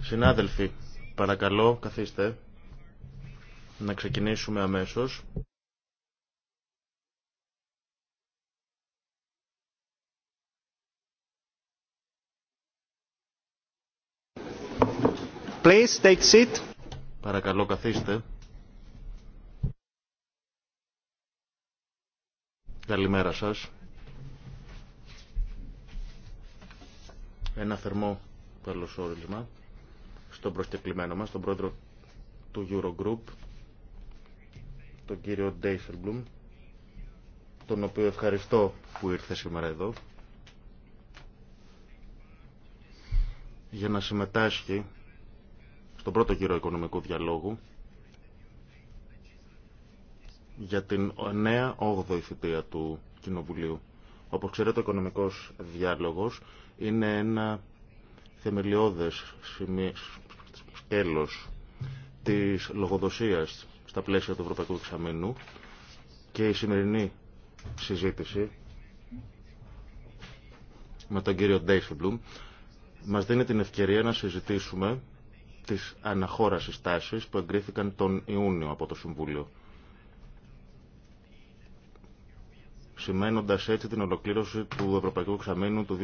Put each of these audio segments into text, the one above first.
Συνάδελφοι, παρακαλώ, καθίστε. Να ξεκινήσουμε αμέσως. Please take seat. Παρακαλώ, καθίστε. Καλημέρα σας. Ένα θερμό καλωσόρισμα στον προσκεκλημένο μας, τον πρόεδρο του Eurogroup, τον κύριο Ντέισελμπλουμ, τον οποίο ευχαριστώ που ήρθε σήμερα εδώ, για να συμμετάσχει στον πρώτο γύρο οικονομικού διαλόγου για την νέα 8η θητεία του Κοινοβουλίου. Όπως ξέρετε, ο οικονομικός διάλογος είναι ένα θεμελιώδες σκέλος της λογοδοσίας στα πλαίσια του Ευρωπαϊκού Εξαμενού και η σημερινή συζήτηση με τον κύριο Ντέισιμπλουμ μας δίνει την ευκαιρία να συζητήσουμε τις αναχώρασεις τάσεις που εγκρίθηκαν τον Ιούνιο από το Συμβούλιο. σημαίνοντας έτσι την ολοκλήρωση του Ευρωπαϊκού Εξαμήνου του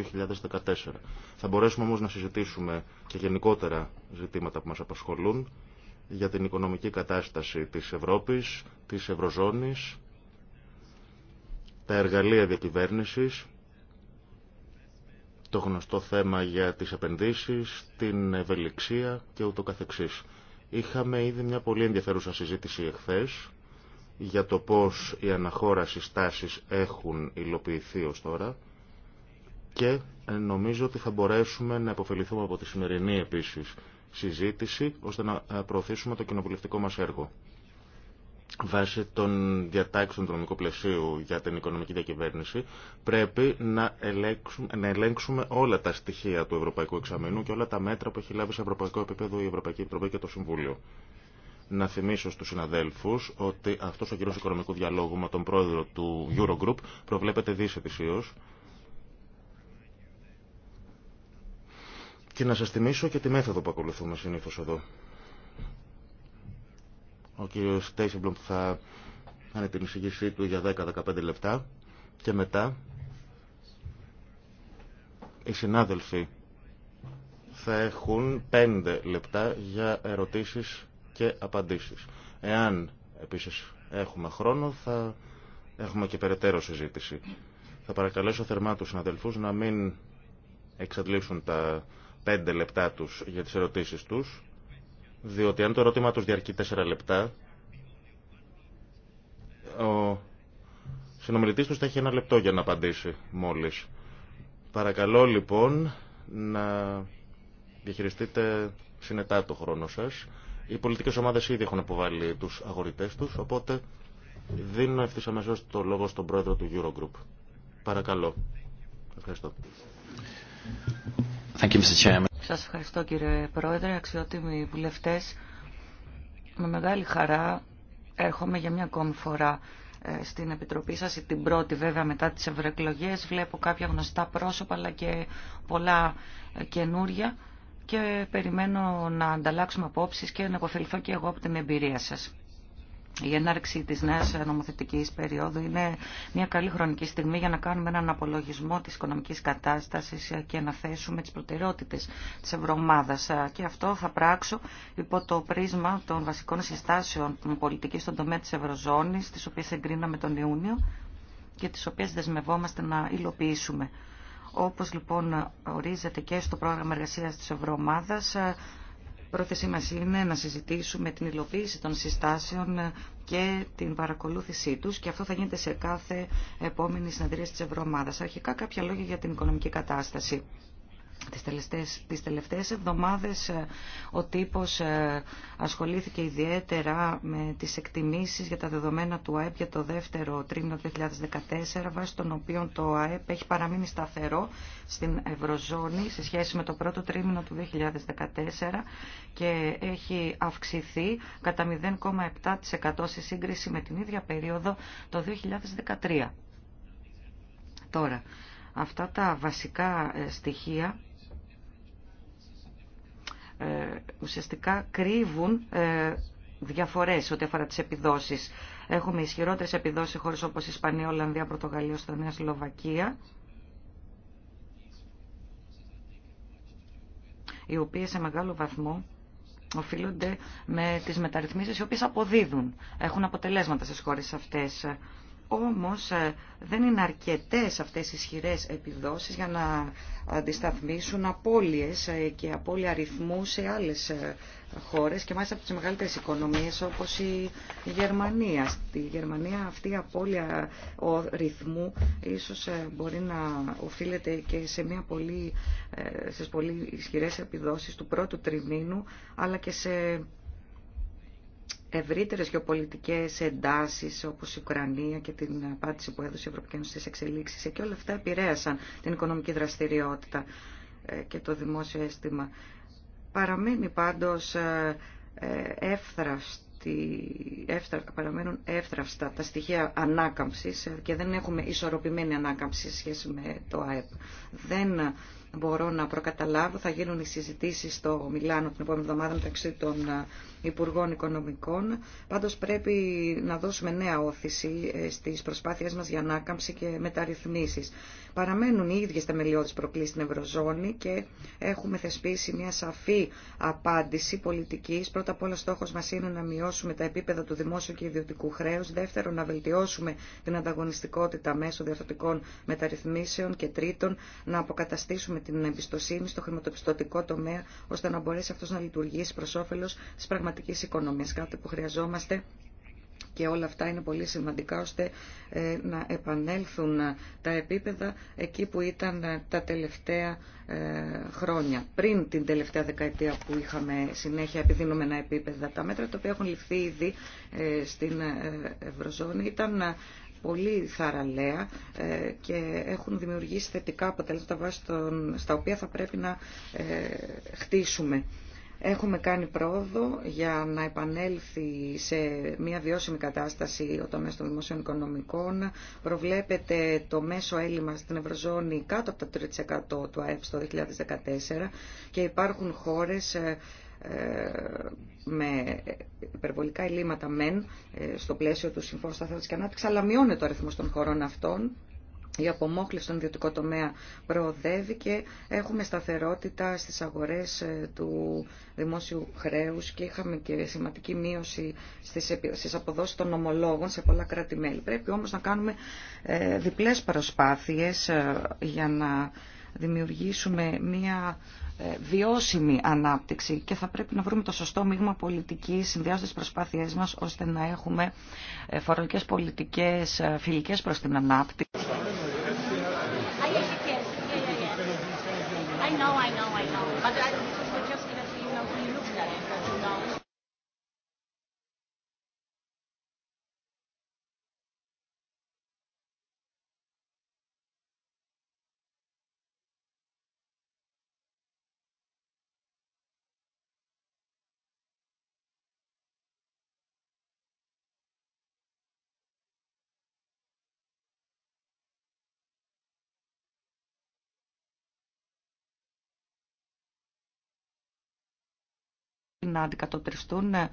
2014. Θα μπορέσουμε όμως να συζητήσουμε και γενικότερα ζητήματα που μας απασχολούν για την οικονομική κατάσταση της Ευρώπης, της Ευρωζώνης, τα εργαλεία διακυβέρνησης, το γνωστό θέμα για τις επενδύσεις, την ευελιξία και ούτω καθεξής. Είχαμε ήδη μια πολύ ενδιαφέρουσα συζήτηση εχθές για το πώς οι αναχώραση τάσεις έχουν υλοποιηθεί ως τώρα και ε, νομίζω ότι θα μπορέσουμε να αποφεληθούμε από τη σημερινή επίσης συζήτηση ώστε να ε, προωθήσουμε το κοινοβουλευτικό μας έργο. Βάσει των διατάξεων του νομικού πλαισίου για την οικονομική διακυβέρνηση πρέπει να ελέγξουμε, να ελέγξουμε όλα τα στοιχεία του Ευρωπαϊκού Εξαμήνου και όλα τα μέτρα που έχει λάβει σε ευρωπαϊκό επίπεδο η Ευρωπαϊκή Επιτροπή και το Συμβούλιο να θυμίσω στους συναδέλφους ότι αυτός ο κύριος οικονομικού διαλόγου με τον πρόεδρο του Eurogroup προβλέπεται δίσετησίως. Και να σας θυμίσω και τη μέθοδο που ακολουθούμε συνήθως εδώ. Ο κύριος Τέισιμπλουμ θα κάνει την εισηγήσή του για 10-15 λεπτά και μετά οι συνάδελφοι θα έχουν 5 λεπτά για ερωτήσεις και απαντήσεις. Εάν επίσης έχουμε χρόνο θα έχουμε και περαιτέρω συζήτηση. Θα παρακαλέσω θερμά τους συναδελφούς να μην εξαντλήσουν τα πέντε λεπτά τους για τις ερωτήσεις τους, διότι αν το ερώτημα τους διαρκεί τέσσερα λεπτά, ο συνομιλητής τους θα έχει ένα λεπτό για να απαντήσει μόλις. Παρακαλώ λοιπόν να διαχειριστείτε συνετά το χρόνο σας. Οι πολιτικέ ομάδε ήδη έχουν αποβάλει του αγορητέ του, οπότε δίνω ευθύ αμέσως το λόγο στον πρόεδρο του Eurogroup. Παρακαλώ. Ευχαριστώ. Σα ευχαριστώ κύριε Πρόεδρε, αξιότιμοι βουλευτέ. Με μεγάλη χαρά έρχομαι για μια ακόμη φορά ε, στην Επιτροπή σας, την πρώτη βέβαια μετά τις ευρωεκλογέ. Βλέπω κάποια γνωστά πρόσωπα αλλά και πολλά ε, καινούρια και περιμένω να ανταλλάξουμε απόψεις και να αποφελθώ και εγώ από την εμπειρία σας. Η έναρξη της νέας νομοθετικής περίοδου είναι μια καλή χρονική στιγμή για να κάνουμε έναν απολογισμό της οικονομικής κατάστασης και να θέσουμε τις προτεραιότητες της Ευρωομάδας. Και αυτό θα πράξω υπό το πρίσμα των βασικών συστάσεων πολιτικής στον τομέα της Ευρωζώνης, τις οποίες εγκρίναμε τον Ιούνιο και τις οποίες δεσμευόμαστε να υλοποιήσουμε όπως λοιπόν ορίζεται και στο πρόγραμμα εργασίας της Ευρωομάδας, πρόθεσή μας είναι να συζητήσουμε την υλοποίηση των συστάσεων και την παρακολούθησή τους και αυτό θα γίνεται σε κάθε επόμενη συνεδρία της Ευρωομάδας. Αρχικά κάποια λόγια για την οικονομική κατάσταση. Τις τελευταίες, τις εβδομάδες ε, ο τύπος ε, ασχολήθηκε ιδιαίτερα με τις εκτιμήσεις για τα δεδομένα του ΑΕΠ για το δεύτερο τρίμηνο του 2014, βάσει των οποίων το ΑΕΠ έχει παραμείνει σταθερό στην Ευρωζώνη σε σχέση με το πρώτο τρίμηνο του 2014 και έχει αυξηθεί κατά 0,7% σε σύγκριση με την ίδια περίοδο το 2013. Τώρα, Αυτά τα βασικά ε, στοιχεία ε, ουσιαστικά κρύβουν ε, διαφορές ό,τι αφορά τις επιδόσεις. Έχουμε ισχυρότερες επιδόσεις σε χώρες όπως Ισπανία, Ολλανδία, Πορτογαλία, Οστανία, Σλοβακία, οι οποίες σε μεγάλο βαθμό οφείλονται με τις μεταρρυθμίσεις οι οποίες αποδίδουν, έχουν αποτελέσματα στις χώρες αυτές. Όμως ε, δεν είναι αρκετές αυτές οι ισχυρέ επιδόσεις για να αντισταθμίσουν απώλειες ε, και απώλεια αριθμού σε άλλες ε, χώρες και μάλιστα από τις μεγαλύτερες οικονομίες όπως η Γερμανία. Στη Γερμανία αυτή η απώλεια ο ρυθμού ίσως μπορεί να οφείλεται και σε μια πολύ, στις πολύ ισχυρές επιδόσεις του πρώτου τριμήνου αλλά και σε ευρύτερες γεωπολιτικές εντάσεις όπως η Ουκρανία και την απάντηση που έδωσε η Ευρωπαϊκή Ένωση στις εξελίξεις και όλα αυτά επηρέασαν την οικονομική δραστηριότητα ε, και το δημόσιο αίσθημα. Παραμένει πάντως ε, ε, εύθραυστη, παραμένουν εύθραυστα τα στοιχεία ανάκαμψης και δεν έχουμε ισορροπημένη ανάκαμψη σε σχέση με το ΑΕΠ. Δεν μπορώ να προκαταλάβω, θα γίνουν οι συζητήσει στο Μιλάνο την επόμενη εβδομάδα μεταξύ των ε, Υπουργών Οικονομικών. Πάντω πρέπει να δώσουμε νέα όθηση ε, στι προσπάθειε μα για ανάκαμψη και μεταρρυθμίσεις. Παραμένουν οι ίδιε θεμελιώδει προκλήσει στην Ευρωζώνη και έχουμε θεσπίσει μια σαφή απάντηση πολιτική. Πρώτα απ' όλα στόχο μα είναι να μειώσουμε τα επίπεδα του δημόσιου και ιδιωτικού χρέου. Δεύτερον, να βελτιώσουμε την ανταγωνιστικότητα μέσω διαφορετικών μεταρρυθμίσεων. Και τρίτον, να αποκαταστήσουμε την εμπιστοσύνη στο χρηματοπιστωτικό τομέα, ώστε να μπορέσει αυτός να λειτουργήσει προ όφελο τη πραγματική οικονομία. Κάτι που χρειαζόμαστε και όλα αυτά είναι πολύ σημαντικά ώστε ε, να επανέλθουν ε, τα επίπεδα εκεί που ήταν ε, τα τελευταία χρόνια. Πριν την τελευταία δεκαετία που είχαμε συνέχεια επιδεινούμενα επίπεδα, τα μέτρα τα οποία έχουν ληφθεί ήδη στην Ευρωζώνη ήταν πολύ θαραλέα ε, και έχουν δημιουργήσει θετικά αποτελέσματα βάσει στα οποία θα πρέπει να ε, χτίσουμε. Έχουμε κάνει πρόοδο για να επανέλθει σε μια βιώσιμη κατάσταση ο τομέας των δημοσίων οικονομικών. Προβλέπεται το μέσο έλλειμμα στην Ευρωζώνη κάτω από τα 3% του ΑΕΠ στο 2014 και υπάρχουν χώρες ε, ε, με υπερβολικά ελλείμματα μεν ε, στο πλαίσιο του Συμφώνου Σταθερότητα και Ανάπτυξη, αλλά μειώνεται ο αριθμό των χωρών αυτών. Η απομόχληση στον ιδιωτικό τομέα προοδεύει και έχουμε σταθερότητα στις αγορές ε, του δημόσιου χρέους και είχαμε και σημαντική μείωση στις αποδόσεις των ομολόγων σε πολλά κράτη-μέλη. Πρέπει όμως να κάνουμε διπλές προσπάθειες για να δημιουργήσουμε μία ε, βιώσιμη ανάπτυξη και θα πρέπει να βρούμε το σωστό μείγμα πολιτικής συνδυάζοντας τι προσπάθειές μας ώστε να έχουμε ε, φορολογικές πολιτικές ε, φιλικές προς την ανάπτυξη. να αντικατοπτριστούν ε,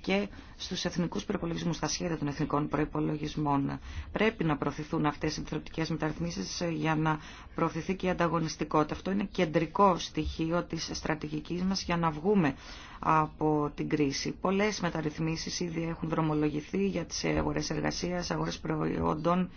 και στου εθνικού προπολογισμού, στα σχέδια των εθνικών προπολογισμών. Πρέπει να προωθηθούν αυτέ οι επιθρεπτικέ μεταρρυθμίσει ε, για να προωθηθεί και η ανταγωνιστικότητα. Αυτό είναι κεντρικό στοιχείο τη στρατηγική μα για να βγούμε από την κρίση. Πολλέ μεταρρυθμίσει ήδη έχουν δρομολογηθεί για τι αγορέ εργασία, αγορέ προϊόντων,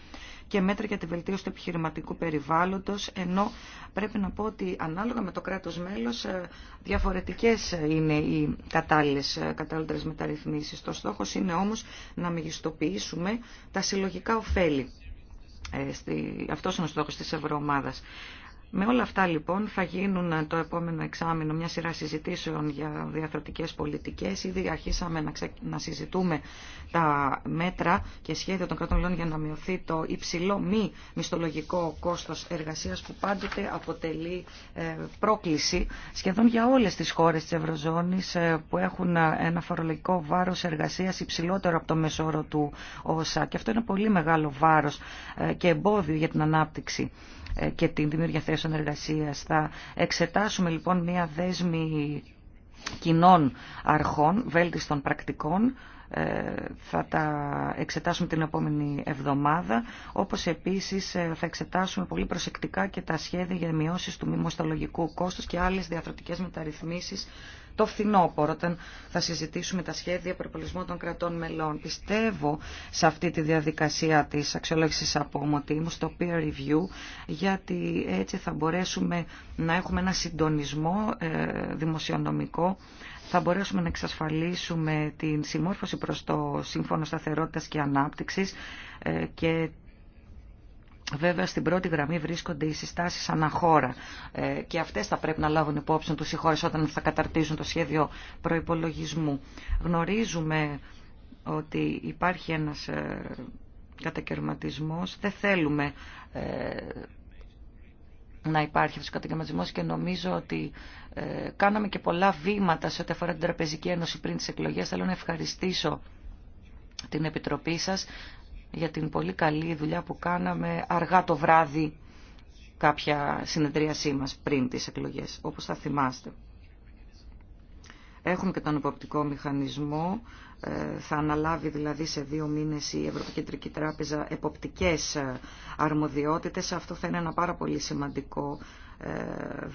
και μέτρα για τη βελτίωση του επιχειρηματικού περιβάλλοντος, ενώ πρέπει να πω ότι ανάλογα με το κράτος μέλος ε, διαφορετικές ε, είναι οι κατάλληλες, ε, κατάλληλες μεταρρυθμίσεις. Το στόχος είναι όμως να μεγιστοποιήσουμε τα συλλογικά ωφέλη. Αυτός είναι ο στόχος της Ευρωομάδας. Με όλα αυτά λοιπόν θα γίνουν ε, το επόμενο εξάμεινο μια σειρά συζητήσεων για διαθροτικές πολιτικές. Ήδη αρχίσαμε να, να συζητούμε τα μέτρα και σχέδια των κρατών για να μειωθεί το υψηλό μη μισθολογικό κόστος εργασίας που πάντοτε αποτελεί ε, πρόκληση σχεδόν για όλες τις χώρες της Ευρωζώνης ε, που έχουν ένα φορολογικό βάρος εργασίας υψηλότερο από το μεσόρο του ΩΣΑ. Και αυτό είναι πολύ μεγάλο βάρος και εμπόδιο για την ανάπτυξη. Ε, και την δημιουργία θέσεων εργασίας. Θα εξετάσουμε λοιπόν μια δέσμη κοινών αρχών, βέλτιστων πρακτικών, ε, θα τα εξετάσουμε την επόμενη εβδομάδα, όπως επίσης ε, θα εξετάσουμε πολύ προσεκτικά και τα σχέδια για μειώσεις του μη κόστους και άλλες διαφορετικές μεταρρυθμίσεις το φθινόπωρο όταν θα συζητήσουμε τα σχέδια προπολισμού των κρατών μελών. Πιστεύω σε αυτή τη διαδικασία της αξιολόγησης από ομοτήμου, στο peer review, γιατί έτσι θα μπορέσουμε να έχουμε ένα συντονισμό ε, δημοσιονομικό θα μπορέσουμε να εξασφαλίσουμε την συμμόρφωση προς το Σύμφωνο Σταθερότητας και Ανάπτυξης ε, και Βέβαια στην πρώτη γραμμή βρίσκονται οι συστάσεις αναχώρα ε, και αυτές θα πρέπει να λάβουν υπόψη του οι χώρες όταν θα καταρτίζουν το σχέδιο προϋπολογισμού. Γνωρίζουμε ότι υπάρχει ένας ε, κατακαιρματισμός. Δεν θέλουμε ε, να υπάρχει αυτός ο κατακαιρματισμός και νομίζω ότι κάναμε και πολλά βήματα σε ό,τι αφορά την Τραπεζική Ένωση πριν τι εκλογέ, Θέλω να ευχαριστήσω την Επιτροπή σας για την πολύ καλή δουλειά που κάναμε αργά το βράδυ κάποια συνεδρίασή μας πριν τις εκλογές, όπως θα θυμάστε. Έχουμε και τον υποπτικό μηχανισμό. Ε, θα αναλάβει δηλαδή σε δύο μήνες η Ευρωπαϊκή Τράπεζα εποπτικές ε, αρμοδιότητες. Αυτό θα είναι ένα πάρα πολύ σημαντικό ε,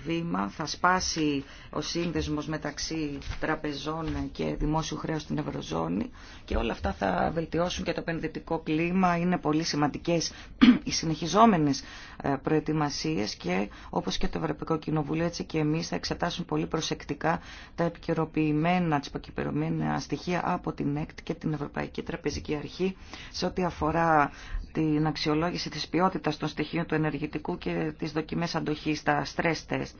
βήμα, θα σπάσει ο σύνδεσμος μεταξύ τραπεζών και δημόσιου χρέους στην Ευρωζώνη και όλα αυτά θα βελτιώσουν και το επενδυτικό κλίμα. Είναι πολύ σημαντικές οι συνεχιζόμενες ε, προετοιμασίες και όπως και το Ευρωπαϊκό Κοινοβούλιο έτσι και εμείς θα εξετάσουν πολύ προσεκτικά τα επικαιροποιημένα, τις στοιχεία από την ΕΚΤ και την Ευρωπαϊκή Τραπεζική Αρχή σε ό,τι αφορά την αξιολόγηση της ποιότητας των στοιχείων του ενεργητικού και τις δοκιμές αντοχής, τα stress test.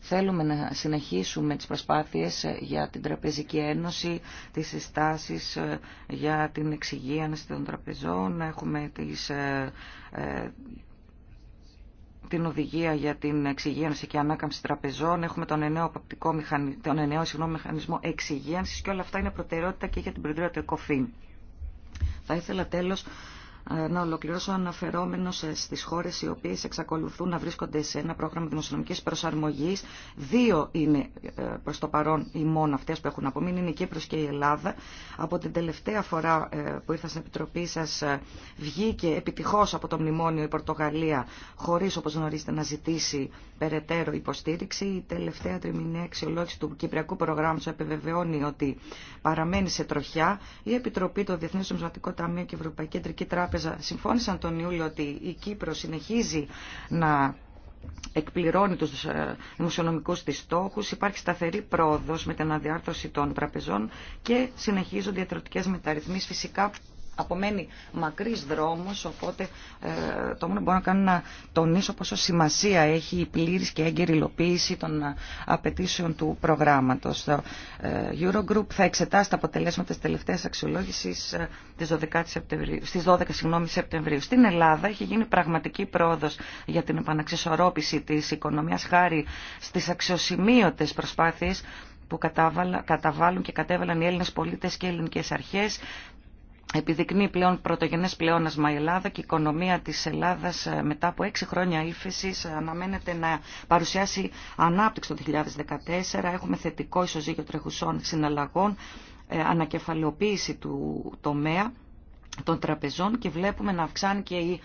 Θέλουμε να συνεχίσουμε τις προσπάθειες ε, για την Τραπεζική Ένωση, τις συστάσεις ε, για την εξυγίανση των τραπεζών, έχουμε τις, ε, την οδηγία για την εξυγίανση και ανάκαμψη τραπεζών, έχουμε τον εννέο, μηχανι... μηχανισμό, τον μηχανισμό εξυγίανσης και όλα αυτά είναι προτεραιότητα και για την προτεραιότητα ΕΚΟΦΗΝ. Θα ήθελα τέλος να ολοκληρώσω αναφερόμενο στι χώρε οι οποίε εξακολουθούν να βρίσκονται σε ένα πρόγραμμα δημοσιονομική προσαρμογή, Δύο είναι ε, προ το παρόν οι μόνο αυτέ που έχουν απομείνει, είναι η Κύπρος και η Ελλάδα. Από την τελευταία φορά ε, που ήρθα στην Επιτροπή σα ε, βγήκε επιτυχώ από το μνημόνιο η Πορτογαλία χωρί όπω γνωρίζετε να ζητήσει περαιτέρω υποστήριξη. Η τελευταία τριμηνία αξιολόγηση του Κυπριακού Προγράμματο επιβεβαιώνει ότι παραμένει σε τροχιά. Η Επιτροπή, το Διεθνέ Νομισματικό Ταμείο και η Ευρωπαϊκή Κεντρική Τράπεζα Τράπεζα συμφώνησαν τον Ιούλιο ότι η Κύπρος συνεχίζει να εκπληρώνει τους ε, δημοσιονομικούς της στόχους, υπάρχει σταθερή πρόοδος με την αδιάρθρωση των τραπεζών και συνεχίζονται οι μεταρρυθμίσεις φυσικά απομένει μακρύς δρόμος, οπότε ε, το μόνο μπορώ να κάνω να τονίσω πόσο σημασία έχει η πλήρης και έγκαιρη υλοποίηση των ε, απαιτήσεων του προγράμματος. Το ε, Eurogroup θα εξετάσει τα αποτελέσματα της τελευταίας αξιολόγησης ε, της 12 Σεπτεμβρίου, στις 12 Σεπτεμβρίου. Στην Ελλάδα έχει γίνει πραγματική πρόοδος για την επαναξισορρόπηση της οικονομίας χάρη στις αξιοσημείωτες προσπάθειες που καταβάλουν και κατέβαλαν οι Έλληνες πολίτες και οι ελληνικές αρχές επιδεικνύει πλέον πρωτογενές πλεόνασμα η Ελλάδα και η οικονομία της Ελλάδας ε, μετά από έξι χρόνια ύφεση ε, αναμένεται να παρουσιάσει ανάπτυξη το 2014. Έχουμε θετικό ισοζύγιο τρεχουσών συναλλαγών, ε, ανακεφαλαιοποίηση του τομέα των τραπεζών και βλέπουμε να αυξάνει και η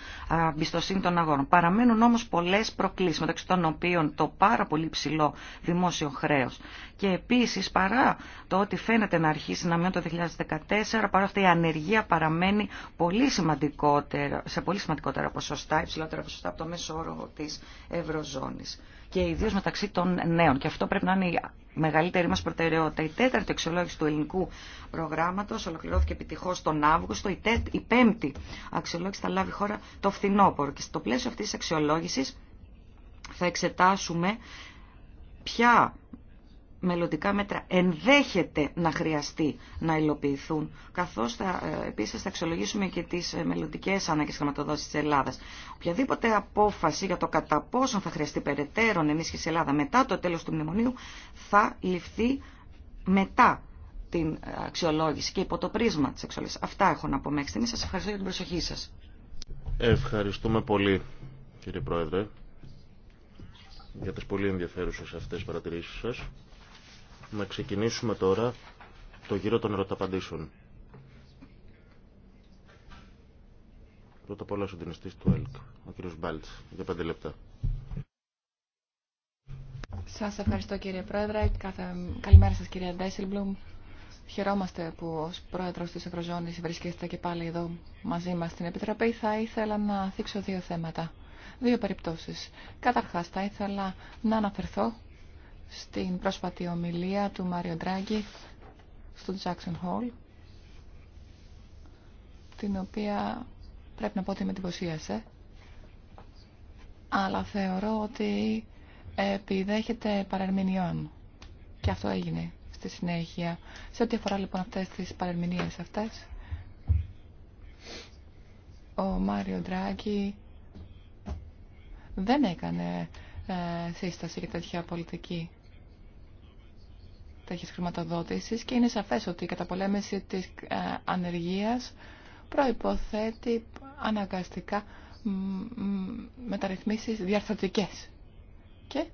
εμπιστοσύνη των αγορών. Παραμένουν όμως πολλές προκλήσεις, μεταξύ των οποίων το πάρα πολύ ψηλό δημόσιο χρέος. Και επίσης, παρά το ότι φαίνεται να αρχίσει να μειώνει το 2014, παρά αυτή η ανεργία παραμένει πολύ σε πολύ σημαντικότερα ποσοστά, υψηλότερα ποσοστά από το μέσο όρο της Ευρωζώνης και ιδίως μεταξύ των νέων. Και αυτό πρέπει να είναι η μεγαλύτερη μα προτεραιότητα. Η τέταρτη αξιολόγηση του ελληνικού προγράμματος ολοκληρώθηκε επιτυχώς τον Αύγουστο. Η, τέ, η πέμπτη αξιολόγηση θα λάβει χώρα το φθινόπωρο. Και στο πλαίσιο αυτής της αξιολόγησης θα εξετάσουμε ποια μελλοντικά μέτρα ενδέχεται να χρειαστεί να υλοποιηθούν, καθώς θα, ε, επίσης θα αξιολογήσουμε και τις ε, μελλοντικέ ανάγκες χρηματοδότησης της Ελλάδας. Οποιαδήποτε απόφαση για το κατά πόσο θα χρειαστεί περαιτέρω ενίσχυση Ελλάδα μετά το τέλος του μνημονίου θα ληφθεί μετά την ε, αξιολόγηση και υπό το πρίσμα της αξιολόγησης. Αυτά έχω να πω μέχρι στιγμή. Σας ευχαριστώ για την προσοχή σας. Ευχαριστούμε πολύ κύριε Πρόεδρε για τι πολύ ενδιαφέρουσες αυτές παρατηρήσεις σας. Να ξεκινήσουμε τώρα το γύρο των ερωταπαντήσεων. Πρώτα απ' όλα ο συντηνιστής του ΕΛΚ, ο κ. Μπάλτς, για πέντε λεπτά. Σας ευχαριστώ κύριε Πρόεδρε. Καλημέρα σας κύριε Ντέσιλμπλουμ. Χαιρόμαστε που ως πρόεδρος της Ευρωζώνης βρίσκεστε και πάλι εδώ μαζί μας στην Επιτροπή. Θα ήθελα να θίξω δύο θέματα, δύο περιπτώσεις. Καταρχάς θα ήθελα να αναφερθώ στην πρόσφατη ομιλία του Μάριο Ντράγκη στο Jackson Hall, την οποία πρέπει να πω ότι με εντυπωσίασε, αλλά θεωρώ ότι επιδέχεται παρερμηνιών. Και αυτό έγινε στη συνέχεια. Σε ό,τι αφορά λοιπόν αυτές τις παρερμηνίες αυτές, ο Μάριο Ντράγκη δεν έκανε ε, σύσταση για τέτοια πολιτική χρηματοδότησης και είναι σαφές ότι η καταπολέμηση της ε, ανεργίας προϋποθέτει αναγκαστικά μεταρρυθμίσεις διαρθρωτικές. Και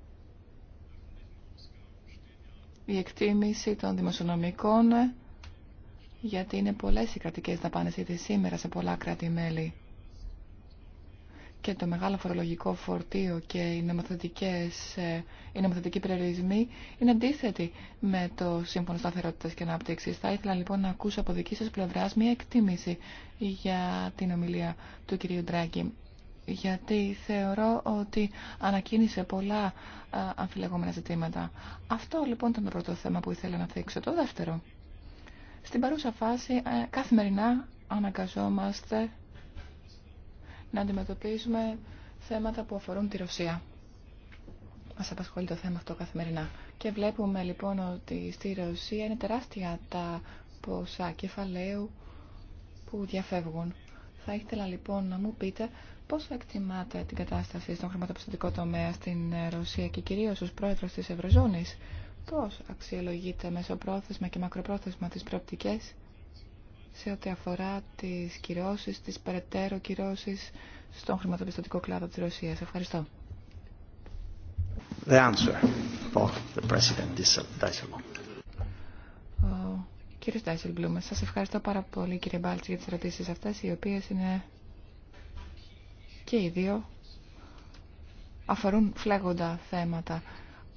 η εκτίμηση των δημοσιονομικών, ε, γιατί είναι πολλέ οι κρατικέ δαπάνε ήδη σήμερα σε πολλά κράτη-μέλη και το μεγάλο φορολογικό φορτίο και οι, νομοθετικές, ε, οι νομοθετικοί περιορισμοί είναι αντίθετοι με το Σύμφωνο Σταθερότητας και Ανάπτυξης. Θα ήθελα λοιπόν να ακούσω από δική σας πλευράς μια εκτίμηση για την ομιλία του κυρίου Ντράγκη γιατί θεωρώ ότι ανακοίνησε πολλά α, ε, αμφιλεγόμενα ζητήματα. Αυτό λοιπόν ήταν το πρώτο θέμα που ήθελα να θέξω. Το δεύτερο. Στην παρούσα φάση ε, καθημερινά αναγκαζόμαστε να αντιμετωπίζουμε θέματα που αφορούν τη Ρωσία. Μας απασχολεί το θέμα αυτό καθημερινά. Και βλέπουμε λοιπόν ότι στη Ρωσία είναι τεράστια τα ποσά κεφαλαίου που διαφεύγουν. Θα ήθελα λοιπόν να μου πείτε πώς εκτιμάτε την κατάσταση στον χρηματοπιστωτικό τομέα στην Ρωσία και κυρίως ως πρόεδρος της Ευρωζώνης. Πώς αξιολογείτε μεσοπρόθεσμα και μακροπρόθεσμα τις προοπτικές σε ό,τι αφορά τις κυρώσεις, τις περαιτέρω κυρώσεις στον χρηματοπιστωτικό κλάδο της Ρωσίας. Ευχαριστώ. The answer for the president is σας ευχαριστώ πάρα πολύ κύριε Μπάλτση για τις ερωτήσεις αυτές, οι οποίες είναι και οι δύο αφορούν φλέγοντα θέματα.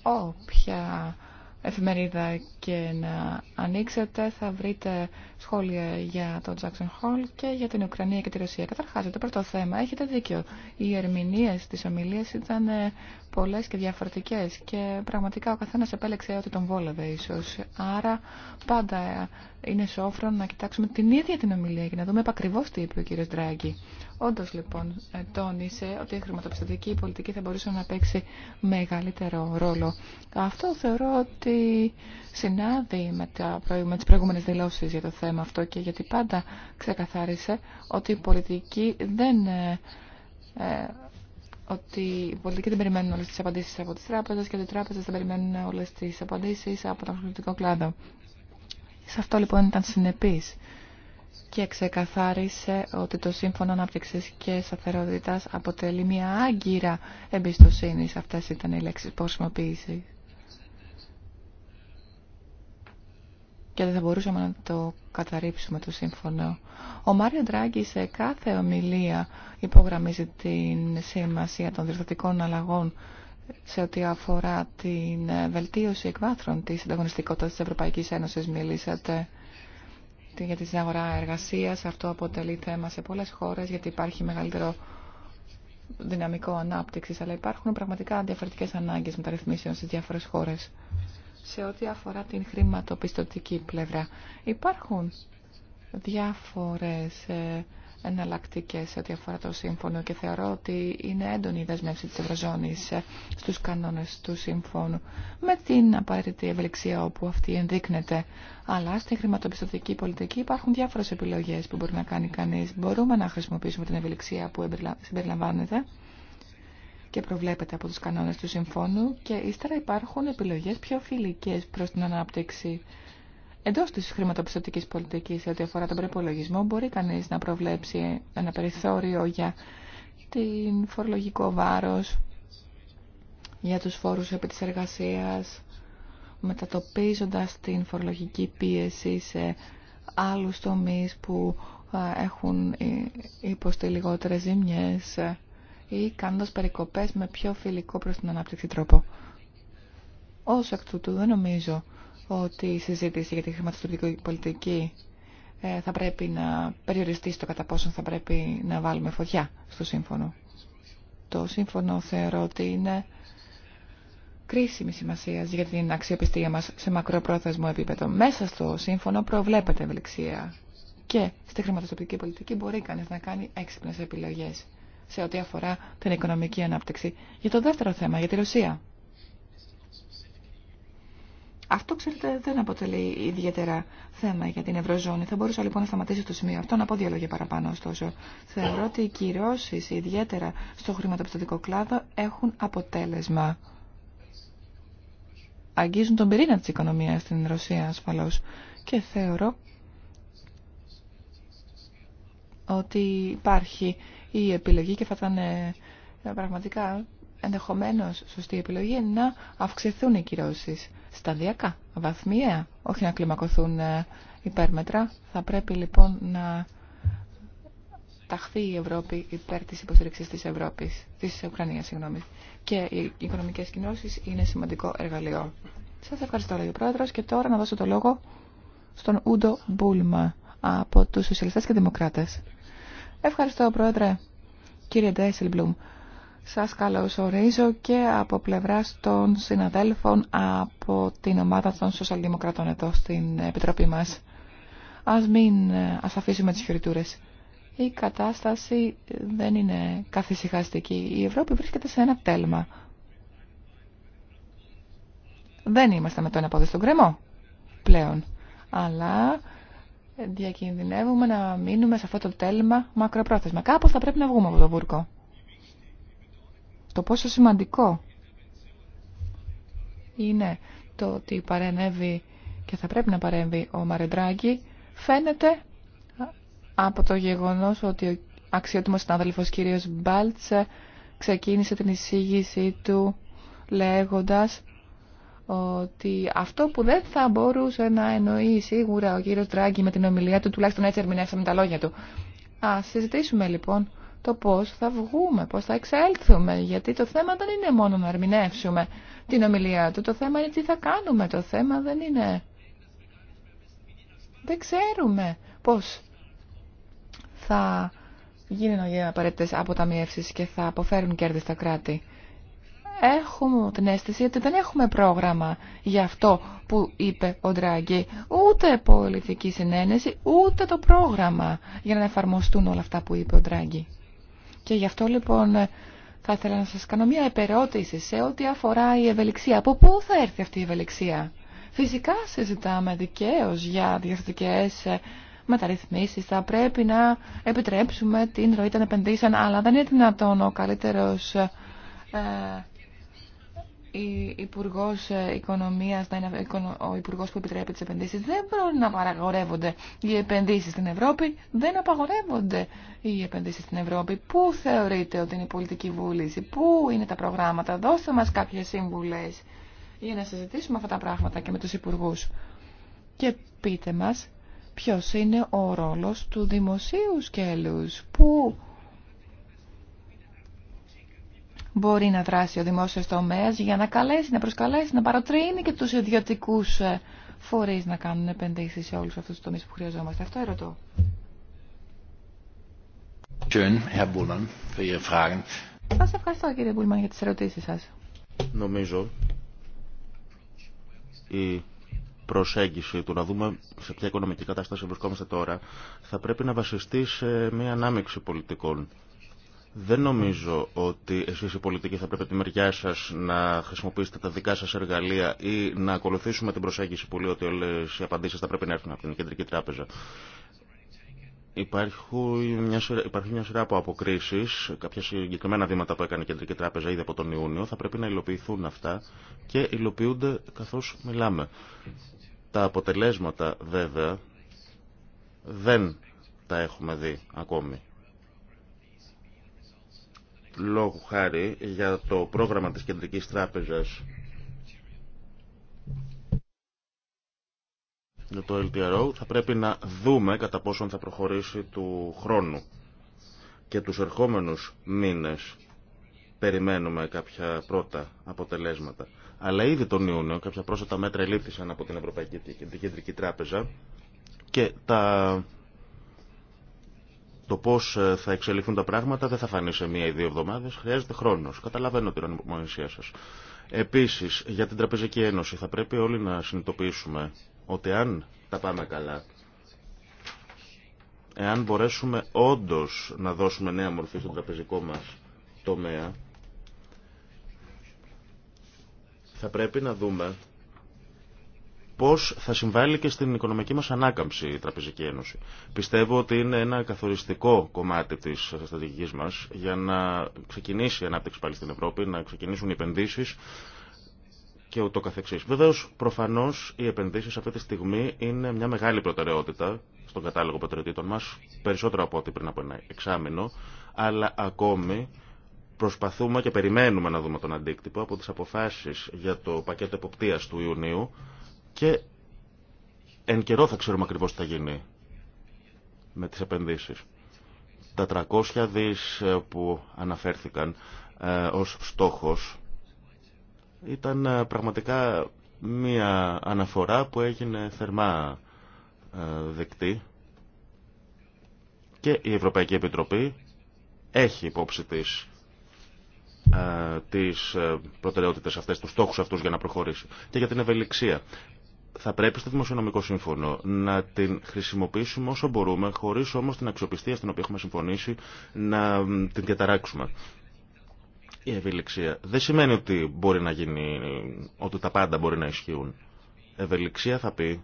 Όποια εφημερίδα και να ανοίξετε θα βρείτε σχόλια για τον Jackson Hall και για την Ουκρανία και τη Ρωσία. Καταρχάς, το πρώτο θέμα, έχετε δίκιο. Οι ερμηνείες της ομιλίας ήταν ε, πολλές και διαφορετικές και πραγματικά ο καθένας επέλεξε ότι τον βόλευε ίσως. Άρα πάντα ε, είναι σόφρον να κοιτάξουμε την ίδια την ομιλία και να δούμε επακριβώς τι είπε ο κύριος Ντράγκη. Όντω λοιπόν ε, τόνισε ότι η χρηματοπιστωτική πολιτική θα μπορούσε να παίξει μεγαλύτερο ρόλο. Αυτό θεωρώ ότι συνάδει με, τα, με τις προηγούμενες δηλώσεις για το θέμα αυτό και γιατί πάντα ξεκαθάρισε ότι πολιτική δεν... Ε, ε ότι οι πολιτικοί δεν περιμένουν όλες τις απαντήσεις από τις τράπεζες και ότι οι τράπεζες δεν περιμένουν όλες τις απαντήσεις από τον χρηματικό κλάδο. Σε αυτό λοιπόν ήταν συνεπής και ξεκαθάρισε ότι το Σύμφωνο Ανάπτυξης και σταθερότητα αποτελεί μια άγκυρα εμπιστοσύνης. Αυτές ήταν οι λέξεις που χρησιμοποίησε. Και δεν θα μπορούσαμε να το καταρρύψουμε το σύμφωνο. Ο Μάριο Ντράγκη σε κάθε ομιλία υπογραμμίζει την σημασία των διορθωτικών αλλαγών σε ό,τι αφορά την βελτίωση εκβάθρων τη ανταγωνιστικότητας της Ευρωπαϊκής Ένωσης. Μίλησατε για τη αγορά εργασία. Αυτό αποτελεί θέμα σε πολλές χώρες γιατί υπάρχει μεγαλύτερο δυναμικό ανάπτυξης, αλλά υπάρχουν πραγματικά διαφορετικές ανάγκες μεταρρυθμίσεων στι διάφορε χώρες. Σε ό,τι αφορά την χρηματοπιστωτική πλευρά, υπάρχουν διάφορες ε, εναλλακτικέ σε ό,τι αφορά το σύμφωνο και θεωρώ ότι είναι έντονη η δεσμεύση τη Ευρωζώνη στου κανόνε του σύμφωνου με την απαραίτητη ευελιξία όπου αυτή ενδείκνεται. Αλλά στη χρηματοπιστωτική πολιτική υπάρχουν διάφορε επιλογέ που μπορεί να κάνει κανεί. Μπορούμε να χρησιμοποιήσουμε την ευελιξία που συμπεριλαμβάνεται και προβλέπεται από τους κανόνες του συμφώνου και ύστερα υπάρχουν επιλογές πιο φιλικές προς την ανάπτυξη Εντό τη χρηματοπιστωτική πολιτική, σε ό,τι αφορά τον προπολογισμό, μπορεί κανεί να προβλέψει ένα περιθώριο για την φορολογικό βάρο, για του φόρου επί τη εργασία, μετατοπίζοντα την φορολογική πίεση σε άλλου τομεί που έχουν ε, υποστεί λιγότερε ζημιέ ε, ή κάνοντα περικοπέ με πιο φιλικό προ την ανάπτυξη τρόπο. Ω εκ τούτου, δεν νομίζω ότι η συζήτηση για τη χρηματοδοτική πολιτική ε, θα πρέπει να περιοριστεί στο κατά πόσο θα πρέπει να βάλουμε φωτιά στο σύμφωνο. Το σύμφωνο θεωρώ ότι είναι κρίσιμη σημασία για την αξιοπιστία μας σε μακροπρόθεσμο επίπεδο. Μέσα στο σύμφωνο προβλέπεται ευελιξία και στη χρηματοδοτική πολιτική μπορεί κανείς να κάνει έξυπνες επιλογές σε ό,τι αφορά την οικονομική ανάπτυξη. Για το δεύτερο θέμα, για τη Ρωσία. Αυτό, ξέρετε, δεν αποτελεί ιδιαίτερα θέμα για την Ευρωζώνη. Θα μπορούσα λοιπόν να σταματήσω στο σημείο αυτό, να πω δύο λόγια παραπάνω ωστόσο. Θεωρώ ότι οι κυρώσει, ιδιαίτερα στο χρηματοπιστωτικό κλάδο, έχουν αποτέλεσμα. Αγγίζουν τον πυρήνα τη οικονομία στην Ρωσία ασφαλώ. Και θεωρώ ότι υπάρχει η επιλογή και θα ήταν ε, πραγματικά ενδεχομένως σωστή επιλογή να αυξηθούν οι κυρώσεις σταδιακά, βαθμιαία, όχι να κλιμακωθούν ε, υπέρμετρα. Θα πρέπει λοιπόν να ταχθεί η Ευρώπη υπέρ της υποστήριξης της Ευρώπης, της Ουκρανίας, συγγνώμη. Και οι οικονομικές κοινώσεις είναι σημαντικό εργαλείο. Σας ευχαριστώ, λέει Πρόεδρος, και τώρα να δώσω το λόγο στον Ούντο Μπούλμα από τους Σοσιαλιστές και Δημοκράτες. Ευχαριστώ, Πρόεδρε, κύριε Ντέισελμπλουμ. Σας καλωσορίζω και από πλευράς των συναδέλφων από την ομάδα των Σοσιαλδημοκρατών εδώ στην Επιτροπή μας. Ας μην ας αφήσουμε τις χειριτούρες. Η κατάσταση δεν είναι καθησυχαστική. Η Ευρώπη βρίσκεται σε ένα τέλμα. Δεν είμαστε με το ένα πόδι στον κρεμό πλέον. Αλλά διακινδυνεύουμε να μείνουμε σε αυτό το τέλμα μακροπρόθεσμα. Κάπως θα πρέπει να βγούμε από το βούρκο το πόσο σημαντικό είναι το ότι παρενέβη και θα πρέπει να παρέμβει ο Μαρεντράγκη φαίνεται από το γεγονός ότι ο αξιότιμος συνάδελφος κύριος Μπάλτσε ξεκίνησε την εισήγησή του λέγοντας ότι αυτό που δεν θα μπορούσε να εννοεί σίγουρα ο κύριος Τράγκη με την ομιλία του, τουλάχιστον έτσι ερμηνεύσαμε τα λόγια του. Α συζητήσουμε λοιπόν το πώς θα βγούμε, πώς θα εξέλθουμε, γιατί το θέμα δεν είναι μόνο να ερμηνεύσουμε την ομιλία του, το θέμα είναι τι θα κάνουμε, το θέμα δεν είναι... Δεν ξέρουμε πώς θα γίνουν οι απαραίτητε αποταμιεύσεις και θα αποφέρουν κέρδη στα κράτη. Έχουμε την αίσθηση ότι δεν έχουμε πρόγραμμα για αυτό που είπε ο Ντράγκη. Ούτε πολιτική συνένεση, ούτε το πρόγραμμα για να εφαρμοστούν όλα αυτά που είπε ο Ντράγκη. Και γι' αυτό λοιπόν θα ήθελα να σας κάνω μια επερώτηση σε ό,τι αφορά η ευελιξία. Από πού θα έρθει αυτή η ευελιξία. Φυσικά συζητάμε δικαίω για διαστατικές ε, μεταρρυθμίσεις. Θα πρέπει να επιτρέψουμε την ροή των επενδύσεων, αλλά δεν είναι δυνατόν ο καλύτερος... Ε, η ο Υπουργό που επιτρέπει τι επενδύσει. Δεν μπορεί να παραγορεύονται οι επενδύσει στην Ευρώπη. Δεν απαγορεύονται οι επενδύσει στην Ευρώπη. Πού θεωρείτε ότι είναι η πολιτική βούληση, πού είναι τα προγράμματα. Δώστε μα κάποιε σύμβουλε για να συζητήσουμε αυτά τα πράγματα και με του υπουργού. Και πείτε μα ποιο είναι ο ρόλο του δημοσίου σκέλου. Πού μπορεί να δράσει ο δημόσιος τομέας για να καλέσει, να προσκαλέσει, να παροτρύνει και τους ιδιωτικούς ε, φορείς να κάνουν επενδύσεις σε όλους αυτούς τους τομείς που χρειαζόμαστε. Αυτό ερωτώ. σα ευχαριστώ κύριε Μπούλμαν για τις ερωτήσεις σας. Νομίζω η προσέγγιση του να δούμε σε ποια οικονομική κατάσταση βρισκόμαστε τώρα θα πρέπει να βασιστεί σε μια ανάμειξη πολιτικών δεν νομίζω ότι εσείς οι πολιτικοί θα πρέπει τη μεριά σας να χρησιμοποιήσετε τα δικά σας εργαλεία ή να ακολουθήσουμε την προσέγγιση που λέει ότι όλες οι απαντήσεις θα πρέπει να έρθουν από την Κεντρική Τράπεζα. Υπάρχει μια, σειρά, υπάρχει μια σειρά από αποκρίσει, κάποια συγκεκριμένα βήματα που έκανε η Κεντρική Τράπεζα ήδη από τον Ιούνιο. Θα πρέπει να υλοποιηθούν αυτά και υλοποιούνται καθώ μιλάμε. Τα αποτελέσματα βέβαια δεν τα έχουμε δει ακόμη λόγου χάρη για το πρόγραμμα της Κεντρικής Τράπεζας για το LTRO θα πρέπει να δούμε κατά πόσον θα προχωρήσει του χρόνου και τους ερχόμενους μήνες περιμένουμε κάποια πρώτα αποτελέσματα. Αλλά ήδη τον Ιούνιο κάποια πρόσθετα μέτρα ελήφθησαν από την Ευρωπαϊκή Κεντρική Τράπεζα και τα το πώ ε, θα εξελιχθούν τα πράγματα δεν θα φανεί σε μία ή δύο εβδομάδε. Χρειάζεται χρόνο. Καταλαβαίνω την ανυπομονησία σα. Επίση, για την Τραπεζική Ένωση θα πρέπει όλοι να συνειδητοποιήσουμε ότι αν τα πάμε καλά, εάν μπορέσουμε όντω να δώσουμε νέα μορφή στον τραπεζικό μα τομέα, θα πρέπει να δούμε πώς θα συμβάλλει και στην οικονομική μας ανάκαμψη η Τραπεζική Ένωση. Πιστεύω ότι είναι ένα καθοριστικό κομμάτι της στρατηγικής μας για να ξεκινήσει η ανάπτυξη πάλι στην Ευρώπη, να ξεκινήσουν οι επενδύσεις και ούτω καθεξής. Βεβαίως, προφανώς, οι επενδύσεις αυτή τη στιγμή είναι μια μεγάλη προτεραιότητα στον κατάλογο πατριωτήτων μας, περισσότερο από ό,τι πριν από ένα εξάμεινο, αλλά ακόμη προσπαθούμε και περιμένουμε να δούμε τον αντίκτυπο από τις αποφάσεις για το πακέτο εποπτείας του Ιουνίου, και εν καιρό θα ξέρουμε ακριβώ τι θα γίνει με τις επενδύσεις. Τα 300 δις ε, που αναφέρθηκαν ε, ως στόχος ήταν ε, πραγματικά μία αναφορά που έγινε θερμά δεκτή και η Ευρωπαϊκή Επιτροπή έχει υπόψη της τις προτεραιότητες αυτές, τους στόχους αυτούς για να προχωρήσει και για την ευελιξία θα πρέπει στο Δημοσιονομικό Σύμφωνο να την χρησιμοποιήσουμε όσο μπορούμε, χωρίς όμως την αξιοπιστία στην οποία έχουμε συμφωνήσει να την διαταράξουμε. Η ευελιξία δεν σημαίνει ότι, μπορεί να γίνει, ότι τα πάντα μπορεί να ισχύουν. Ευελιξία θα πει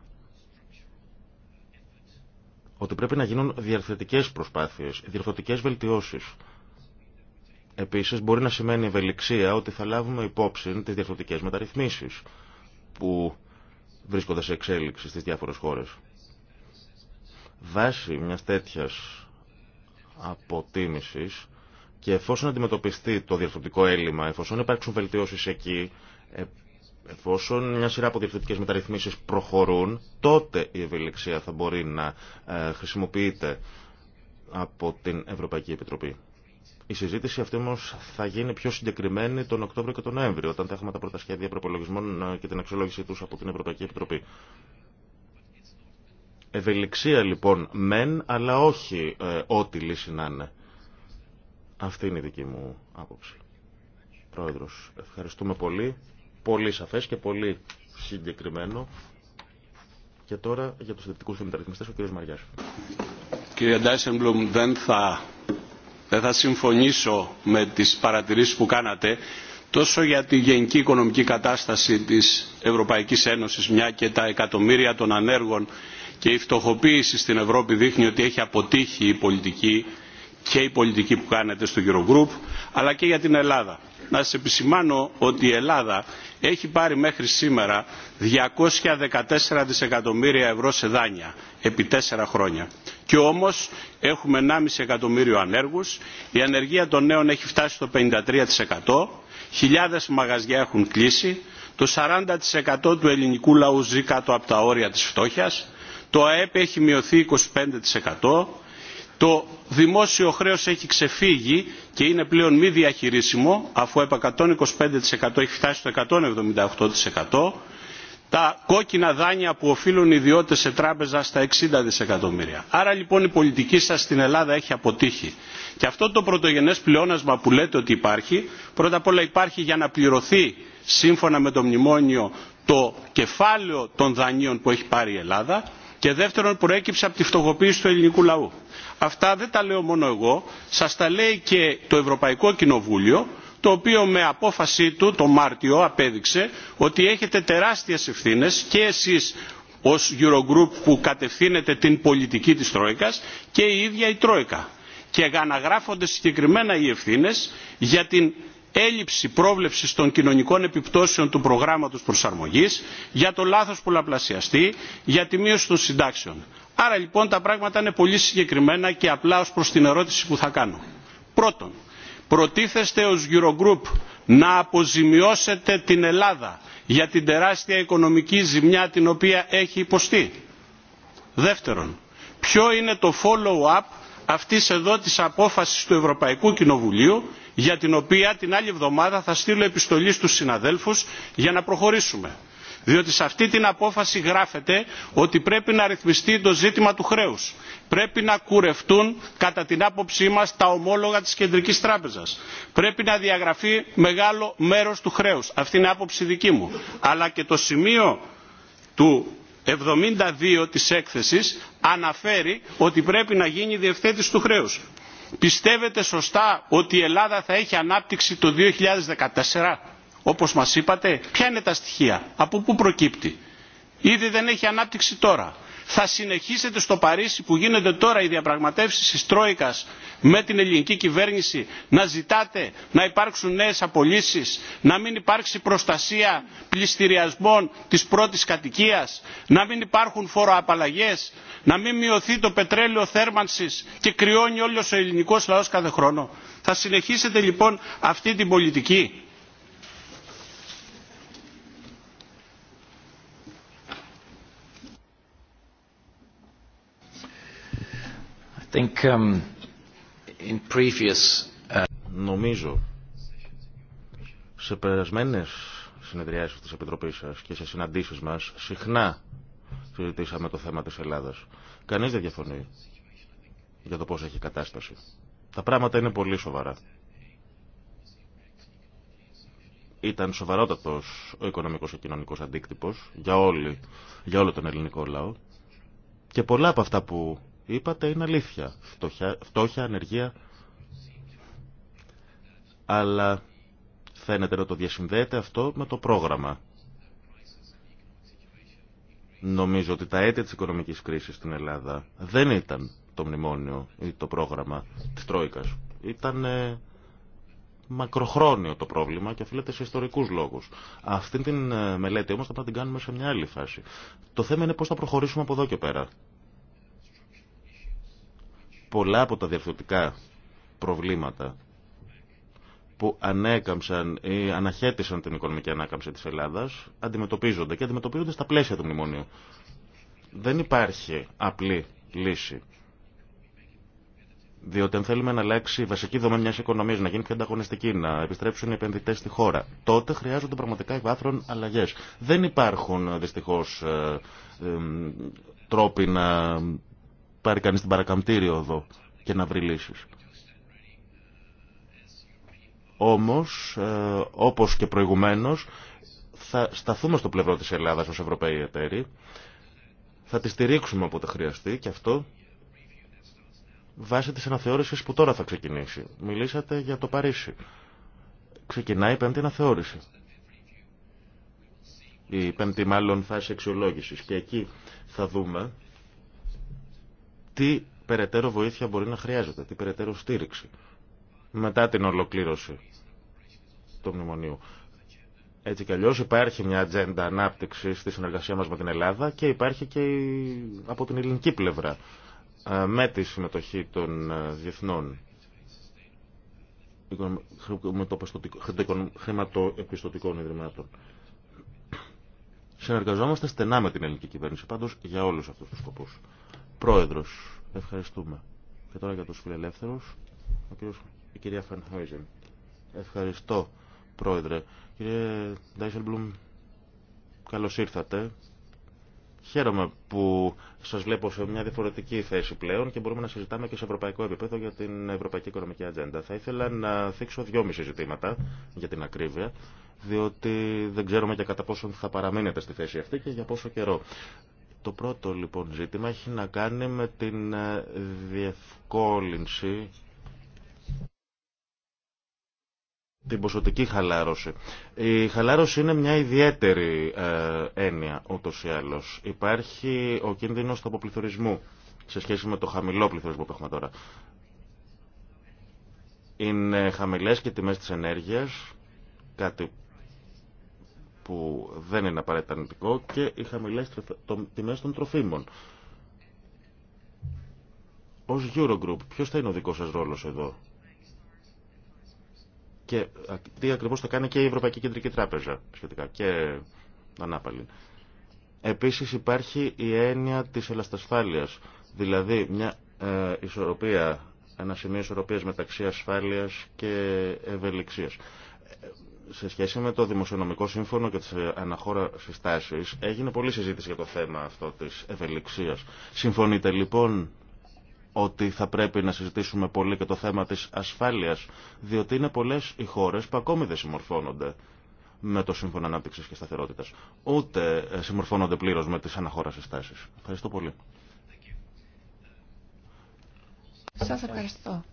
ότι πρέπει να γίνουν διαρθρωτικές προσπάθειες, διαρθρωτικές βελτιώσεις. Επίσης μπορεί να σημαίνει ευελιξία ότι θα λάβουμε υπόψη τις διαρθρωτικές μεταρρυθμίσεις που βρίσκονται σε εξέλιξη στις διάφορες χώρες. Βάσει μια τέτοιας αποτίμησης και εφόσον αντιμετωπιστεί το διευθυντικό έλλειμμα, εφόσον υπάρξουν βελτιώσεις εκεί, ε, εφόσον μια σειρά από διευθυντικές μεταρρυθμίσεις προχωρούν, τότε η ευελιξία θα μπορεί να ε, χρησιμοποιείται από την Ευρωπαϊκή Επιτροπή. Η συζήτηση αυτή όμω θα γίνει πιο συγκεκριμένη τον Οκτώβριο και τον Νοέμβριο, όταν θα έχουμε τα πρώτα σχέδια προπολογισμών ε, και την αξιολόγησή του από την Ευρωπαϊκή Επιτροπή. Ευελιξία λοιπόν μεν, αλλά όχι ε, ό,τι λύση να είναι. Αυτή είναι η δική μου άποψη. Πρόεδρος, ευχαριστούμε πολύ. Πολύ σαφές και πολύ συγκεκριμένο. Και τώρα για τους θετικούς και ο κ. Μαριάς δεν θα συμφωνήσω με τις παρατηρήσεις που κάνατε τόσο για τη γενική οικονομική κατάσταση της Ευρωπαϊκής Ένωσης μια και τα εκατομμύρια των ανέργων και η φτωχοποίηση στην Ευρώπη δείχνει ότι έχει αποτύχει η πολιτική και η πολιτική που κάνετε στο Eurogroup αλλά και για την Ελλάδα. Να σας επισημάνω ότι η Ελλάδα έχει πάρει μέχρι σήμερα 214 δισεκατομμύρια ευρώ σε δάνεια επί τέσσερα χρόνια και όμως έχουμε 1,5 εκατομμύριο ανέργους, η ανεργία των νέων έχει φτάσει στο 53%, χιλιάδες μαγαζιά έχουν κλείσει, το 40% του ελληνικού λαού ζει κάτω από τα όρια της φτώχειας, το ΑΕΠ έχει μειωθεί 25%, το δημόσιο χρέος έχει ξεφύγει και είναι πλέον μη διαχειρίσιμο αφού από 125% έχει φτάσει στο 178% τα κόκκινα δάνεια που οφείλουν οι ιδιώτες σε τράπεζα στα 60 δισεκατομμύρια. Άρα λοιπόν η πολιτική σας στην Ελλάδα έχει αποτύχει. Και αυτό το πρωτογενές πλεόνασμα που λέτε ότι υπάρχει, πρώτα απ' όλα υπάρχει για να πληρωθεί σύμφωνα με το μνημόνιο το κεφάλαιο των δανείων που έχει πάρει η Ελλάδα και δεύτερον προέκυψε από τη φτωχοποίηση του ελληνικού λαού. Αυτά δεν τα λέω μόνο εγώ, σας τα λέει και το Ευρωπαϊκό Κοινοβούλιο το οποίο με απόφασή του το Μάρτιο απέδειξε ότι έχετε τεράστιες ευθύνες και εσείς ως Eurogroup που κατευθύνετε την πολιτική της Τρόικας και η ίδια η Τρόικα. Και αναγράφονται συγκεκριμένα οι ευθύνες για την έλλειψη πρόβλεψης των κοινωνικών επιπτώσεων του προγράμματος προσαρμογής, για το λάθος πολλαπλασιαστή, για τη μείωση των συντάξεων. Άρα λοιπόν τα πράγματα είναι πολύ συγκεκριμένα και απλά ως προς την ερώτηση που θα κάνω. Πρώτον, προτίθεστε ως eurogroup να αποζημιώσετε την ελλάδα για την τεράστια οικονομική ζημιά την οποία έχει υποστεί. δεύτερον ποιο είναι το follow up αυτής εδώ της απόφασης του ευρωπαϊκού κοινοβουλίου για την οποία την άλλη εβδομάδα θα στείλω επιστολή στους συναδέλφους για να προχωρήσουμε διότι σε αυτή την απόφαση γράφεται ότι πρέπει να ρυθμιστεί το ζήτημα του χρέους. Πρέπει να κουρευτούν κατά την άποψή μας τα ομόλογα της Κεντρικής Τράπεζας. Πρέπει να διαγραφεί μεγάλο μέρος του χρέους. Αυτή είναι η άποψη δική μου. Αλλά και το σημείο του 72 της έκθεσης αναφέρει ότι πρέπει να γίνει διευθέτηση του χρέους. Πιστεύετε σωστά ότι η Ελλάδα θα έχει ανάπτυξη το 2014 όπως μας είπατε. Ποια είναι τα στοιχεία, από πού προκύπτει. Ήδη δεν έχει ανάπτυξη τώρα. Θα συνεχίσετε στο Παρίσι που γίνονται τώρα οι διαπραγματεύσεις της Τρόικας με την ελληνική κυβέρνηση να ζητάτε να υπάρξουν νέες απολύσει, να μην υπάρξει προστασία πληστηριασμών της πρώτης κατοικίας, να μην υπάρχουν φοροαπαλλαγές, να μην μειωθεί το πετρέλαιο θέρμανσης και κρυώνει όλος ο ελληνικός λαός κάθε χρόνο. Θα συνεχίσετε λοιπόν αυτή την πολιτική. Um, uh, Νομίζω σε περασμένε συνεδριάσει τη Επιτροπή σα και σε συναντήσει μα συχνά συζητήσαμε το θέμα τη Ελλάδα. Κανεί δεν διαφωνεί για το πώ έχει κατάσταση. Τα πράγματα είναι πολύ σοβαρά. Ήταν σοβαρότατο ο οικονομικό και κοινωνικό αντίκτυπο για όλο τον ελληνικό λαό και πολλά από αυτά που είπατε είναι αλήθεια. φτώχεια, ανεργία. Αλλά φαίνεται να το διασυνδέεται αυτό με το πρόγραμμα. Νομίζω ότι τα αίτια της οικονομικής κρίσης στην Ελλάδα δεν ήταν το μνημόνιο ή το πρόγραμμα της Τρόικας. Ήταν ε, μακροχρόνιο το πρόβλημα και οφείλεται σε ιστορικούς λόγους. Αυτή την ε, μελέτη όμως θα πρέπει να την κάνουμε σε μια άλλη φάση. Το θέμα είναι πώς θα προχωρήσουμε από εδώ και πέρα πολλά από τα διαρθρωτικά προβλήματα που ανέκαμψαν ή αναχέτησαν την οικονομική ανάκαμψη της Ελλάδας αντιμετωπίζονται και αντιμετωπίζονται στα πλαίσια του μνημονίου. Δεν υπάρχει απλή λύση. Διότι αν θέλουμε να αλλάξει η βασική δομή μια οικονομία, να γίνει πιο ανταγωνιστική, να επιστρέψουν οι επενδυτέ στη χώρα, τότε χρειάζονται πραγματικά ευάθρων αλλαγέ. Δεν υπάρχουν ε, δυστυχώ ε, ε, τρόποι να αλλαξει η βασικη δομη μια οικονομια να γινει πιο ανταγωνιστικη να επιστρεψουν οι επενδυτε στη χωρα τοτε χρειαζονται πραγματικα βαθρων αλλαγε δεν υπαρχουν δυστυχω τροποι να πάρει κανείς την παρακαμπτήριο εδώ και να βρει λύσει. Όμως, ε, όπως και προηγουμένως, θα σταθούμε στο πλευρό της Ελλάδας ως Ευρωπαίοι εταίροι, θα τη στηρίξουμε όποτε χρειαστεί και αυτό βάσει της αναθεώρησης που τώρα θα ξεκινήσει. Μιλήσατε για το Παρίσι. Ξεκινάει η πέμπτη αναθεώρηση. Η πέμπτη μάλλον φάση αξιολόγηση και εκεί θα δούμε τι περαιτέρω βοήθεια μπορεί να χρειάζεται, τι περαιτέρω στήριξη μετά την ολοκλήρωση του μνημονίου. Έτσι κι αλλιώ υπάρχει μια ατζέντα ανάπτυξη στη συνεργασία μα με την Ελλάδα και υπάρχει και από την ελληνική πλευρά ε, με τη συμμετοχή των ε, διεθνών χρηματοπιστωτικών ιδρυμάτων. Συνεργαζόμαστε στενά με την ελληνική κυβέρνηση πάντως για όλους αυτούς τους σκοπούς. Πρόεδρος, ευχαριστούμε. Και τώρα για τους φιλελεύθερους, ο κύριος, η κυρία Φανχόιζεν. Ευχαριστώ, Πρόεδρε. Κύριε Ντάισελμπλουμ, καλώς ήρθατε. Χαίρομαι που σας βλέπω σε μια διαφορετική θέση πλέον και μπορούμε να συζητάμε και σε ευρωπαϊκό επίπεδο για την Ευρωπαϊκή Οικονομική Ατζέντα. Θα ήθελα να θίξω δυόμιση ζητήματα για την ακρίβεια, διότι δεν ξέρουμε και κατά πόσο θα παραμείνετε στη θέση αυτή και για πόσο καιρό. Το πρώτο λοιπόν ζήτημα έχει να κάνει με την ε, διευκόλυνση την ποσοτική χαλάρωση. Η χαλάρωση είναι μια ιδιαίτερη ε, έννοια ούτως ή άλλως. Υπάρχει ο κίνδυνος του αποπληθωρισμού σε σχέση με το χαμηλό πληθωρισμό που έχουμε τώρα. Είναι χαμηλές και τιμές της ενέργειας, κάτι που δεν είναι απαραίτητα αρνητικό και οι χαμηλές τιμές των τροφίμων. Ως Eurogroup, ποιος θα είναι ο δικός σας ρόλος εδώ και τι ακριβώς θα κάνει και η Ευρωπαϊκή Κεντρική Τράπεζα σχετικά και ανάπαλη. Επίσης υπάρχει η έννοια της ελαστασφάλειας, δηλαδή μια ε, ισορροπία, ένα σημείο ισορροπία μεταξύ ασφάλειας και ευελιξίας σε σχέση με το Δημοσιονομικό Σύμφωνο και τις ε, αναχώρα συστάσεις έγινε πολλή συζήτηση για το θέμα αυτό της ευελιξίας. Συμφωνείτε λοιπόν ότι θα πρέπει να συζητήσουμε πολύ και το θέμα της ασφάλειας, διότι είναι πολλές οι χώρες που ακόμη δεν συμμορφώνονται με το Σύμφωνο Ανάπτυξης και Σταθερότητας, ούτε ε, συμμορφώνονται πλήρως με τις αναχώρα συστάσεις. Ευχαριστώ πολύ. Σας ευχαριστώ.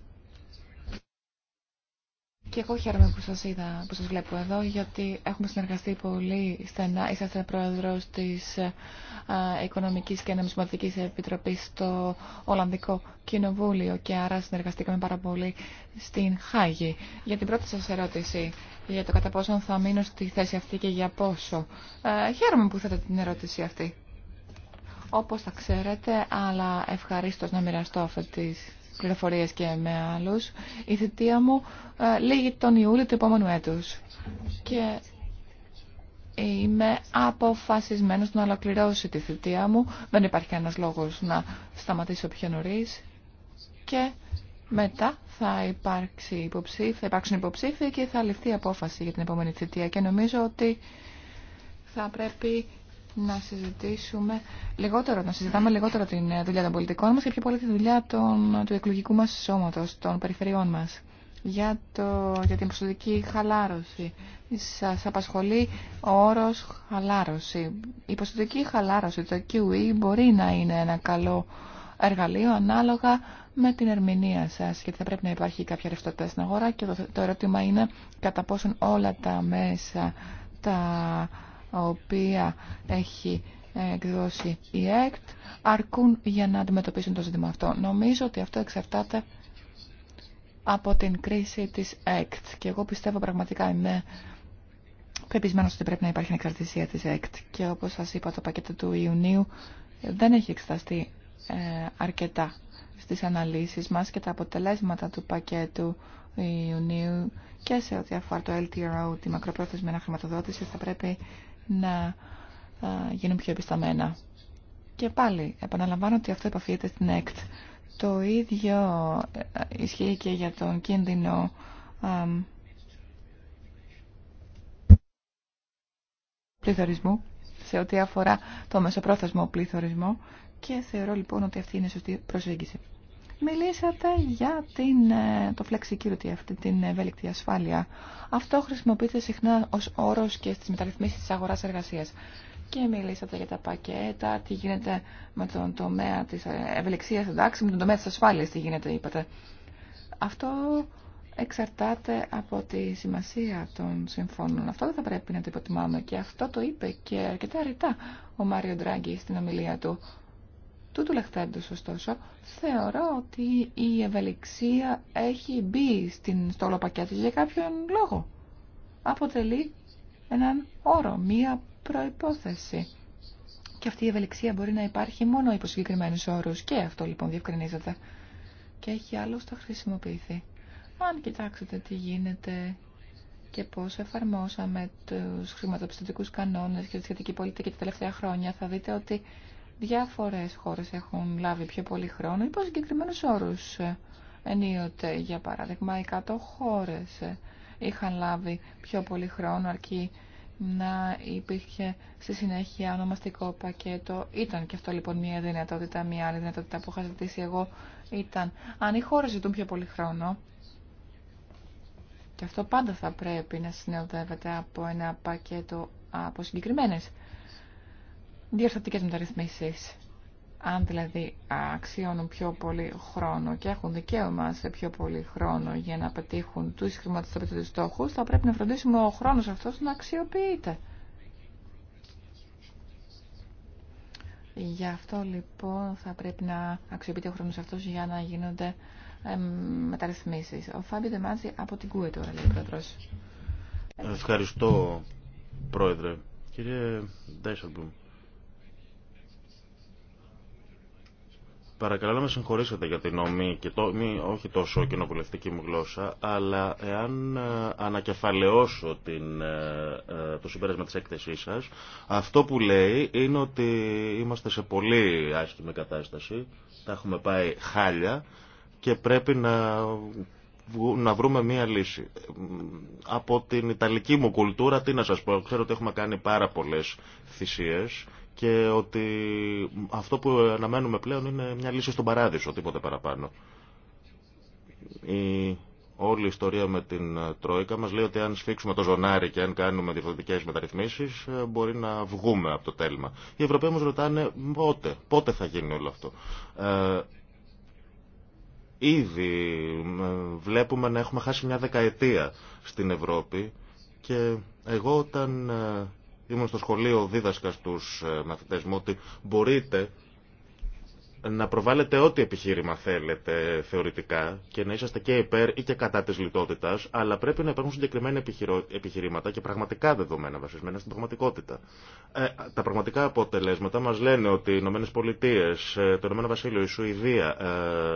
Και εγώ χαίρομαι που σας, είδα, που σας βλέπω εδώ, γιατί έχουμε συνεργαστεί πολύ στενά. Είσαστε πρόεδρος της ε, Οικονομικής και Νομισματικής Επιτροπής στο Ολλανδικό Κοινοβούλιο και άρα συνεργαστήκαμε πάρα πολύ στην Χάγη. Για την πρώτη σας ερώτηση, για το κατά πόσο θα μείνω στη θέση αυτή και για πόσο. Ε, χαίρομαι που θέλετε την ερώτηση αυτή. Όπως θα ξέρετε, αλλά ευχαρίστως να μοιραστώ αυτή πληροφορίες και με άλλους, η θητεία μου ε, λύγει τον Ιούλιο του επόμενου έτους. Και είμαι αποφασισμένος να ολοκληρώσει τη θητεία μου. Δεν υπάρχει κανένας λόγος να σταματήσω πιο νωρί. Και μετά θα, υπάρξει υποψήφι, θα υπάρξουν υποψήφοι και θα ληφθεί απόφαση για την επόμενη θητεία. Και νομίζω ότι θα πρέπει να συζητήσουμε λιγότερο, να συζητάμε λιγότερο την ε, δουλειά των πολιτικών μας και πιο πολύ τη δουλειά των, του εκλογικού μας σώματος, των περιφερειών μας. Για, το, για την προσωπική χαλάρωση. Σας απασχολεί ο όρος χαλάρωση. Η προσωπική χαλάρωση, το QE, μπορεί να είναι ένα καλό εργαλείο ανάλογα με την ερμηνεία σας γιατί θα πρέπει να υπάρχει κάποια ρευστότητα στην αγορά και το, το ερώτημα είναι κατά πόσον όλα τα μέσα τα οποία έχει εκδώσει η ΕΚΤ αρκούν για να αντιμετωπίσουν το ζήτημα αυτό. Νομίζω ότι αυτό εξαρτάται από την κρίση της ΕΚΤ και εγώ πιστεύω πραγματικά είμαι πεπισμένος ότι πρέπει να υπάρχει εξαρτησία της ΕΚΤ και όπως σας είπα το πακέτο του Ιουνίου δεν έχει εξεταστεί ε, αρκετά στις αναλύσεις μας και τα αποτελέσματα του πακέτου Ιουνίου και σε ό,τι αφορά το LTRO, τη μακροπρόθεσμη αναχρηματοδότηση, θα πρέπει να γίνουν πιο επισταμένα. Και πάλι επαναλαμβάνω ότι αυτό επαφείται στην ΕΚΤ. Το ίδιο ε, ισχύει και για τον κίνδυνο πληθωρισμού σε ό,τι αφορά το μεσοπρόθεσμο πληθωρισμό και θεωρώ λοιπόν ότι αυτή είναι η σωστή προσέγγιση. Μιλήσατε για την, ε, το flexicurity, αυτή την ευέλικτη ασφάλεια. Αυτό χρησιμοποιείται συχνά ως όρος και στις μεταρρυθμίσεις της αγοράς εργασίας. Και μιλήσατε για τα πακέτα, τι γίνεται με τον τομέα της ε, ευελιξίας, εντάξει, με τον τομέα της ασφάλειας, τι γίνεται, είπατε. Αυτό εξαρτάται από τη σημασία των συμφώνων. Αυτό δεν θα πρέπει να το υποτιμάμε και αυτό το είπε και αρκετά ρητά ο Μάριο Ντράγκη στην ομιλία του Τούτου λεχθέντο, ωστόσο, θεωρώ ότι η ευελιξία έχει μπει στην, στο όλο για κάποιον λόγο. Αποτελεί έναν όρο, μία προϋπόθεση. Και αυτή η ευελιξία μπορεί να υπάρχει μόνο υπό συγκεκριμένου όρου. Και αυτό λοιπόν διευκρινίζεται. Και έχει άλλωστε χρησιμοποιηθεί. Αν κοιτάξετε τι γίνεται και πω εφαρμόσαμε του χρηματοπιστωτικού κανονε και τη σχετική πολιτική τα τελευταία χρόνια, θα δείτε ότι Διάφορες χώρες έχουν λάβει πιο πολύ χρόνο υπό συγκεκριμένους όρους. Ενίοτε, για παράδειγμα, οι 100 χώρες είχαν λάβει πιο πολύ χρόνο αρκεί να υπήρχε στη συνέχεια ονομαστικό πακέτο. Ήταν και αυτό λοιπόν μια δυνατότητα, μια άλλη δυνατότητα που είχα ζητήσει εγώ ήταν αν οι χώρες ζητούν πιο πολύ χρόνο και αυτό πάντα θα πρέπει να συνοδεύεται από ένα πακέτο από συγκεκριμένες διορθωτικές μεταρρυθμίσεις. Αν δηλαδή αξιώνουν πιο πολύ χρόνο και έχουν δικαίωμα σε πιο πολύ χρόνο για να πετύχουν τους του στόχους, θα πρέπει να φροντίσουμε ο χρόνος αυτός να αξιοποιείται. Γι' αυτό λοιπόν θα πρέπει να αξιοποιείται ο χρόνος αυτός για να γίνονται ε, μεταρρυθμίσεις. Ο Φάμπιο Ντεμάζη από την ΚΟΕ τώρα λέει ο Πρόεδρος. Ευχαριστώ Πρόεδρε. Κύριε Παρακαλώ να με συγχωρήσετε για την νομή, και το, μη, όχι τόσο κοινοβουλευτική μου γλώσσα, αλλά εάν ε, ανακεφαλαιώσω την, ε, ε, το συμπέρασμα της έκθεσής σας, αυτό που λέει είναι ότι είμαστε σε πολύ άσχημη κατάσταση, τα έχουμε πάει χάλια και πρέπει να να βρούμε μία λύση. Από την Ιταλική μου κουλτούρα, τι να σας πω, ξέρω ότι έχουμε κάνει πάρα πολλές θυσίες και ότι αυτό που αναμένουμε πλέον είναι μια λύση στον παράδεισο, τίποτε παραπάνω. Η όλη η ιστορία με την Τρόικα μας λέει ότι αν σφίξουμε το ζωνάρι και αν κάνουμε διαφορετικές μεταρρυθμίσεις ε, μπορεί να βγούμε από το τέλμα. Οι Ευρωπαίοι μας ρωτάνε πότε, πότε θα γίνει όλο αυτό. Ε, ήδη ε, βλέπουμε να έχουμε χάσει μια δεκαετία στην Ευρώπη και εγώ όταν ε, ήμουν στο σχολείο δίδασκα στους ε, μαθητές μου ότι μπορείτε να προβάλλετε ό,τι επιχείρημα θέλετε θεωρητικά και να είσαστε και υπέρ ή και κατά της λιτότητας, αλλά πρέπει να υπάρχουν συγκεκριμένα επιχειρήματα και πραγματικά δεδομένα βασισμένα στην πραγματικότητα. Ε, τα πραγματικά αποτελέσματα μας λένε ότι οι Ηνωμένες Πολιτείες, ε, το Ηνωμένο Βασίλειο, η Σουηδία,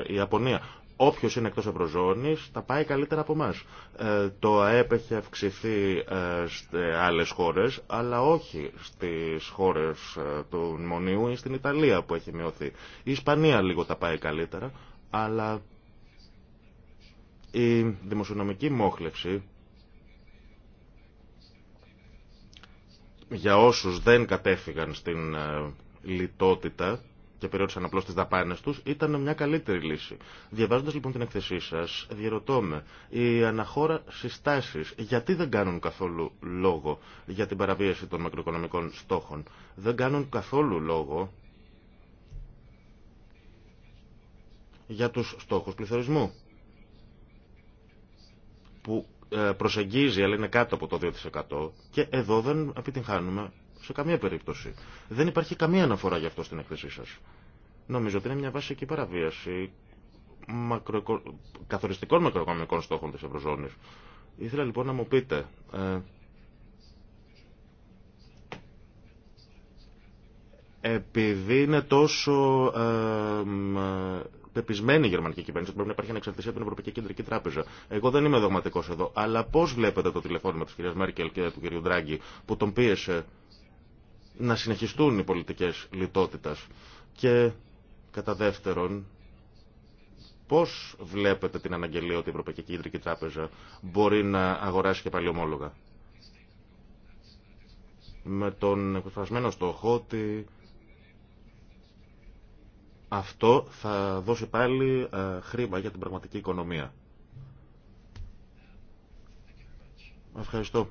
η Ιαπωνία, όποιος είναι εκτός ευρωζώνης τα πάει καλύτερα από εμά. Ε, το ΑΕΠ έχει αυξηθεί ε, σε άλλες χώρες, αλλά όχι στις χώρες ε, του Μονίου ή στην Ιταλία που έχει μειωθεί. Η Ισπανία λίγο τα πάει καλύτερα, αλλά η δημοσιονομική μόχλευση για όσους δεν κατέφυγαν στην λιτότητα και περιόρισαν απλώ τι δαπάνε του, ήταν μια καλύτερη λύση. Διαβάζοντα λοιπόν την εκθεσή σα, διαρωτώ με, η αναχώρα συστάσει γιατί δεν κάνουν καθόλου λόγο για την παραβίαση των μακροοικονομικών στόχων. Δεν κάνουν καθόλου λόγο για τους στόχους πληθωρισμού που ε, προσεγγίζει αλλά είναι κάτω από το 2% και εδώ δεν επιτυγχάνουμε σε καμία περίπτωση. Δεν υπάρχει καμία αναφορά γι' αυτό στην έκθεσή σα. Νομίζω ότι είναι μια βασική παραβίαση καθοριστικών μακροοικονομικών στόχων τη Ευρωζώνης. Ήθελα λοιπόν να μου πείτε, ε, επειδή είναι τόσο ε, ε, πεπισμένη η γερμανική κυβέρνηση, ότι πρέπει να υπάρχει ανεξαρτησία από την Ευρωπαϊκή Κεντρική Τράπεζα. Εγώ δεν είμαι δογματικό εδώ. Αλλά πώ βλέπετε το τηλεφώνημα τη κυρία Μέρκελ και του κυρίου Ντράγκη που τον πίεσε να συνεχιστούν οι πολιτικές λιτότητας. Και κατά δεύτερον, πώς βλέπετε την αναγγελία ότι η Ευρωπαϊκή Κεντρική Τράπεζα μπορεί να αγοράσει και πάλι ομόλογα. Με τον εκφρασμένο στόχο ότι αυτό θα δώσει πάλι ε, χρήμα για την πραγματική οικονομία. Ευχαριστώ.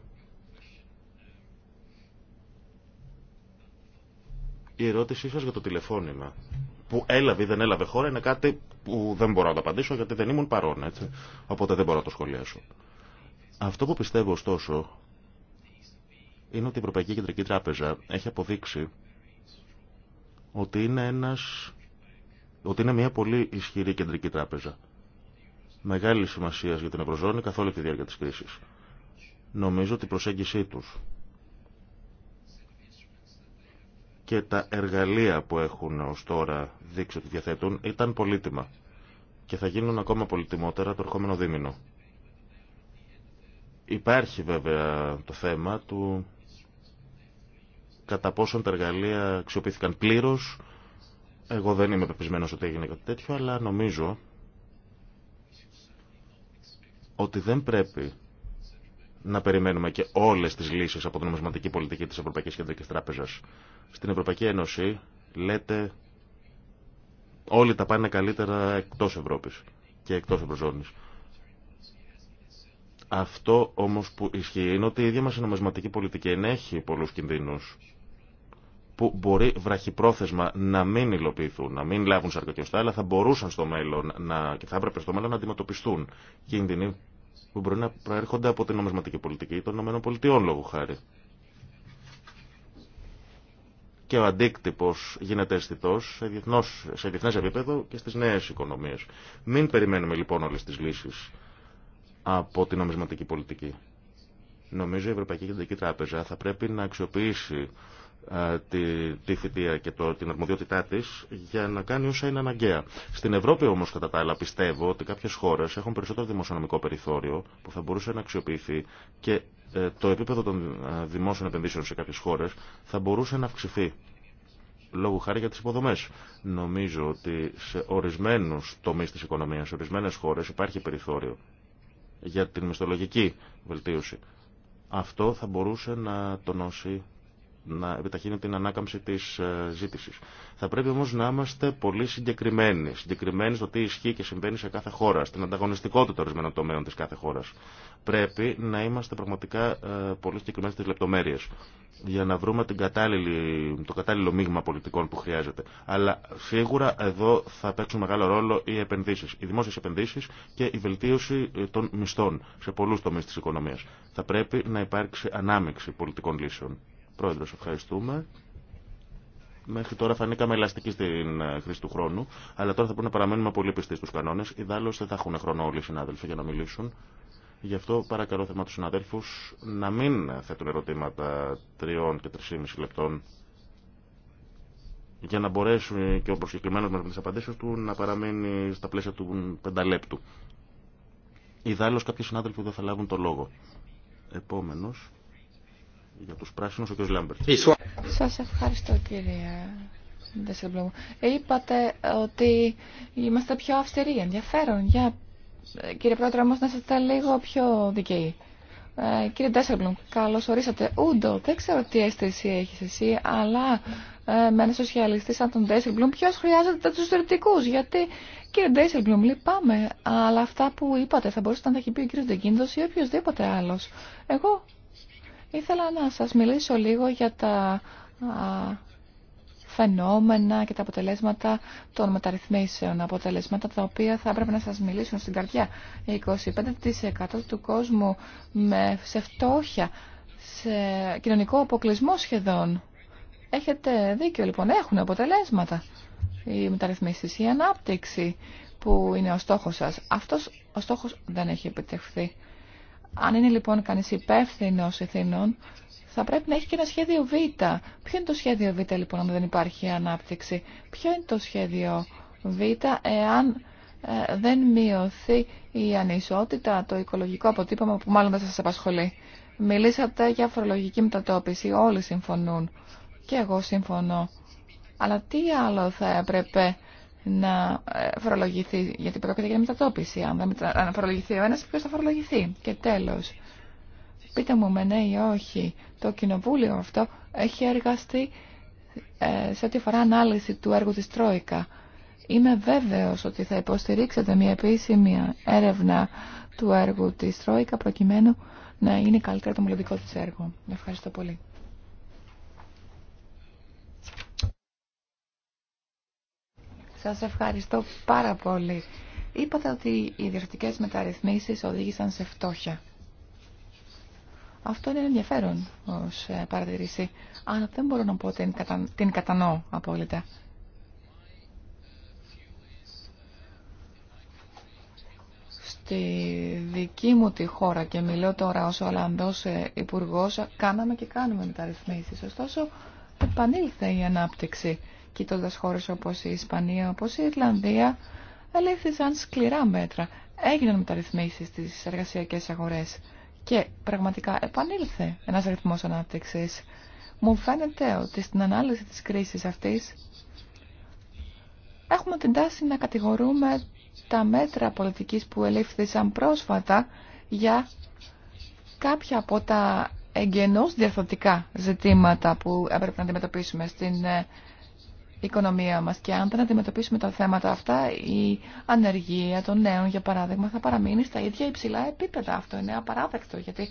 Η ερώτησή σα για το τηλεφώνημα που έλαβε ή δεν έλαβε χώρα είναι κάτι που δεν μπορώ να το απαντήσω γιατί δεν ήμουν παρόν, έτσι. Οπότε δεν μπορώ να το σχολιάσω. Αυτό που πιστεύω ωστόσο είναι ότι η Ευρωπαϊκή Κεντρική Τράπεζα έχει αποδείξει ότι είναι, ένας, ότι είναι μια πολύ ισχυρή κεντρική τράπεζα. Μεγάλη σημασία για την Ευρωζώνη καθ' όλη τη διάρκεια της κρίσης. Νομίζω ότι η προσέγγιση τους και τα εργαλεία που έχουν ως τώρα δείξει ότι διαθέτουν ήταν πολύτιμα και θα γίνουν ακόμα πολύτιμότερα το ερχόμενο δίμηνο. Υπάρχει βέβαια το θέμα του κατά πόσον τα εργαλεία αξιοποιήθηκαν πλήρως. Εγώ δεν είμαι πεπισμένος ότι έγινε κάτι τέτοιο, αλλά νομίζω ότι δεν πρέπει να περιμένουμε και όλες τις λύσεις από την νομισματική πολιτική της Ευρωπαϊκής Κεντρικής Τράπεζας. Στην Ευρωπαϊκή Ένωση λέτε όλοι τα πάνε καλύτερα εκτός Ευρώπης και εκτός Ευρωζώνης. Αυτό όμως που ισχύει είναι ότι η ίδια μας η νομισματική πολιτική ενέχει πολλούς κινδύνους που μπορεί βραχυπρόθεσμα να μην υλοποιηθούν, να μην λάβουν σαρκοκιωστά, αλλά θα μπορούσαν στο μέλλον να, και θα έπρεπε στο μέλλον να αντιμετωπιστούν κίνδυνοι που μπορεί να προέρχονται από την νομισματική πολιτική των ΗΠΑ λόγω χάρη. Και ο αντίκτυπο γίνεται αισθητό σε, διεθνέ επίπεδο και στι νέε οικονομίε. Μην περιμένουμε λοιπόν όλε τι λύσει από την νομισματική πολιτική. Νομίζω η Ευρωπαϊκή Κεντρική Τράπεζα θα πρέπει να αξιοποιήσει τη, τη θητεία και το, την αρμοδιότητά τη για να κάνει όσα είναι αναγκαία. Στην Ευρώπη όμω, κατά τα άλλα, πιστεύω ότι κάποιε χώρε έχουν περισσότερο δημοσιονομικό περιθώριο που θα μπορούσε να αξιοποιηθεί και ε, το επίπεδο των ε, δημόσιων επενδύσεων σε κάποιε χώρε θα μπορούσε να αυξηθεί. Λόγω χάρη για τι υποδομέ. Νομίζω ότι σε ορισμένου τομεί τη οικονομία, σε ορισμένε χώρε υπάρχει περιθώριο για την μισθολογική βελτίωση. Αυτό θα μπορούσε να τονώσει να επιταχύνει την ανάκαμψη της ε, ζήτησης. Θα πρέπει όμως να είμαστε πολύ συγκεκριμένοι, συγκεκριμένοι στο τι ισχύει και συμβαίνει σε κάθε χώρα, στην ανταγωνιστικότητα ορισμένων τομέων της κάθε χώρας. Πρέπει να είμαστε πραγματικά ε, πολύ συγκεκριμένοι στις λεπτομέρειες για να βρούμε την κατάλληλη, το κατάλληλο μείγμα πολιτικών που χρειάζεται. Αλλά σίγουρα εδώ θα παίξουν μεγάλο ρόλο οι επενδύσεις, οι δημόσιες επενδύσεις και η βελτίωση ε, των μισθών σε πολλούς τομείς τη οικονομία. Θα πρέπει να υπάρξει ανάμειξη πολιτικών λύσεων. Πρόεδρος, ευχαριστούμε. Μέχρι τώρα φανήκαμε ελαστικοί στην ε, χρήση του χρόνου, αλλά τώρα θα πρέπει να παραμένουμε πολύ πιστοί στου κανόνε. Ιδάλω δεν θα έχουν χρόνο όλοι οι συνάδελφοι για να μιλήσουν. Γι' αυτό παρακαλώ θέμα του συναδέλφου να μην θέτουν ερωτήματα τριών και τρισήμιση λεπτών για να μπορέσουν και ο προσκεκλημένος με τις απαντήσεις του να παραμένει στα πλαίσια του πενταλέπτου. Ιδάλλως κάποιοι συνάδελφοι δεν θα λάβουν το λόγο. Επόμενος, για τους πράσινους, ο κ. Λάμπερτ. Σας ευχαριστώ κύριε Ντεσεμπλόμου. Είπατε ότι είμαστε πιο αυστηροί, ενδιαφέρον. Για... Ε, κύριε Πρόεδρε, όμως να είστε λίγο πιο δικαιοί. Ε, κύριε Ντέσσερμπλουμ, καλώς ορίσατε. Ούντο, δεν ξέρω τι αίσθηση έχεις εσύ, αλλά ε, με ένα σοσιαλιστή σαν τον Ντέσσερμπλουμ, ποιος χρειάζεται τους θρεπτικούς, γιατί κύριε Ντέσσερμπλουμ, λυπάμαι, αλλά αυτά που είπατε θα μπορούσατε να τα έχει πει ο κύριος Ντεγκίνδος ή οποιοδήποτε άλλος. Εγώ Ήθελα να σας μιλήσω λίγο για τα φαινόμενα και τα αποτελέσματα των μεταρρυθμίσεων. Αποτελέσματα τα οποία θα έπρεπε να σας μιλήσουν στην καρδιά. 25% του κόσμου με, σε φτώχεια, σε κοινωνικό αποκλεισμό σχεδόν. Έχετε δίκιο λοιπόν, έχουν αποτελέσματα οι μεταρρυθμίσεις, η ανάπτυξη που είναι ο στόχος σας. Αυτός ο στόχος δεν έχει επιτευχθεί. Αν είναι λοιπόν κανείς υπεύθυνο ηθήνων, θα πρέπει να έχει και ένα σχέδιο Β. Ποιο είναι το σχέδιο Β λοιπόν, αν δεν υπάρχει ανάπτυξη. Ποιο είναι το σχέδιο Β, εάν ε, δεν μειωθεί η ανισότητα, το οικολογικό αποτύπωμα που μάλλον δεν σας απασχολεί. Μιλήσατε για φορολογική μετατόπιση, όλοι συμφωνούν. Και εγώ συμφωνώ. Αλλά τι άλλο θα έπρεπε να ε, φορολογηθεί, γιατί πρόκειται για μετατόπιση. Αν δεν φορολογηθεί ο ένας, ποιος θα φορολογηθεί. Και τέλος, πείτε μου με ναι ή όχι, το κοινοβούλιο αυτό έχει εργαστεί ε, σε ό,τι αφορά ανάλυση του έργου της Τρόικα. Είμαι βέβαιος ότι θα υποστηρίξετε μια επίσημη έρευνα του έργου της Τρόικα προκειμένου να είναι καλύτερα το μελλοντικό της έργο. Ευχαριστώ πολύ. Σας ευχαριστώ πάρα πολύ. Είπατε ότι οι διευθυντικές μεταρρυθμίσεις οδήγησαν σε φτώχεια. Αυτό είναι ενδιαφέρον ως ε, παρατηρήση, αλλά δεν μπορώ να πω ότι την κατανοώ απόλυτα. στη δική μου τη χώρα και μιλώ τώρα ως Ολλανδός ε, υπουργό, κάναμε και κάνουμε μεταρρυθμίσεις. Ωστόσο, επανήλθε η ανάπτυξη κοιτώντας χώρες όπως η Ισπανία, όπως η Ιρλανδία, ελήφθησαν σκληρά μέτρα. Έγιναν μεταρρυθμίσεις στις εργασιακές αγορές και πραγματικά επανήλθε ένας ρυθμός ανάπτυξης. Μου φαίνεται ότι στην ανάλυση της κρίσης αυτής έχουμε την τάση να κατηγορούμε τα μέτρα πολιτικής που ελήφθησαν πρόσφατα για κάποια από τα εγγενώς διαρθωτικά ζητήματα που έπρεπε να αντιμετωπίσουμε στην ε, οικονομία μας και αν δεν αντιμετωπίσουμε τα θέματα αυτά η ανεργία των νέων για παράδειγμα θα παραμείνει στα ίδια υψηλά επίπεδα. Αυτό είναι απαράδεκτο γιατί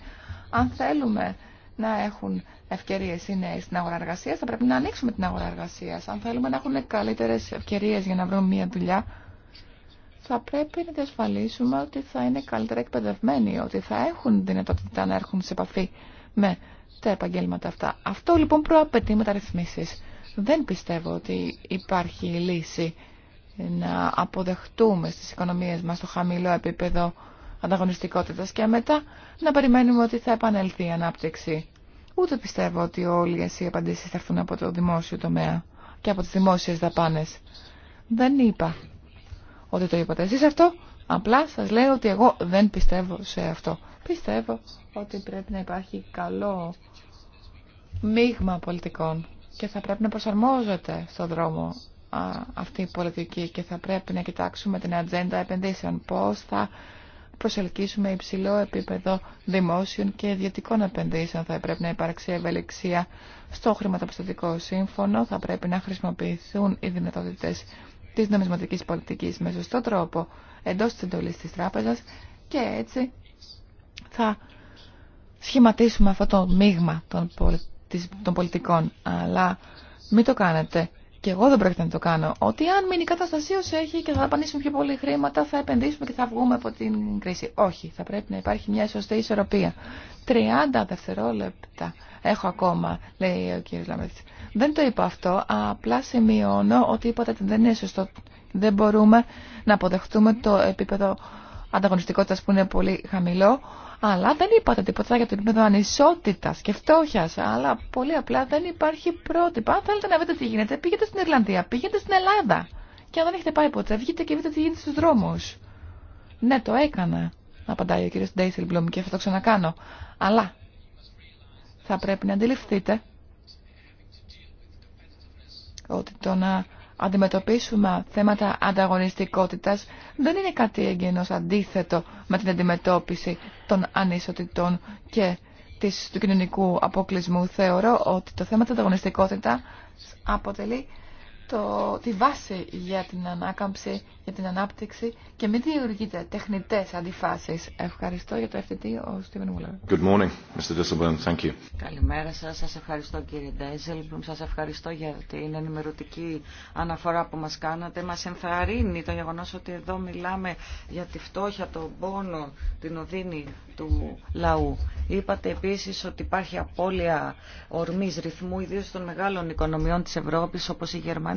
αν θέλουμε να έχουν ευκαιρίες οι νέοι στην αγορά εργασίας θα πρέπει να ανοίξουμε την αγορά εργασίας. Αν θέλουμε να έχουν καλύτερες ευκαιρίες για να βρουν μια δουλειά θα πρέπει να διασφαλίσουμε ότι θα είναι καλύτερα εκπαιδευμένοι, ότι θα έχουν δυνατότητα να έρχονται σε επαφή με τα επαγγέλματα αυτά. Αυτό λοιπόν προαπαιτεί μεταρρυθμίσεις. Δεν πιστεύω ότι υπάρχει λύση να αποδεχτούμε στις οικονομίες μας το χαμηλό επίπεδο ανταγωνιστικότητας και μετά να περιμένουμε ότι θα επανέλθει η ανάπτυξη. Ούτε πιστεύω ότι όλες οι απαντήσεις θα έρθουν από το δημόσιο τομέα και από τις δημόσιες δαπάνες. Δεν είπα ότι το είπατε εσείς αυτό, απλά σας λέω ότι εγώ δεν πιστεύω σε αυτό. Πιστεύω ότι πρέπει να υπάρχει καλό μείγμα πολιτικών και θα πρέπει να προσαρμόζεται στον δρόμο αυτή η πολιτική και θα πρέπει να κοιτάξουμε την ατζέντα επενδύσεων. Πώς θα προσελκύσουμε υψηλό επίπεδο δημόσιων και ιδιωτικών επενδύσεων. Θα πρέπει να υπάρξει ευελιξία στο χρηματοπιστωτικό σύμφωνο. Θα πρέπει να χρησιμοποιηθούν οι δυνατότητες της νομισματικής πολιτικής με σωστό τρόπο εντός της εντολής της τράπεζας και έτσι θα σχηματίσουμε αυτό το μείγμα των πολιτικών των πολιτικών. Αλλά μην το κάνετε. Και εγώ δεν πρέπει να το κάνω. Ότι αν μείνει η κατάστασή όσο έχει και θα δαπανίσουμε πιο πολύ χρήματα, θα επενδύσουμε και θα βγούμε από την κρίση. Όχι, θα πρέπει να υπάρχει μια σωστή ισορροπία. 30 δευτερόλεπτα έχω ακόμα, λέει ο κ. Λαμέτ. Δεν το είπα αυτό, απλά σημειώνω ότι είπατε ότι δεν είναι σωστό. Δεν μπορούμε να αποδεχτούμε το επίπεδο ανταγωνιστικότητας που είναι πολύ χαμηλό, αλλά δεν είπατε τίποτα για την επίπεδο ανισότητα και φτώχεια, αλλά πολύ απλά δεν υπάρχει πρότυπα. Αν θέλετε να δείτε τι γίνεται, πήγετε στην Ιρλανδία, πήγετε στην Ελλάδα. Και αν δεν έχετε πάει ποτέ, βγείτε και δείτε τι γίνεται στους δρόμους. Ναι, το έκανα, απαντάει ο κύριος Ντέισελμπλουμ και θα το ξανακάνω. Αλλά θα πρέπει να αντιληφθείτε ότι το να αντιμετωπίσουμε θέματα ανταγωνιστικότητας δεν είναι κάτι εγγενώς αντίθετο με την αντιμετώπιση των ανισοτητών και της, του κοινωνικού αποκλεισμού. Θεωρώ ότι το θέμα της ανταγωνιστικότητας αποτελεί το, τη βάση για την ανάκαμψη, για την ανάπτυξη και μην δημιουργείτε τεχνητέ αντιφάσει. Ευχαριστώ για το FTT, ο Στίβεν Μούλερ. Good morning, Mr. Thank you. Καλημέρα σα, σα ευχαριστώ κύριε Ντέζελ. Σα ευχαριστώ για την ενημερωτική αναφορά που μα κάνατε. Μα ενθαρρύνει το γεγονό ότι εδώ μιλάμε για τη φτώχεια, τον πόνο, την οδύνη του λαού. Είπατε επίση ότι υπάρχει απώλεια ορμή ρυθμού, ιδίω των μεγάλων οικονομιών τη Ευρώπη, όπω η Γερμανία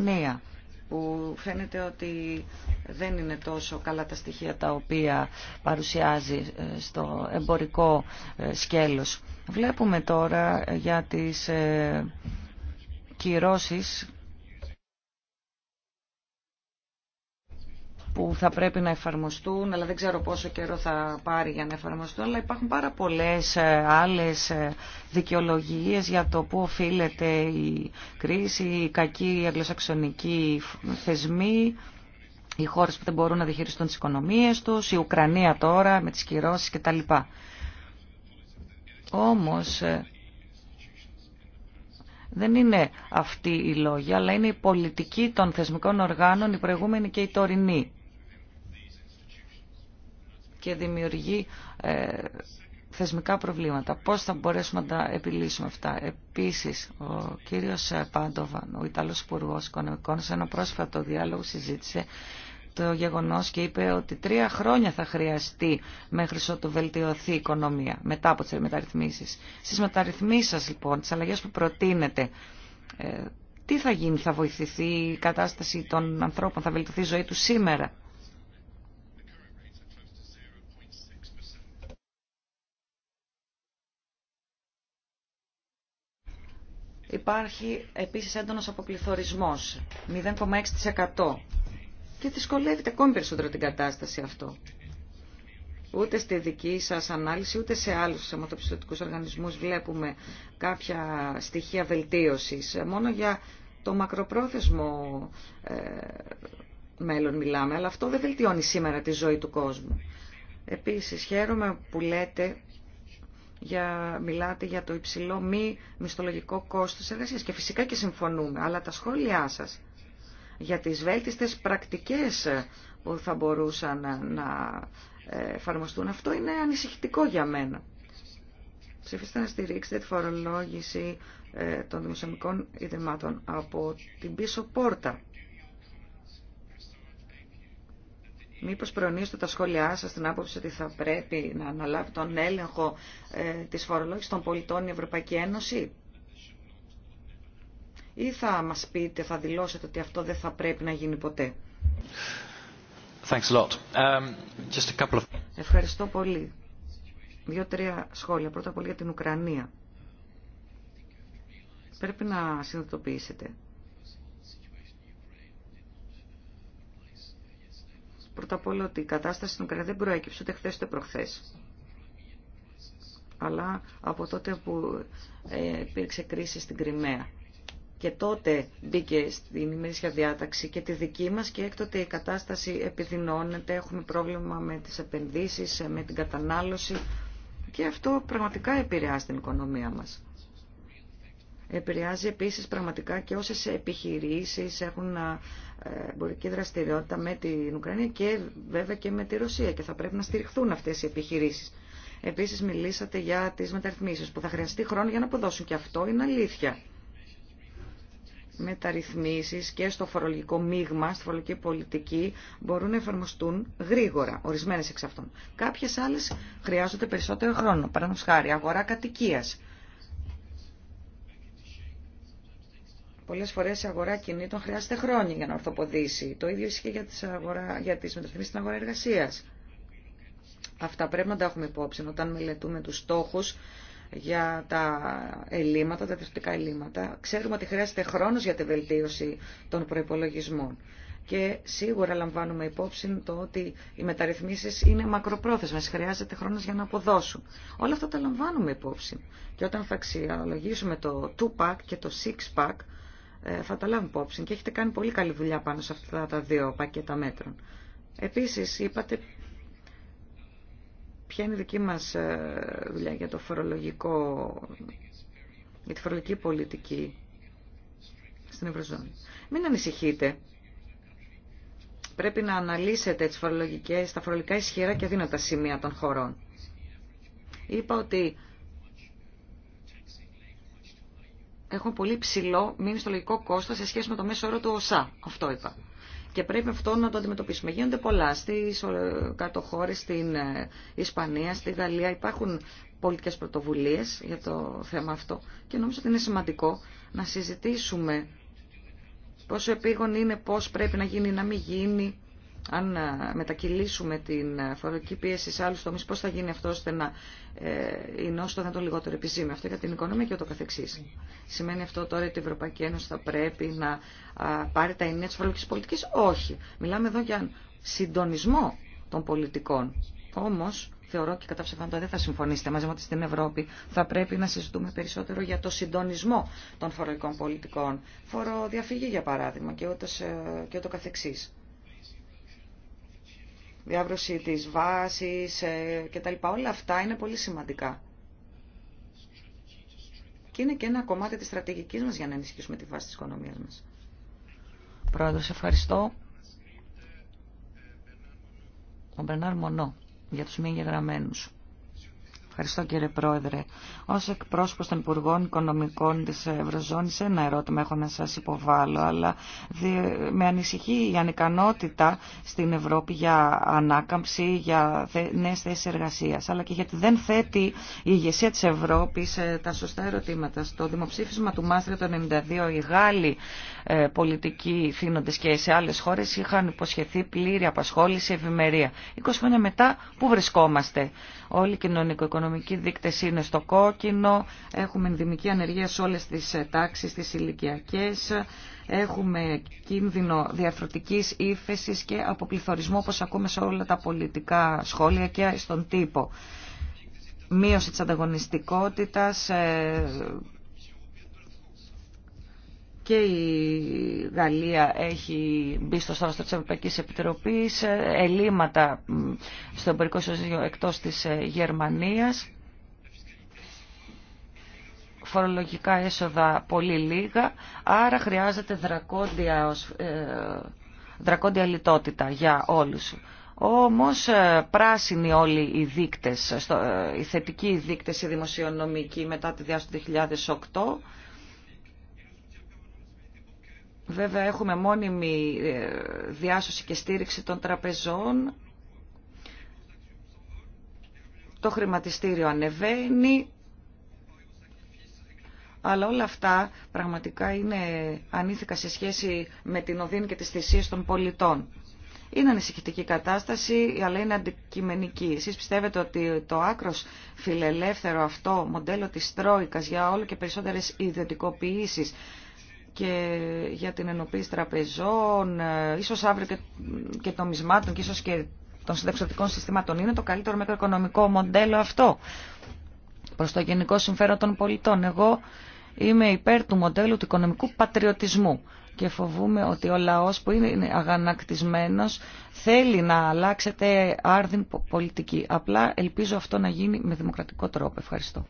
που φαίνεται ότι δεν είναι τόσο καλά τα στοιχεία τα οποία παρουσιάζει ε, στο εμπορικό ε, σκέλος. Βλέπουμε τώρα ε, για τις κυρώσεις που θα πρέπει να εφαρμοστούν, αλλά δεν ξέρω πόσο καιρό θα πάρει για να εφαρμοστούν, αλλά υπάρχουν πάρα πολλές ε, άλλες ε, δικαιολογίες για το πού οφείλεται η κρίση, η κακή αγγλοσαξονική θεσμή, οι χώρες που δεν μπορούν να διαχειριστούν τις οικονομίες τους, η Ουκρανία τώρα με τις κυρώσεις κτλ. Όμως ε, δεν είναι αυτή η λόγια, αλλά είναι η πολιτική των θεσμικών οργάνων, η προηγούμενη και η τωρινή και δημιουργεί ε, θεσμικά προβλήματα. Πώς θα μπορέσουμε να τα επιλύσουμε αυτά. Επίσης, ο κύριος ε, Πάντοβαν, ο Ιταλός Υπουργό Οικονομικών, σε ένα πρόσφατο διάλογο συζήτησε το γεγονός και είπε ότι τρία χρόνια θα χρειαστεί μέχρι ότου βελτιωθεί η οικονομία μετά από τις μεταρρυθμίσεις. Στις μεταρρυθμίσεις σας λοιπόν, τις αλλαγές που προτείνετε, ε, τι θα γίνει, θα βοηθηθεί η κατάσταση των ανθρώπων, θα βελτιωθεί η ζωή του σήμερα. Υπάρχει επίσης έντονος αποπληθωρισμός, 0,6%. Και δυσκολεύεται ακόμη περισσότερο την κατάσταση αυτό. Ούτε στη δική σας ανάλυση, ούτε σε άλλους αιματοπιστωτικούς οργανισμούς βλέπουμε κάποια στοιχεία βελτίωσης. Μόνο για το μακροπρόθεσμο ε, μέλλον μιλάμε, αλλά αυτό δεν βελτιώνει σήμερα τη ζωή του κόσμου. Επίσης, χαίρομαι που λέτε για, μιλάτε για το υψηλό μη μισθολογικό κόστος εργασίας και φυσικά και συμφωνούμε, αλλά τα σχόλιά σας για τις βέλτιστες πρακτικές που θα μπορούσαν να, ε, εφαρμοστούν, αυτό είναι ανησυχητικό για μένα. Ψηφίστε να στηρίξετε τη φορολόγηση ε, των δημοσιονομικών ιδρυμάτων από την πίσω πόρτα. Μήπως προνείστε τα σχόλιά σας στην άποψη ότι θα πρέπει να αναλάβει τον έλεγχο ε, της φορολόγησης των πολιτών η Ευρωπαϊκή Ένωση. Ή θα μας πείτε, θα δηλώσετε ότι αυτό δεν θα πρέπει να γίνει ποτέ. Um, Ευχαριστώ πολύ. Δύο-τρία σχόλια. Πρώτα απ' όλα για την Ουκρανία. Πρέπει να συνειδητοποιήσετε πρώτα απ' όλο ότι η κατάσταση στην Ουκρανία δεν προέκυψε ούτε χθε ούτε προχθέ. Αλλά από τότε που ε, υπήρξε κρίση στην Κρυμαία. Και τότε μπήκε στην ημερήσια διάταξη και τη δική μα και έκτοτε η κατάσταση επιδεινώνεται. Έχουμε πρόβλημα με τι επενδύσει, ε, με την κατανάλωση και αυτό πραγματικά επηρεάζει την οικονομία μας επηρεάζει επίσης πραγματικά και όσες επιχειρήσεις έχουν ε, εμπορική δραστηριότητα με την Ουκρανία και βέβαια και με τη Ρωσία και θα πρέπει να στηριχθούν αυτές οι επιχειρήσεις. Επίσης μιλήσατε για τις μεταρρυθμίσεις που θα χρειαστεί χρόνο για να αποδώσουν και αυτό είναι αλήθεια. Μεταρρυθμίσεις και στο φορολογικό μείγμα, στη φορολογική πολιτική μπορούν να εφαρμοστούν γρήγορα, ορισμένες εξ αυτών. Κάποιες άλλες χρειάζονται περισσότερο χρόνο, παραδείγματος χάρη αγορά κατοικίας Πολλέ φορέ η αγορά κινήτων χρειάζεται χρόνια για να ορθοποδήσει. Το ίδιο ισχύει για τις, αγορά, για τις μεταρρυθμίσεις στην αγορά εργασία. Αυτά πρέπει να τα έχουμε υπόψη όταν μελετούμε του στόχου για τα ελλείμματα, τα διευθυντικά ελλείμματα. Ξέρουμε ότι χρειάζεται χρόνο για τη βελτίωση των προπολογισμών. Και σίγουρα λαμβάνουμε υπόψη το ότι οι μεταρρυθμίσει είναι μακροπρόθεσμε. χρειάζεται χρόνο για να αποδώσουν. Όλα αυτά τα λαμβάνουμε υπόψη. Και όταν θα αξιολογήσουμε το 2-pack και το 6-pack, ε, θα τα λάβουν υπόψη και έχετε κάνει πολύ καλή δουλειά πάνω σε αυτά τα δύο πακέτα μέτρων. Επίσης είπατε ποια είναι η δική μας ε, δουλειά για το φορολογικό, για τη φορολογική πολιτική στην Ευρωζώνη. Μην ανησυχείτε. Πρέπει να αναλύσετε τις φορολογικές, τα φορολογικά ισχυρά και δύνατα σημεία των χωρών. Είπα ότι έχουν πολύ ψηλό μείνει στο λογικό κόστος σε σχέση με το μέσο όρο του ΟΣΑ. Αυτό είπα. Και πρέπει αυτό να το αντιμετωπίσουμε. Γίνονται πολλά στι ε, κάτω χώρες, στην ε, Ισπανία, στη Γαλλία. Υπάρχουν πολιτικέ πρωτοβουλίε για το θέμα αυτό. Και νομίζω ότι είναι σημαντικό να συζητήσουμε πόσο επίγον είναι, πώ πρέπει να γίνει, να μην γίνει αν ε, μετακυλήσουμε την ε, φορολογική πίεση σε άλλου τομεί, πώ θα γίνει αυτό ώστε να ε, είναι όσο το λιγότερο επιζήμιο αυτό για την οικονομία και ούτω καθεξή. Σημαίνει αυτό τώρα ότι η Ευρωπαϊκή Ένωση θα πρέπει να πάρει τα ενία τη φορολογική πολιτική. Όχι. Μιλάμε εδώ για συντονισμό των πολιτικών. Όμω, θεωρώ και κατά ψευδόντα δεν θα συμφωνήσετε μαζί μου ότι στην Ευρώπη θα πρέπει να συζητούμε περισσότερο για το συντονισμό των φορολογικών πολιτικών. Φοροδιαφυγή, για παράδειγμα, και ούτω και διάβρωση της βάσης ε, και τα λοιπά. Όλα αυτά είναι πολύ σημαντικά. Και είναι και ένα κομμάτι της στρατηγικής μας για να ενισχύσουμε τη βάση της οικονομίας μας. Πρόεδρος, ευχαριστώ. Ο Μπερνάρ Μονό για τους μη εγγεγραμμένους. Ευχαριστώ κύριε Πρόεδρε. Ω εκπρόσωπο των Υπουργών Οικονομικών τη Ευρωζώνης ένα ερώτημα έχω να σα υποβάλω, αλλά με ανησυχεί η ανικανότητα στην Ευρώπη για ανάκαμψη, για νέε θέσει εργασία, αλλά και γιατί δεν θέτει η ηγεσία της Ευρώπης ε, τα σωστά ερωτήματα. Στο δημοψήφισμα του Μάστρια το 1992 οι Γάλλοι ε, πολιτικοί θύνοντε και σε άλλε χώρε είχαν υποσχεθεί πλήρη απασχόληση, ευημερία. 20 χρόνια μετά πού βρισκόμαστε όλοι κοινωνικο οικονομική δείκτες είναι στο κόκκινο, έχουμε ενδυμική ανεργία σε όλες τις ε, τάξεις, τις ηλικιακέ, έχουμε κίνδυνο διαφρωτικής ύφεση και αποπληθωρισμό όπως ακούμε σε όλα τα πολιτικά σχόλια και στον τύπο. Μείωση τη ανταγωνιστικότητας, ε, και η Γαλλία έχει μπει στο στάδιο της Ευρωπαϊκής Επιτροπής, ε, ελλείμματα στο εμπορικό ισοζύγιο εκτός της ε, Γερμανίας, φορολογικά έσοδα πολύ λίγα, άρα χρειάζεται δρακόντια, ε, δρακόντια λιτότητα για όλους. Όμως πράσινοι όλοι οι δείκτες, οι θετικοί δείκτες οι δημοσιονομικοί μετά τη διάσταση του 2008 Βέβαια έχουμε μόνιμη ε, διάσωση και στήριξη των τραπεζών. Το χρηματιστήριο ανεβαίνει. Αλλά όλα αυτά πραγματικά είναι ανήθικα σε σχέση με την οδύνη και τις θυσίες των πολιτών. Είναι ανησυχητική κατάσταση, αλλά είναι αντικειμενική. Εσείς πιστεύετε ότι το άκρος φιλελεύθερο αυτό μοντέλο της Τρόικας για όλο και περισσότερες ιδιωτικοποιήσεις και για την ενοποίηση τραπεζών, ε, ίσως αύριο και, και νομισμάτων και ίσως και των συνταξιδοτικών συστημάτων. Είναι το καλύτερο μικροοικονομικό μοντέλο αυτό προς το γενικό συμφέρον των πολιτών. Εγώ είμαι υπέρ του μοντέλου του οικονομικού πατριωτισμού και φοβούμε ότι ο λαός που είναι αγανακτισμένος θέλει να αλλάξετε άρδιν πολιτική. Απλά ελπίζω αυτό να γίνει με δημοκρατικό τρόπο. Ευχαριστώ.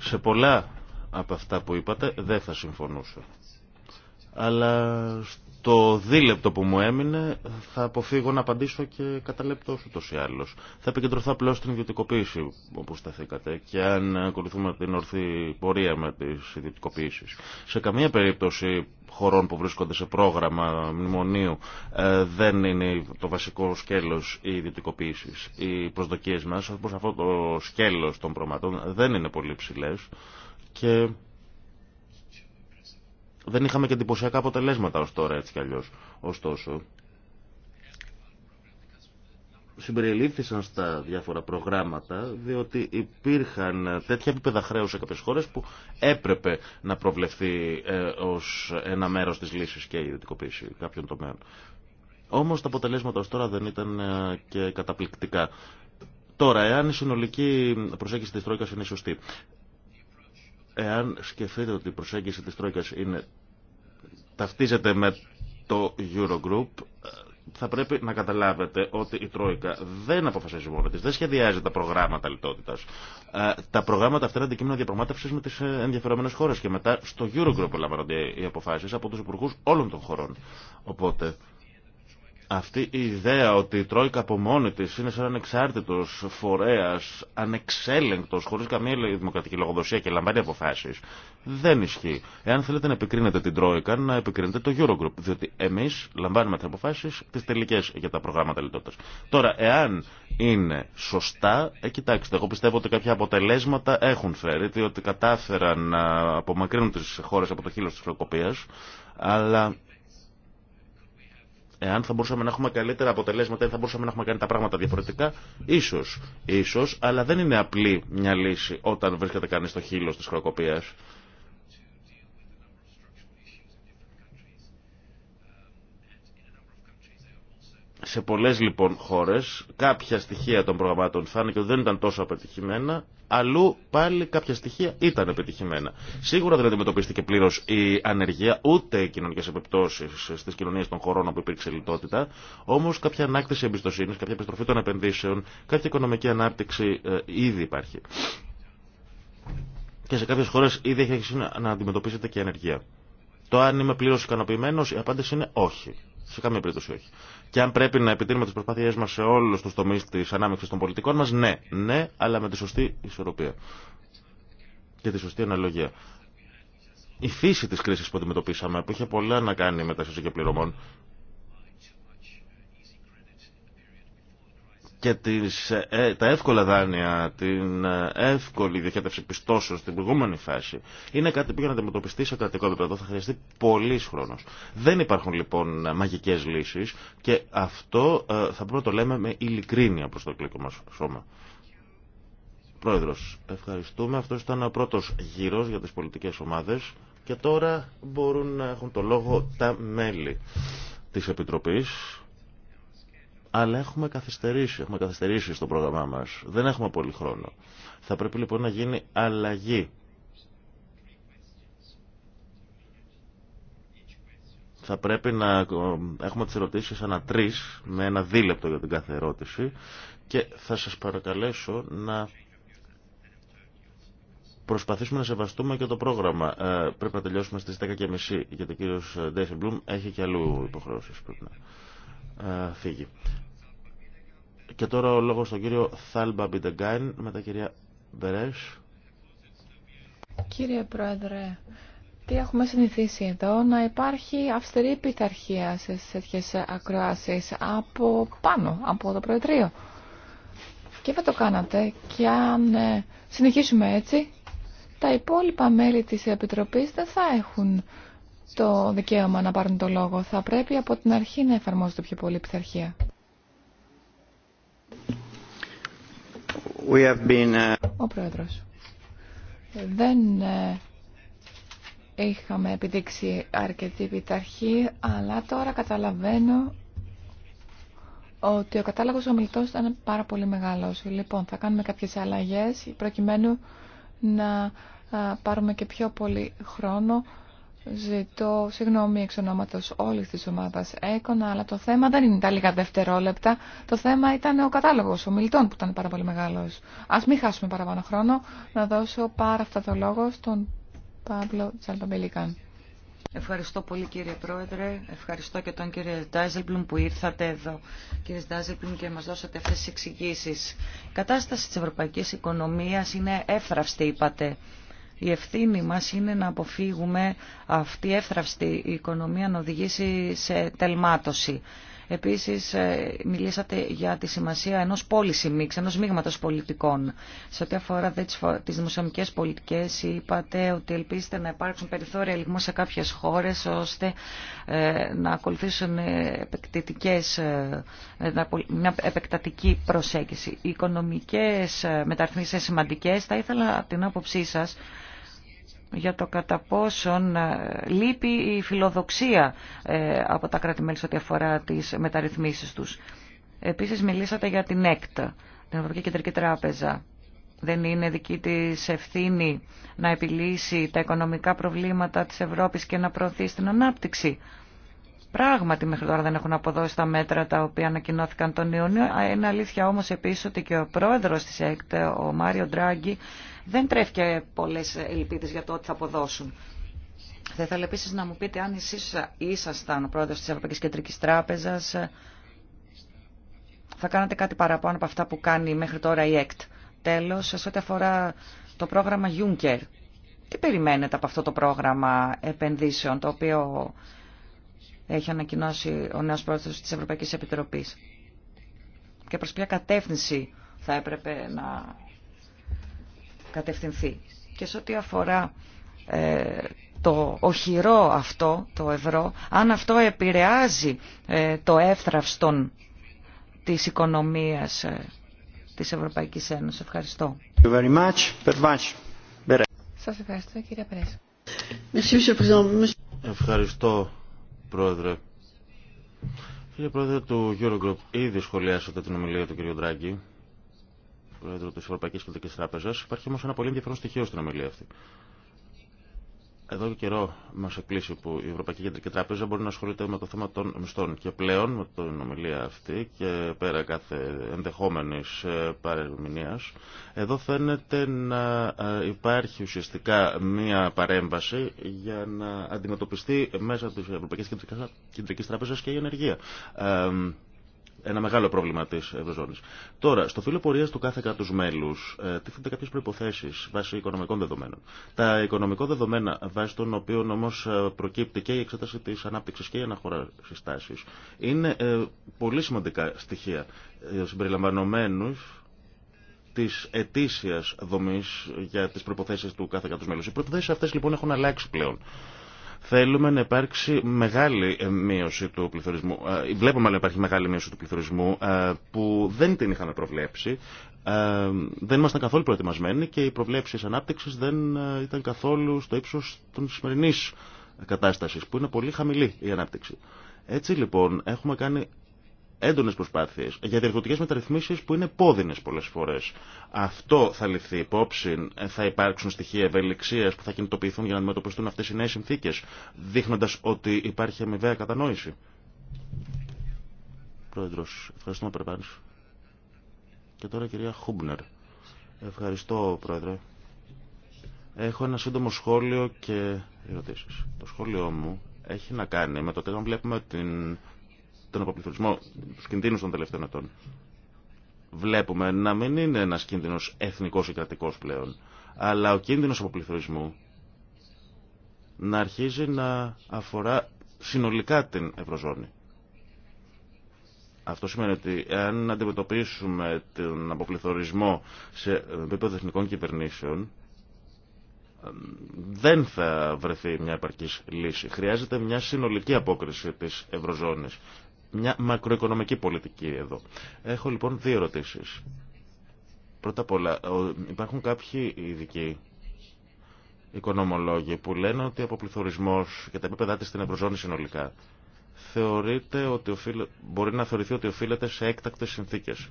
Σε πολλά από αυτά που είπατε δεν θα συμφωνούσα. Αλλά το δίλεπτο που μου έμεινε θα αποφύγω να απαντήσω και κατά λεπτό ούτως ή άλλως. Θα επικεντρωθώ απλώ στην ιδιωτικοποίηση όπου σταθήκατε και αν ακολουθούμε την ορθή πορεία με τις ιδιωτικοποίησεις. Σε καμία περίπτωση χωρών που βρίσκονται σε πρόγραμμα μνημονίου ε, δεν είναι το βασικό σκέλος οι ιδιωτικοποίηση. Οι προσδοκίες μας όπως αυτό το σκέλος των προγραμματών δεν είναι πολύ ψηλές και δεν είχαμε και εντυπωσιακά αποτελέσματα ως τώρα έτσι κι αλλιώς. Ωστόσο, συμπεριλήφθησαν στα διάφορα προγράμματα διότι υπήρχαν τέτοια επίπεδα χρέους σε κάποιες χώρες που έπρεπε να προβλεφθεί ε, ως ένα μέρος της λύσης και η ιδιωτικοποίηση κάποιων τομέων. Όμως τα αποτελέσματα ως τώρα δεν ήταν ε, και καταπληκτικά. Τώρα, εάν η συνολική προσέγγιση της Τρόικας είναι σωστή, Εάν σκεφτείτε ότι η προσέγγιση της Τρόικας είναι, ταυτίζεται με το Eurogroup, θα πρέπει να καταλάβετε ότι η Τρόικα δεν αποφασίζει μόνο τη, δεν σχεδιάζει τα προγράμματα λιτότητα. Ε, τα προγράμματα αυτά είναι αντικείμενα διαπραγμάτευση με τι ε, ενδιαφερομένε χώρε και μετά στο Eurogroup λαμβάνονται οι αποφάσει από του υπουργού όλων των χωρών. Οπότε αυτή η ιδέα ότι η Τρόικα από μόνη τη είναι σαν ανεξάρτητο φορέα, ανεξέλεγκτο, χωρί καμία δημοκρατική λογοδοσία και λαμβάνει αποφάσει, δεν ισχύει. Εάν θέλετε να επικρίνετε την Τρόικα, να επικρίνετε το Eurogroup. Διότι εμεί λαμβάνουμε τι αποφάσει, τι τελικέ για τα προγράμματα λιτότητα. Τώρα, εάν είναι σωστά, ε, κοιτάξτε, εγώ πιστεύω ότι κάποια αποτελέσματα έχουν φέρει, διότι κατάφεραν να απομακρύνουν τι χώρε από το χείλο τη χρεοκοπία, αλλά Εάν θα μπορούσαμε να έχουμε καλύτερα αποτελέσματα ή θα μπορούσαμε να έχουμε κάνει τα πράγματα διαφορετικά, ίσω. Ίσως, αλλά δεν είναι απλή μια λύση όταν βρίσκεται κανεί στο χείλο τη χρεοκοπία. Σε πολλές λοιπόν χώρες κάποια στοιχεία των προγραμμάτων φάνηκε ότι δεν ήταν τόσο απετυχημένα, αλλού πάλι κάποια στοιχεία ήταν επιτυχημένα. Σίγουρα δεν αντιμετωπίστηκε πλήρω η ανεργία ούτε οι κοινωνικέ επιπτώσει στι κοινωνίε των χωρών όπου υπήρξε λιτότητα, όμω κάποια ανάκτηση εμπιστοσύνη, κάποια επιστροφή των επενδύσεων, κάποια οικονομική ανάπτυξη ε, ήδη υπάρχει. Και σε κάποιε χώρε ήδη έχει να αντιμετωπίσετε και η ανεργία. Το αν είμαι πλήρω ικανοποιημένο, η απάντηση είναι όχι σε καμία περίπτωση όχι. Και αν πρέπει να επιτείνουμε τι προσπάθειέ μα σε όλου του τομεί τη ανάμειξη των πολιτικών μα, ναι, ναι, αλλά με τη σωστή ισορροπία και τη σωστή αναλογία. Η φύση τη κρίση που αντιμετωπίσαμε, που είχε πολλά να κάνει με τα και πληρωμών, και ε, τα εύκολα δάνεια, την ε, εύκολη διοχέτευση πιστώσεων στην προηγούμενη φάση είναι κάτι που για να αντιμετωπιστεί σε κρατικό επίπεδο θα χρειαστεί πολλή χρόνο. Δεν υπάρχουν λοιπόν μαγικέ λύσει και αυτό ε, θα πρέπει να το λέμε με ειλικρίνεια προ το κλικό μα σώμα. Πρόεδρο, ευχαριστούμε. Αυτό ήταν ο πρώτο γύρο για τι πολιτικέ ομάδε και τώρα μπορούν να έχουν το λόγο τα μέλη της Επιτροπής αλλά έχουμε καθυστερήσει, έχουμε καθυστερήσει στο πρόγραμμά μας. Δεν έχουμε πολύ χρόνο. Θα πρέπει λοιπόν να γίνει αλλαγή. Θα πρέπει να ε, έχουμε τις ερωτήσεις ανά τρεις, με ένα δίλεπτο για την κάθε ερώτηση και θα σας παρακαλέσω να προσπαθήσουμε να σεβαστούμε και το πρόγραμμα. Ε, πρέπει να τελειώσουμε στις 10.30 γιατί ο κύριος Μπλουμ έχει και αλλού υποχρεώσεις πρέπει να ε, φύγει. Και τώρα ο λόγος στον κύριο Θάλμπα Μπιντεγκάιν με τα κυρία Μπερέσ. Κύριε Πρόεδρε, τι έχουμε συνηθίσει εδώ, να υπάρχει αυστηρή πειθαρχία σε τέτοιε ακροάσεις από πάνω, από το Προεδρείο. Και θα το κάνατε. Και αν ε, συνεχίσουμε έτσι, τα υπόλοιπα μέλη της Επιτροπής δεν θα έχουν το δικαίωμα να πάρουν το λόγο. Θα πρέπει από την αρχή να εφαρμόζεται πιο πολύ πειθαρχία. Uh, ο Πρόεδρος. Δεν ε, είχαμε επιδείξει αρκετή πειταρχή, αλλά τώρα καταλαβαίνω ότι ο κατάλογος ομιλητός ήταν πάρα πολύ μεγάλος. Λοιπόν, θα κάνουμε κάποιες αλλαγές προκειμένου να πάρουμε και πιο πολύ χρόνο Ζητώ συγγνώμη εξ ονόματο όλη τη ομάδα Έκονα, αλλά το θέμα δεν είναι τα λίγα δευτερόλεπτα. Το θέμα ήταν ο κατάλογο ομιλητών που ήταν πάρα πολύ μεγάλο. Α μην χάσουμε παραπάνω χρόνο, να δώσω πάρα αυτά το λόγο στον Παύλο Τσαλτομπελίκαν. Ευχαριστώ πολύ κύριε Πρόεδρε, ευχαριστώ και τον κύριο Ντάζελμπλουμ που ήρθατε εδώ. Κύριε Ντάζελμπλουμ και μας δώσατε αυτές τις εξηγήσει. Η κατάσταση της ευρωπαϊκής οικονομίας είναι έφραυστη είπατε. Η ευθύνη μας είναι να αποφύγουμε αυτή η εύθραυστη οικονομία να οδηγήσει σε τελμάτωση. Επίσης, ε, μιλήσατε για τη σημασία ενός πώληση μίξ, ενός μείγματος πολιτικών. Σε ό,τι αφορά τις δημοσιονομικές πολιτικές, είπατε ότι ελπίζετε να υπάρξουν περιθώρια λιγμού σε κάποιες χώρες, ώστε ε, να ακολουθήσουν ε, επεκτατικές, μια επεκτατική προσέγγιση. Οι οικονομικές μεταρρυθμίσεις σημαντικές, θα ήθελα την άποψή σας για το κατά πόσον ε, λείπει η φιλοδοξία ε, από τα κράτη-μέλη σε ό,τι αφορά τις μεταρρυθμίσεις τους. Επίσης μιλήσατε για την ΕΚΤ, την Ευρωπαϊκή Κεντρική Τράπεζα. Δεν είναι δική της ευθύνη να επιλύσει τα οικονομικά προβλήματα της Ευρώπης και να προωθεί στην ανάπτυξη. Πράγματι μέχρι τώρα δεν έχουν αποδώσει τα μέτρα τα οποία ανακοινώθηκαν τον Ιούνιο. Είναι αλήθεια όμως επίσης ότι και ο πρόεδρος της ΕΚΤ, ο Μάριο Ντράγκη, δεν τρέφει και πολλές ελπίδες για το ότι θα αποδώσουν. Θα ήθελα επίση να μου πείτε αν εσείς ήσασταν ο πρόεδρος της Ευρωπαϊκής Κεντρικής Τράπεζας, θα κάνατε κάτι παραπάνω από αυτά που κάνει μέχρι τώρα η ΕΚΤ. Τέλο, σε ό,τι αφορά το πρόγραμμα Juncker, τι περιμένετε από αυτό το πρόγραμμα επενδύσεων, το οποίο έχει ανακοινώσει ο νέος πρόεδρος της Ευρωπαϊκής Επιτροπής. Και προς ποια κατεύθυνση θα έπρεπε να κατευθυνθεί. Και σε ό,τι αφορά ε, το οχυρό αυτό, το ευρώ, αν αυτό επηρεάζει ε, το εύθραυστο της οικονομίας ε, της Ευρωπαϊκής Ένωσης. Ευχαριστώ. Σας ευχαριστώ κύριε Ευχαριστώ πρόεδρε. Κύριε πρόεδρε του Eurogroup, ήδη σχολιάσατε την ομιλία του κύριου Ντράγκη Πρόεδρο τη Ευρωπαϊκή Κεντρική Τράπεζα. Υπάρχει όμω ένα πολύ ενδιαφέρον στοιχείο στην ομιλία αυτή. Εδώ και καιρό μα εκκλείσει που η Ευρωπαϊκή Κεντρική Τράπεζα μπορεί να ασχολείται με το θέμα των μισθών. Και πλέον με την ομιλία αυτή και πέρα κάθε ενδεχόμενη ε, παρερμηνία, εδώ φαίνεται να ε, υπάρχει ουσιαστικά μία παρέμβαση για να αντιμετωπιστεί μέσα τη Ευρωπαϊκή Κεντρική Τράπεζα και η ενεργεία. Ε, ένα μεγάλο πρόβλημα τη Ευρωζώνη. Τώρα, στο φύλλο πορεία του κάθε κράτου μέλου ε, τίθενται κάποιε προποθέσει βάσει οικονομικών δεδομένων. Τα οικονομικά δεδομένα βάσει των οποίων όμω ε, προκύπτει και η εξέταση τη ανάπτυξη και η αναχώρα συστάσει είναι ε, πολύ σημαντικά στοιχεία συμπεριλαμβανομένου τη ετήσια δομή για τι προποθέσει του κάθε κράτου μέλου. Οι προποθέσει αυτέ λοιπόν έχουν αλλάξει πλέον. Θέλουμε να υπάρξει μεγάλη ε, μείωση του πληθωρισμού. Ε, βλέπουμε να υπάρχει μεγάλη μείωση του πληθωρισμού ε, που δεν την είχαμε προβλέψει. Δεν ήμασταν καθόλου προετοιμασμένοι και οι προβλέψει ανάπτυξη δεν ήταν καθόλου στο ύψο των σημερινή κατάσταση που είναι πολύ χαμηλή η ανάπτυξη. Έτσι λοιπόν έχουμε κάνει έντονε προσπάθειε για διαρκωτικέ μεταρρυθμίσει που είναι πόδινε πολλέ φορέ. Αυτό θα ληφθεί υπόψη, ε, θα υπάρξουν στοιχεία ευελιξία που θα κινητοποιηθούν για να αντιμετωπιστούν αυτέ οι νέε συνθήκε, δείχνοντα ότι υπάρχει αμοιβαία κατανόηση. Πρόεδρο, ευχαριστούμε περπάνη. Και τώρα κυρία Χούμπνερ. Ευχαριστώ, Πρόεδρε. Έχω ένα σύντομο σχόλιο και ερωτήσει. Το σχόλιο μου έχει να κάνει με το ότι όταν βλέπουμε την τον αποπληθωρισμό, του κινδύνου των τελευταίων ετών. Βλέπουμε να μην είναι ένας κίνδυνο εθνικός ή κρατικός πλέον, αλλά ο κίνδυνος αποπληθωρισμού να αρχίζει να αφορά συνολικά την Ευρωζώνη. Αυτό σημαίνει ότι αν αντιμετωπίσουμε τον αποπληθωρισμό σε επίπεδο εθνικών κυβερνήσεων, δεν θα βρεθεί μια επαρκή λύση. Χρειάζεται μια συνολική απόκριση τη Ευρωζώνης μια μακροοικονομική πολιτική εδώ. Έχω λοιπόν δύο ερωτήσεις. Πρώτα απ' όλα, υπάρχουν κάποιοι ειδικοί οικονομολόγοι που λένε ότι από αποπληθωρισμός και τα επίπεδά της στην Ευρωζώνη συνολικά θεωρείται ότι οφείλε, μπορεί να θεωρηθεί ότι οφείλεται σε έκτακτες συνθήκες.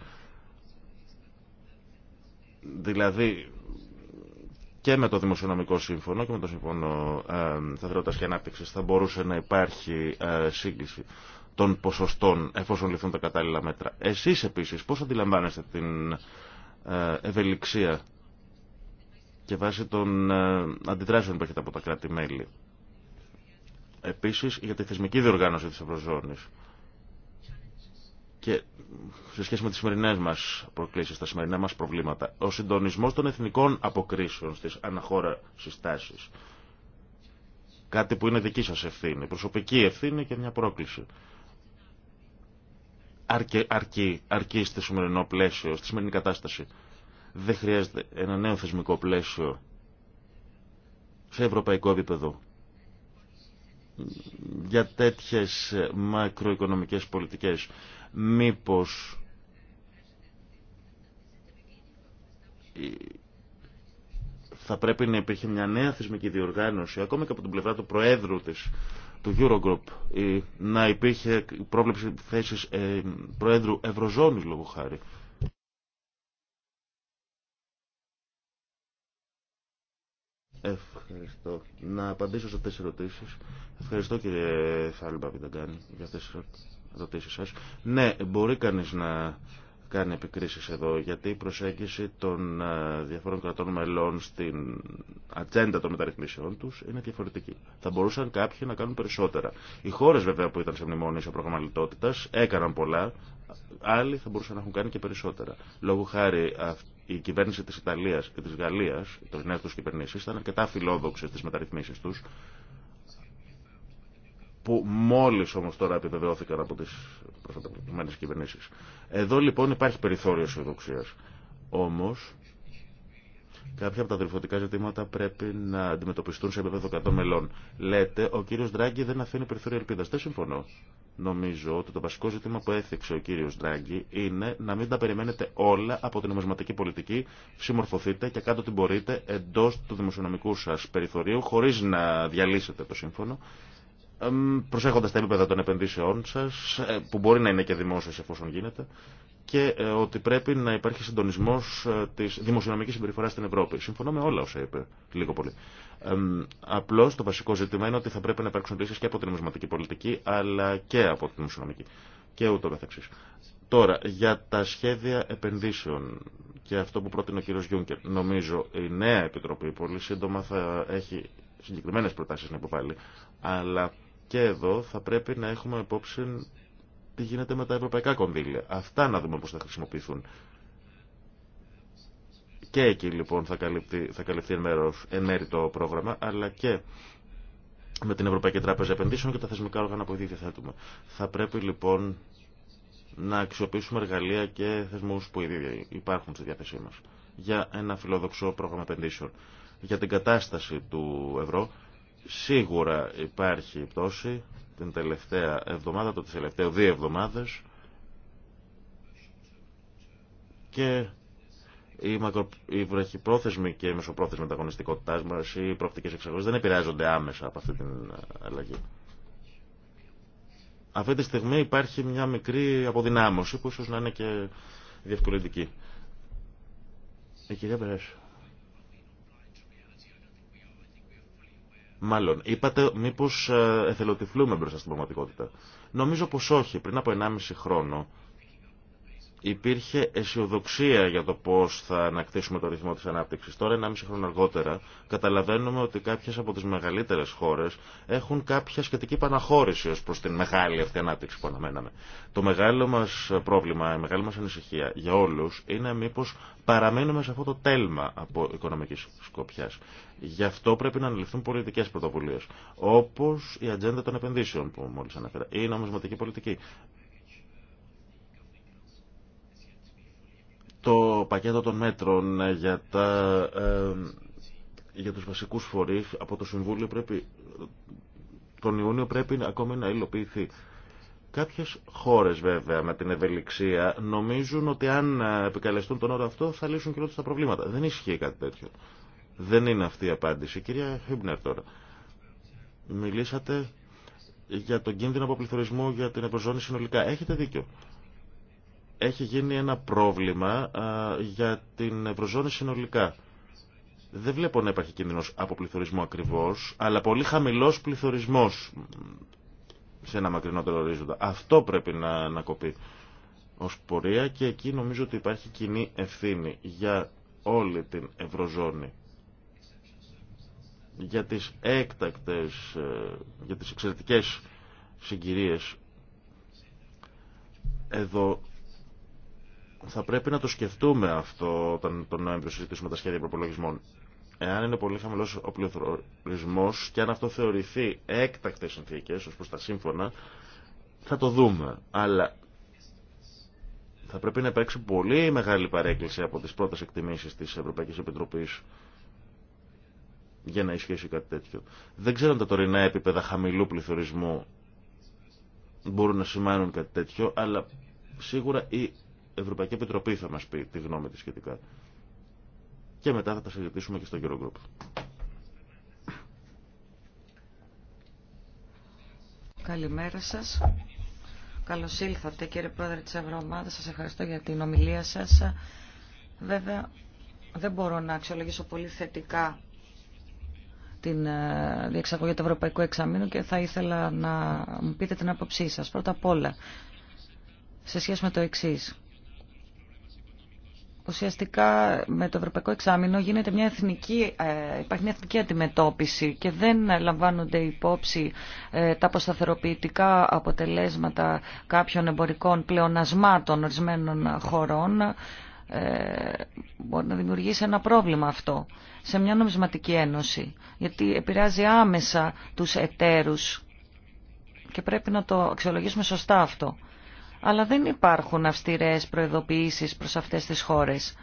Δηλαδή και με το Δημοσιονομικό Σύμφωνο και με το Σύμφωνο ε, και Ανάπτυξης θα μπορούσε να υπάρχει ε, σύγκληση των ποσοστών εφόσον ληφθούν τα κατάλληλα μέτρα. Εσείς επίσης πώς αντιλαμβάνεστε την ε, ευελιξία και βάσει των ε, αντιδράσεων που έχετε από τα κράτη-μέλη. Επίσης για τη θεσμική διοργάνωση της Ευρωζώνης και σε σχέση με τις σημερινές μας προκλήσεις, τα σημερινά μας προβλήματα, ο συντονισμός των εθνικών αποκρίσεων στις αναχώρα συστάσεις. Κάτι που είναι δική σας ευθύνη, προσωπική ευθύνη και μια πρόκληση αρκε, αρκεί, αρκεί στο σημερινό πλαίσιο, στη σημερινή κατάσταση. Δεν χρειάζεται ένα νέο θεσμικό πλαίσιο σε ευρωπαϊκό επίπεδο για τέτοιες μακροοικονομικές πολιτικές. Μήπως θα πρέπει να υπήρχε μια νέα θεσμική διοργάνωση, ακόμα και από την πλευρά του Προέδρου της του Eurogroup, να υπήρχε πρόβλεψη θέσης ε, Προέδρου Ευρωζώνης λόγω χάρη. Ευχαριστώ. Να απαντήσω σε αυτές τις Ευχαριστώ κύριε Θάλμπα Πινταγκάνη για αυτές τις ερωτήσεις σας. Ναι, μπορεί κανείς να κάνει επικρίσεις εδώ, γιατί η προσέγγιση των ε, διαφόρων κρατών μελών στην ατζέντα των μεταρρυθμίσεών τους είναι διαφορετική. Θα μπορούσαν κάποιοι να κάνουν περισσότερα. Οι χώρες βέβαια που ήταν σε μνημόνια σε πρόγραμμα λιτότητας έκαναν πολλά, άλλοι θα μπορούσαν να έχουν κάνει και περισσότερα. Λόγω χάρη η κυβέρνηση της Ιταλίας και της Γαλλίας, των νέες τους κυβερνήσεις, ήταν αρκετά φιλόδοξες στις μεταρρυθμίσεις τους, που μόλις όμως τώρα επιβεβαιώθηκαν από τις τα κυβερνήσεις. Εδώ λοιπόν υπάρχει περιθώριο αισιοδοξία. Όμως, κάποια από τα δρυφωτικά ζητήματα πρέπει να αντιμετωπιστούν σε επίπεδο 100 μελών. Λέτε, ο κύριος Ντράγκη δεν αφήνει περιθώριο ελπίδας. Δεν συμφωνώ. Νομίζω ότι το βασικό ζήτημα που έθιξε ο κύριο Ντράγκη είναι να μην τα περιμένετε όλα από την νομισματική πολιτική. Συμμορφωθείτε και κάντε ό,τι μπορείτε εντό του δημοσιονομικού σα περιθωρίου, χωρί να διαλύσετε το σύμφωνο προσέχοντα τα επίπεδα των επενδύσεών σα, ε, που μπορεί να είναι και δημόσιες εφόσον γίνεται, και ε, ότι πρέπει να υπάρχει συντονισμό ε, τη δημοσιονομική συμπεριφορα στην Ευρώπη. Συμφωνώ με όλα όσα είπε, λίγο πολύ. Απλώ το βασικό ζήτημα είναι ότι θα πρέπει να υπάρξουν λύσει και από την νομισματική πολιτική, αλλά και από την δημοσιονομική και ούτω καθεξή. Τώρα, για τα σχέδια επενδύσεων και αυτό που πρότεινε ο κ. Γιούνκερ, νομίζω η νέα Επιτροπή πολύ σύντομα θα έχει συγκεκριμένε προτάσει να υποβάλει, αλλά και εδώ θα πρέπει να έχουμε υπόψη τι γίνεται με τα ευρωπαϊκά κονδύλια. Αυτά να δούμε πώς θα χρησιμοποιηθούν. Και εκεί λοιπόν θα καλυφθεί, θα καλυφθεί εν, μέρος, εν μέρη το πρόγραμμα, αλλά και με την Ευρωπαϊκή Τράπεζα Επενδύσεων και τα θεσμικά όργανα που ήδη διαθέτουμε. Θα πρέπει λοιπόν να αξιοποιήσουμε εργαλεία και θεσμούς που ήδη υπάρχουν στη διάθεσή μας για ένα φιλόδοξο πρόγραμμα επενδύσεων. Για την κατάσταση του ευρώ Σίγουρα υπάρχει πτώση την τελευταία εβδομάδα, το τελευταίο δύο εβδομάδες και η, μακρο... η βραχυπρόθεσμη και η μεσοπρόθεσμη ανταγωνιστικότητά μα, οι προοπτικέ εξαγωγέ δεν επηρεάζονται άμεσα από αυτή την αλλαγή. Αυτή τη στιγμή υπάρχει μια μικρή αποδυνάμωση που ίσω να είναι και διευκολυντική. Η ε, κυρία Περέσου. Μάλλον, είπατε μήπως ε, εθελοτυφλούμε μπροστά στην πραγματικότητα. Νομίζω πως όχι. Πριν από 1,5 χρόνο υπήρχε αισιοδοξία για το πώς θα ανακτήσουμε το ρυθμό της ανάπτυξης. Τώρα, 1,5 χρόνο αργότερα, καταλαβαίνουμε ότι κάποιες από τις μεγαλύτερες χώρες έχουν κάποια σχετική παναχώρηση ω προς την μεγάλη αυτή ανάπτυξη που αναμέναμε. Το μεγάλο μας πρόβλημα, η μεγάλη μας ανησυχία για όλους είναι μήπως παραμένουμε σε αυτό το τέλμα από οικονομικής σκοπιάς. Γι' αυτό πρέπει να αναλυθούν πολιτικές πρωτοβουλίες, όπως η ατζέντα των επενδύσεων που μόλις αναφέρα, η νομισματική πολιτική το πακέτο των μέτρων ε, για, τα, ε, για τους βασικούς φορείς από το Συμβούλιο πρέπει, τον Ιούνιο πρέπει ακόμη να υλοποιηθεί. Κάποιες χώρες βέβαια με την ευελιξία νομίζουν ότι αν ε, επικαλεστούν τον όρο αυτό θα λύσουν και όλες τα προβλήματα. Δεν ισχύει κάτι τέτοιο. Δεν είναι αυτή η απάντηση. Κυρία Χίμπνερ τώρα, μιλήσατε για τον κίνδυνο αποπληθωρισμού για την Ευρωζώνη συνολικά. Έχετε δίκιο έχει γίνει ένα πρόβλημα για την Ευρωζώνη συνολικά. Δεν βλέπω να υπάρχει κίνδυνος από πληθωρισμό ακριβώς, αλλά πολύ χαμηλός πληθωρισμός σε ένα μακρινότερο ορίζοντα. Αυτό πρέπει να κοπεί ως πορεία και εκεί νομίζω ότι υπάρχει κοινή ευθύνη για όλη την Ευρωζώνη για τις έκτακτες, ε, για τις εξαιρετικές συγκυρίες. Εδώ θα πρέπει να το σκεφτούμε αυτό όταν τον Νοέμβριο συζητήσουμε τα σχέδια προπολογισμών. Εάν είναι πολύ χαμηλό ο πληθωρισμό και αν αυτό θεωρηθεί έκτακτε συνθήκε ω προ τα σύμφωνα, θα το δούμε. Αλλά θα πρέπει να υπάρξει πολύ μεγάλη παρέκκληση από τι πρώτε εκτιμήσει τη Ευρωπαϊκή Επιτροπή για να ισχύσει κάτι τέτοιο. Δεν ξέρω αν τα τωρινά επίπεδα χαμηλού πληθωρισμού μπορούν να σημάνουν κάτι τέτοιο, αλλά σίγουρα η Ευρωπαϊκή Επιτροπή θα μας πει τη γνώμη της σχετικά. Και μετά θα τα συζητήσουμε και στο Eurogroup. Καλημέρα σας. Καλώς ήλθατε κύριε Πρόεδρε της Ευρωομάδας. Σας ευχαριστώ για την ομιλία σας. Βέβαια δεν μπορώ να αξιολογήσω πολύ θετικά την ε, διεξαγωγή του Ευρωπαϊκού Εξαμήνου και θα ήθελα να μου πείτε την άποψή σας. Πρώτα απ' όλα, σε σχέση με το εξής. Ουσιαστικά με το Ευρωπαϊκό Εξάμεινο γίνεται μια εθνική, ε, υπάρχει μια εθνική αντιμετώπιση και δεν λαμβάνονται υπόψη ε, τα αποσταθεροποιητικά αποτελέσματα κάποιων εμπορικών πλεονασμάτων ορισμένων χωρών. Ε, μπορεί να δημιουργήσει ένα πρόβλημα αυτό σε μια νομισματική ένωση γιατί επηρεάζει άμεσα τους εταίρους και πρέπει να το αξιολογήσουμε σωστά αυτό αλλά δεν υπάρχουν αυστηρές προειδοποιήσεις προς αυτές τις χώρες.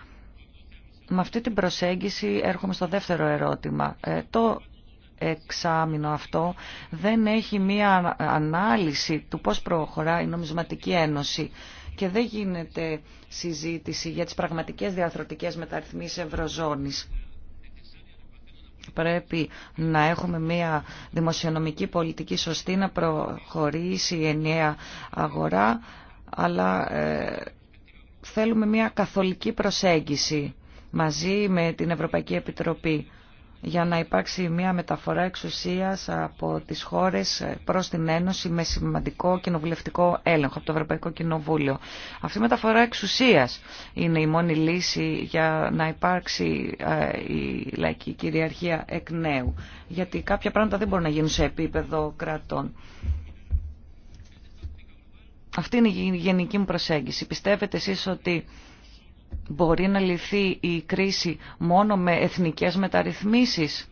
Με αυτή την προσέγγιση έρχομαι στο δεύτερο ερώτημα. Ε, το εξάμεινο αυτό δεν έχει μία ανάλυση του πώς προχωρά η νομισματική ένωση και δεν γίνεται συζήτηση για τις πραγματικές διαθροτικές μεταρρυθμίσεις ευρωζώνης. Πρέπει να έχουμε μία δημοσιονομική πολιτική σωστή να προχωρήσει η ενιαία αγορά αλλά ε, θέλουμε μια καθολική προσέγγιση μαζί με την Ευρωπαϊκή Επιτροπή για να υπάρξει μια μεταφορά εξουσίας από τις χώρες προς την Ένωση με σημαντικό κοινοβουλευτικό έλεγχο από το Ευρωπαϊκό Κοινοβούλιο. Αυτή η μεταφορά εξουσίας είναι η μόνη λύση για να υπάρξει ε, η λαϊκή κυριαρχία εκ νέου. Γιατί κάποια πράγματα δεν μπορούν να γίνουν σε επίπεδο κρατών. Αυτή είναι η γενική μου προσέγγιση. Πιστεύετε εσείς ότι μπορεί να λυθεί η κρίση μόνο με εθνικές μεταρρυθμίσεις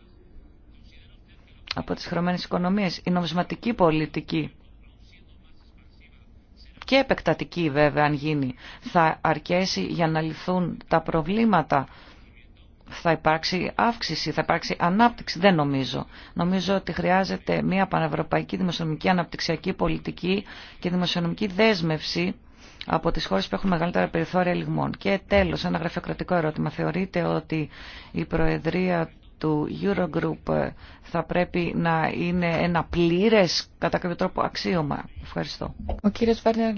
από τις χρωμένες οικονομίες, η νομισματική πολιτική και επεκτατική βέβαια αν γίνει, θα αρκέσει για να λυθούν τα προβλήματα θα υπάρξει αύξηση, θα υπάρξει ανάπτυξη. Δεν νομίζω. Νομίζω ότι χρειάζεται μια πανευρωπαϊκή δημοσιονομική αναπτυξιακή πολιτική και δημοσιονομική δέσμευση από τις χώρες που έχουν μεγαλύτερα περιθώρια λιγμών. Και τέλος, ένα γραφειοκρατικό ερώτημα. Θεωρείτε ότι η Προεδρία του Eurogroup θα πρέπει να είναι ένα πλήρες κατά κάποιο τρόπο αξίωμα. Ευχαριστώ. Ο κύριος Βέρνερ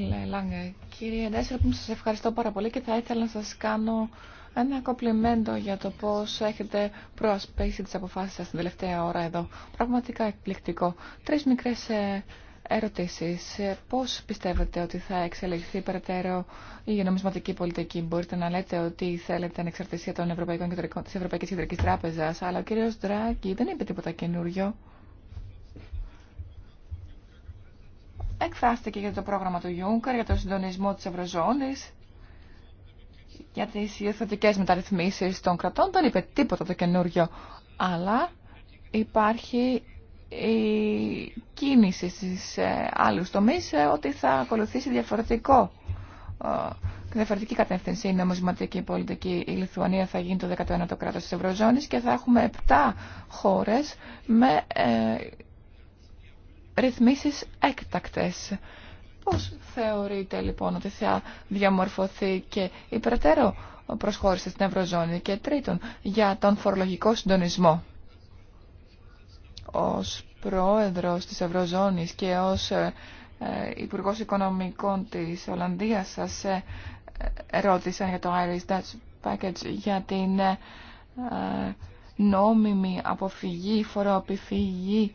Κύριε σας ευχαριστώ πάρα πολύ και θα ήθελα να σας κάνω ένα κομπλιμέντο για το πώς έχετε προασπίσει τις αποφάσεις σας την τελευταία ώρα εδώ. Πραγματικά εκπληκτικό. Τρεις μικρές ε, ερωτήσεις. Ε, πώς πιστεύετε ότι θα εξελιχθεί περαιτέρω η νομισματική πολιτική. Μπορείτε να λέτε ότι θέλετε ανεξαρτησία των Ευρωπαϊκών Κεντρικών, της Ευρωπαϊκής Κεντρικής Τράπεζας, αλλά ο κύριος Ντράγκη δεν είπε τίποτα καινούριο. Εκφράστηκε για το πρόγραμμα του Juncker, για το συντονισμό της Ευρωζώνης για τι υιοθετικέ μεταρρυθμίσει των κρατών. Δεν είπε τίποτα το καινούριο, αλλά υπάρχει η κίνηση στις ε, άλλου τομείς ε, ότι θα ακολουθήσει διαφορετικό ε, διαφορετική κατεύθυνση η νομισματική πολιτική. Η Λιθουανία θα γίνει το 19ο κράτος της Ευρωζώνης και θα έχουμε 7 χώρε με ε, ρυθμίσεις έκτακτες. Πώς θεωρείτε λοιπόν ότι θα διαμορφωθεί και η περαιτέρω προσχώρηση στην Ευρωζώνη και τρίτον για τον φορολογικό συντονισμό. Ως πρόεδρος της Ευρωζώνης και ως ε, ε, Υπουργός Οικονομικών της Ολλανδίας σας ε, ρώτησαν για το Irish Dutch Package για την νόμιμη αποφυγή, φοροαπηφυγή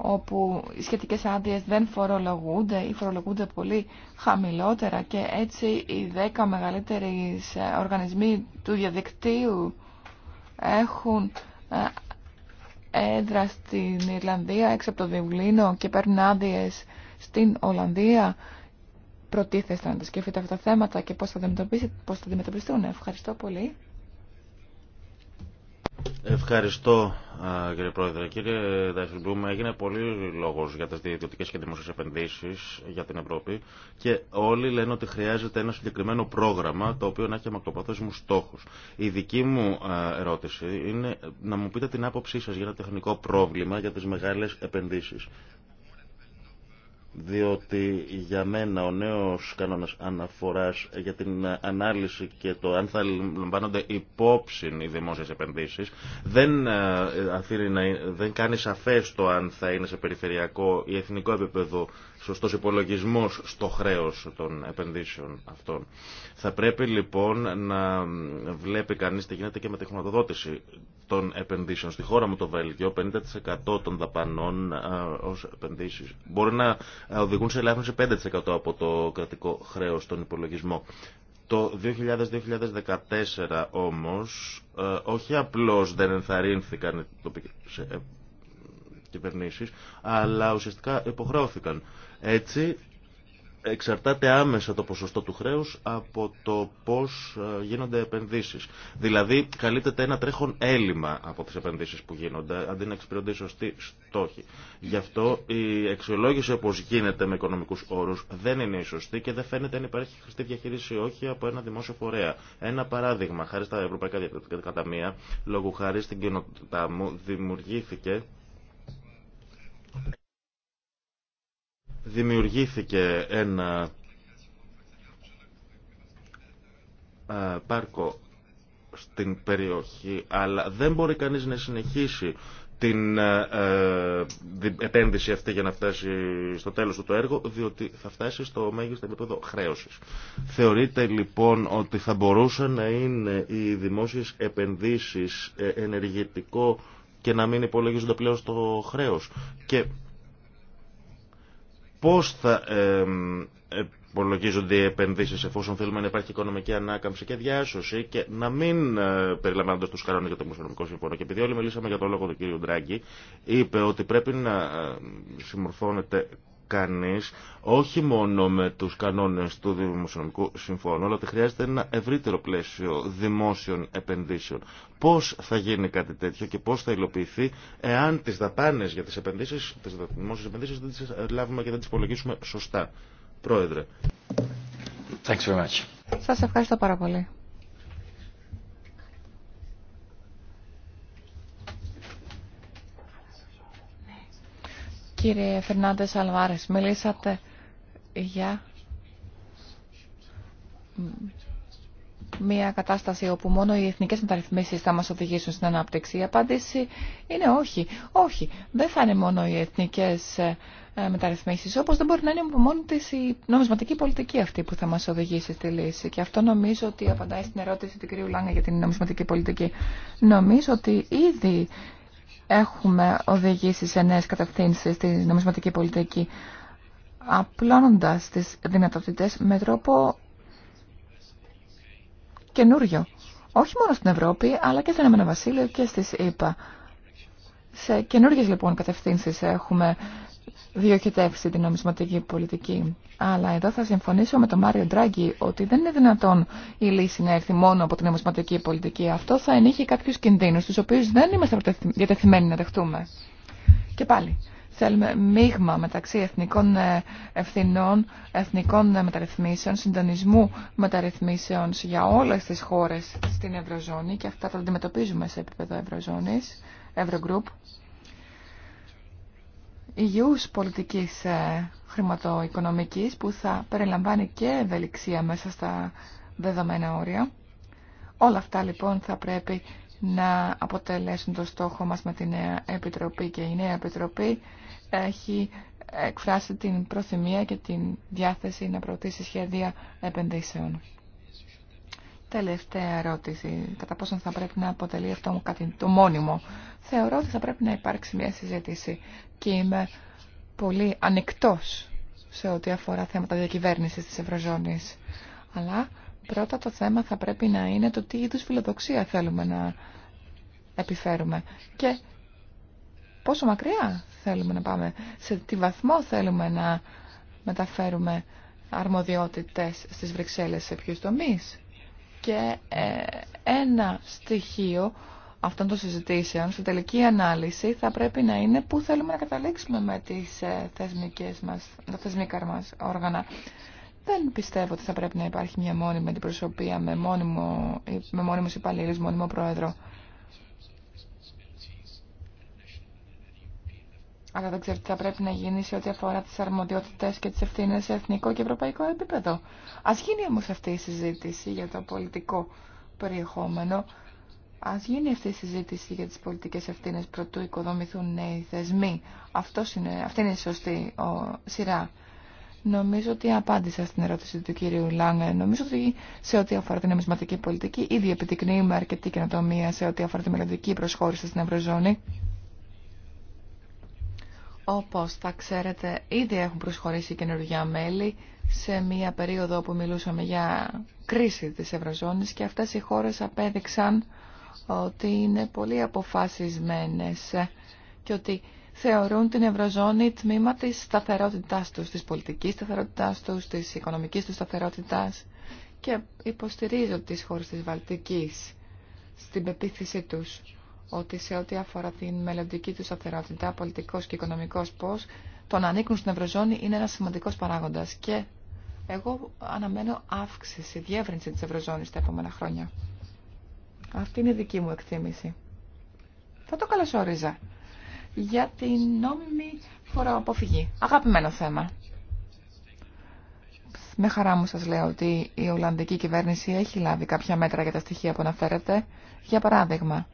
όπου οι σχετικές άδειες δεν φορολογούνται ή φορολογούνται πολύ χαμηλότερα και έτσι οι 10 μεγαλύτεροι οργανισμοί του διαδικτύου έχουν ε, έδρα στην Ιρλανδία, έξω από το Διβλίνο και παίρνουν άδειε στην Ολλανδία. Προτίθεστε να τα σκεφτείτε αυτά τα θέματα και πώς θα, αντιμετωπίσετε, πώς θα αντιμετωπιστούν. Ευχαριστώ πολύ. Ευχαριστώ κύριε Πρόεδρε. Κύριε Ντάισελμπλουμ, έγινε πολύ λόγο για τι ιδιωτικέ και δημόσιε επενδύσει για την Ευρώπη και όλοι λένε ότι χρειάζεται ένα συγκεκριμένο πρόγραμμα το οποίο να έχει μακροπροθέσιμου στόχου. Η δική μου ερώτηση είναι να μου πείτε την άποψή σα για ένα τεχνικό πρόβλημα για τι μεγάλε επενδύσει διότι για μένα ο νέος κανόνας αναφοράς για την ανάλυση και το αν θα λαμβάνονται υπόψη οι δημόσιες επενδύσεις δεν, ε, αφήνει να, δεν κάνει σαφές το αν θα είναι σε περιφερειακό ή εθνικό επίπεδο σωστός υπολογισμός στο χρέος των επενδύσεων αυτών. Θα πρέπει λοιπόν να βλέπει κανείς τι γίνεται και με τη χρηματοδότηση των επενδύσεων. Στη χώρα μου το Βέλγιο 50% των δαπανών ως επενδύσεις μπορεί να οδηγούν σε ελάχιστο 5% από το κρατικό χρέος στον υπολογισμό. Το 2000-2014 όμως όχι απλώς δεν ενθαρρύνθηκαν οι ε, ε, κυβερνήσεις αλλά ουσιαστικά υποχρεώθηκαν έτσι εξαρτάται άμεσα το ποσοστό του χρέους από το πώς ε, γίνονται επενδύσεις. Δηλαδή καλύπτεται ένα τρέχον έλλειμμα από τις επενδύσεις που γίνονται, αντί να εξυπηρετεί σωστή στόχη. Γι' αυτό η αξιολόγηση όπως γίνεται με οικονομικούς όρους δεν είναι η σωστή και δεν φαίνεται αν υπάρχει χρηστή διαχείριση ή όχι από ένα δημόσιο φορέα. Ένα παράδειγμα, χάρη στα Ευρωπαϊκά Διαπρακτικά Ταμεία, λόγω χάρη στην κοινότητα μου, δημιουργήθηκε δημιουργήθηκε ένα ε, πάρκο στην περιοχή, αλλά δεν μπορεί κανείς να συνεχίσει την ε, ε, επένδυση αυτή για να φτάσει στο τέλος του το έργο, διότι θα φτάσει στο μέγιστο επίπεδο χρέωσης. Θεωρείται λοιπόν ότι θα μπορούσαν να είναι οι δημόσιες επενδύσεις ενεργητικό και να μην υπολογίζονται πλέον στο χρέος. Και Πώς θα υπολογίζονται οι επενδύσεις εφόσον θέλουμε να υπάρχει οικονομική ανάκαμψη και διάσωση και να μην ε, περιλαμβάνονται στους κανόνες για το Μουσουλμικό Συμφώνο. Και επειδή όλοι μιλήσαμε για το λόγο του κ. Ντράγκη, είπε ότι πρέπει να ε, συμμορφώνεται κανείς όχι μόνο με τους κανόνες του Δημοσιονομικού Συμφώνου, αλλά ότι χρειάζεται ένα ευρύτερο πλαίσιο δημόσιων επενδύσεων. Πώς θα γίνει κάτι τέτοιο και πώς θα υλοποιηθεί εάν τις δαπάνες για τις επενδύσεις, τις δημόσιες επενδύσεις δεν τις λάβουμε και δεν τις υπολογίσουμε σωστά. Πρόεδρε. Thanks Σας ευχαριστώ πάρα πολύ. Κύριε Φερνάντες Αλβάρε, μιλήσατε για μια κατάσταση όπου μόνο οι εθνικέ μεταρρυθμίσεις θα μα οδηγήσουν στην ανάπτυξη. Η απάντηση είναι όχι. Όχι, δεν θα είναι μόνο οι εθνικέ ε, ε, μεταρρυθμίσεις, όπω δεν μπορεί να είναι μόνο η νομισματική πολιτική αυτή που θα μα οδηγήσει στη λύση. Και αυτό νομίζω ότι απαντάει στην ερώτηση του κ. Λάγκα για την νομισματική πολιτική. Νομίζω ότι ήδη έχουμε οδηγήσει σε νέες κατευθύνσεις στη νομισματική πολιτική, απλώνοντας τις δυνατότητες με τρόπο καινούριο. Όχι μόνο στην Ευρώπη, αλλά και στον Εμένα Βασίλειο και στις ΗΠΑ. Σε καινούργιες λοιπόν κατευθύνσεις έχουμε διοχετεύσει την νομισματική πολιτική. Αλλά εδώ θα συμφωνήσω με τον Μάριο Ντράγκη ότι δεν είναι δυνατόν η λύση να έρθει μόνο από την νομισματική πολιτική. Αυτό θα ενήχει κάποιου κινδύνου, του οποίου δεν είμαστε διατεθειμένοι να δεχτούμε. Και πάλι, θέλουμε μείγμα μεταξύ εθνικών ε, ευθυνών, εθνικών ε, μεταρρυθμίσεων, συντονισμού μεταρρυθμίσεων για όλε τι χώρε στην Ευρωζώνη και αυτά τα αντιμετωπίζουμε σε επίπεδο Ευρωζώνη, Eurogroup υγιούς πολιτικής ε, χρηματοοικονομικής που θα περιλαμβάνει και ευελιξία μέσα στα δεδομένα όρια. Όλα αυτά λοιπόν θα πρέπει να αποτελέσουν το στόχο μας με τη νέα Επιτροπή και η νέα Επιτροπή έχει εκφράσει την προθυμία και την διάθεση να προωθήσει σχέδια επενδύσεων. Τελευταία ερώτηση. Κατά πόσον θα πρέπει να αποτελεί αυτό κάτι το μόνιμο. Θεωρώ ότι θα πρέπει να υπάρξει μια συζήτηση και είμαι πολύ ανεκτός σε ό,τι αφορά θέματα διακυβέρνησης της Ευρωζώνης. Αλλά πρώτα το θέμα θα πρέπει να είναι το τι είδους φιλοδοξία θέλουμε να επιφέρουμε και πόσο μακριά θέλουμε να πάμε, σε τι βαθμό θέλουμε να μεταφέρουμε αρμοδιότητες στις Βρυξέλλες, σε ποιους τομείς και ε, ένα στοιχείο αυτών των συζητήσεων στη τελική ανάλυση θα πρέπει να είναι πού θέλουμε να καταλήξουμε με τις ε, θεσμικές μας, τα θεσμικά μας όργανα. Δεν πιστεύω ότι θα πρέπει να υπάρχει μια μόνιμη αντιπροσωπεία με, μόνιμο, με μόνιμους υπαλλήλους, μόνιμο πρόεδρο. αλλά δεν ξέρω τι θα πρέπει να γίνει σε ό,τι αφορά τι αρμοδιότητες και τι ευθύνε σε εθνικό και ευρωπαϊκό επίπεδο. Α γίνει όμω αυτή η συζήτηση για το πολιτικό περιεχόμενο. Α γίνει αυτή η συζήτηση για τι πολιτικέ ευθύνε προτού οικοδομηθούν νέοι θεσμοί. είναι, αυτή είναι η σωστή ο, σειρά. Νομίζω ότι απάντησα στην ερώτηση του κυρίου Λάγκε. Νομίζω ότι σε ό,τι αφορά την νομισματική πολιτική, ήδη επιτυκνύουμε αρκετή καινοτομία σε ό,τι αφορά τη μελλοντική προσχώρηση στην Ευρωζώνη. Όπως θα ξέρετε, ήδη έχουν προσχωρήσει καινούργια μέλη σε μία περίοδο όπου μιλούσαμε για κρίση της Ευρωζώνης και αυτές οι χώρες απέδειξαν ότι είναι πολύ αποφασισμένες και ότι θεωρούν την Ευρωζώνη τμήμα της σταθερότητάς τους, της πολιτικής σταθερότητάς τους, της οικονομικής τους σταθερότητάς και υποστηρίζουν τις χώρες της Βαλτικής στην πεποίθησή τους ότι σε ό,τι αφορά την μελλοντική του σταθερότητα, πολιτικός και οικονομικός πώς, το να ανήκουν στην Ευρωζώνη είναι ένας σημαντικός παράγοντας και εγώ αναμένω αύξηση, διεύρυνση της Ευρωζώνης τα επόμενα χρόνια. Αυτή είναι η δική μου εκτίμηση. Θα το καλωσόριζα. Για την νόμιμη φοροαποφυγή. Αγαπημένο θέμα. Με χαρά μου σας λέω ότι η Ολλανδική κυβέρνηση έχει λάβει κάποια μέτρα για τα στοιχεία που αναφέρεται, Για παράδειγμα,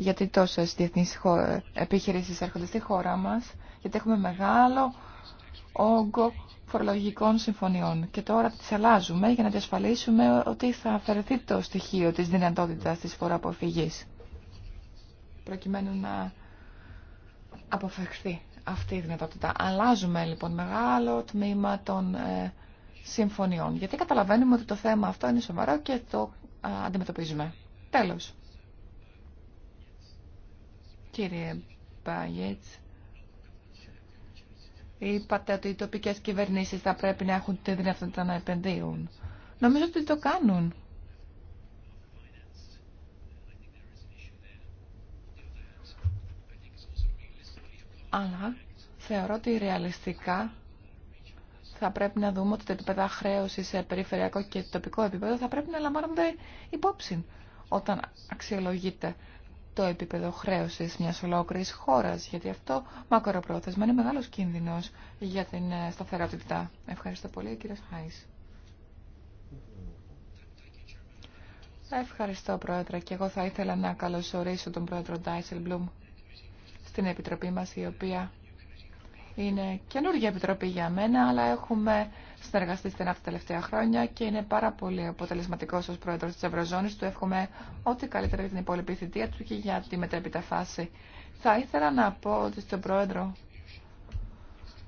γιατί τόσε διεθνεί επιχειρήσεις έρχονται στη χώρα μας, γιατί έχουμε μεγάλο όγκο φορολογικών συμφωνιών. Και τώρα τις αλλάζουμε για να διασφαλίσουμε ότι θα αφαιρεθεί το στοιχείο της δυνατότητας της φοροαποφυγής, προκειμένου να αποφευχθεί αυτή η δυνατότητα. Αλλάζουμε λοιπόν μεγάλο τμήμα των ε, συμφωνιών, γιατί καταλαβαίνουμε ότι το θέμα αυτό είναι σοβαρό και το αντιμετωπίζουμε. Τέλος. Κύριε Μπάγετ. είπατε ότι οι τοπικέ κυβερνήσει θα πρέπει να έχουν τη δυνατότητα να επενδύουν. Νομίζω ότι το κάνουν. Αλλά θεωρώ ότι ρεαλιστικά θα πρέπει να δούμε ότι τα επίπεδα χρέωση σε περιφερειακό και τοπικό επίπεδο θα πρέπει να λαμβάνονται υπόψη όταν αξιολογείται το επίπεδο χρέωσης μια ολόκληρης χώρας, γιατί αυτό μακροπρόθεσμα είναι μεγάλος κίνδυνος για την ε, σταθερότητα. Ευχαριστώ πολύ, κύριε Χάις. Ευχαριστώ, Πρόεδρε, και εγώ θα ήθελα να καλωσορίσω τον Πρόεδρο Ντάισελμπλουμ στην Επιτροπή μας, η οποία είναι καινούργια Επιτροπή για μένα, αλλά έχουμε συνεργαστεί στενά τα τελευταία χρόνια και είναι πάρα πολύ αποτελεσματικό ω πρόεδρο τη Ευρωζώνη. Του εύχομαι ό,τι καλύτερα για την υπόλοιπη θητεία του και για τη μετέπειτα φάση. Θα ήθελα να πω ότι στον πρόεδρο.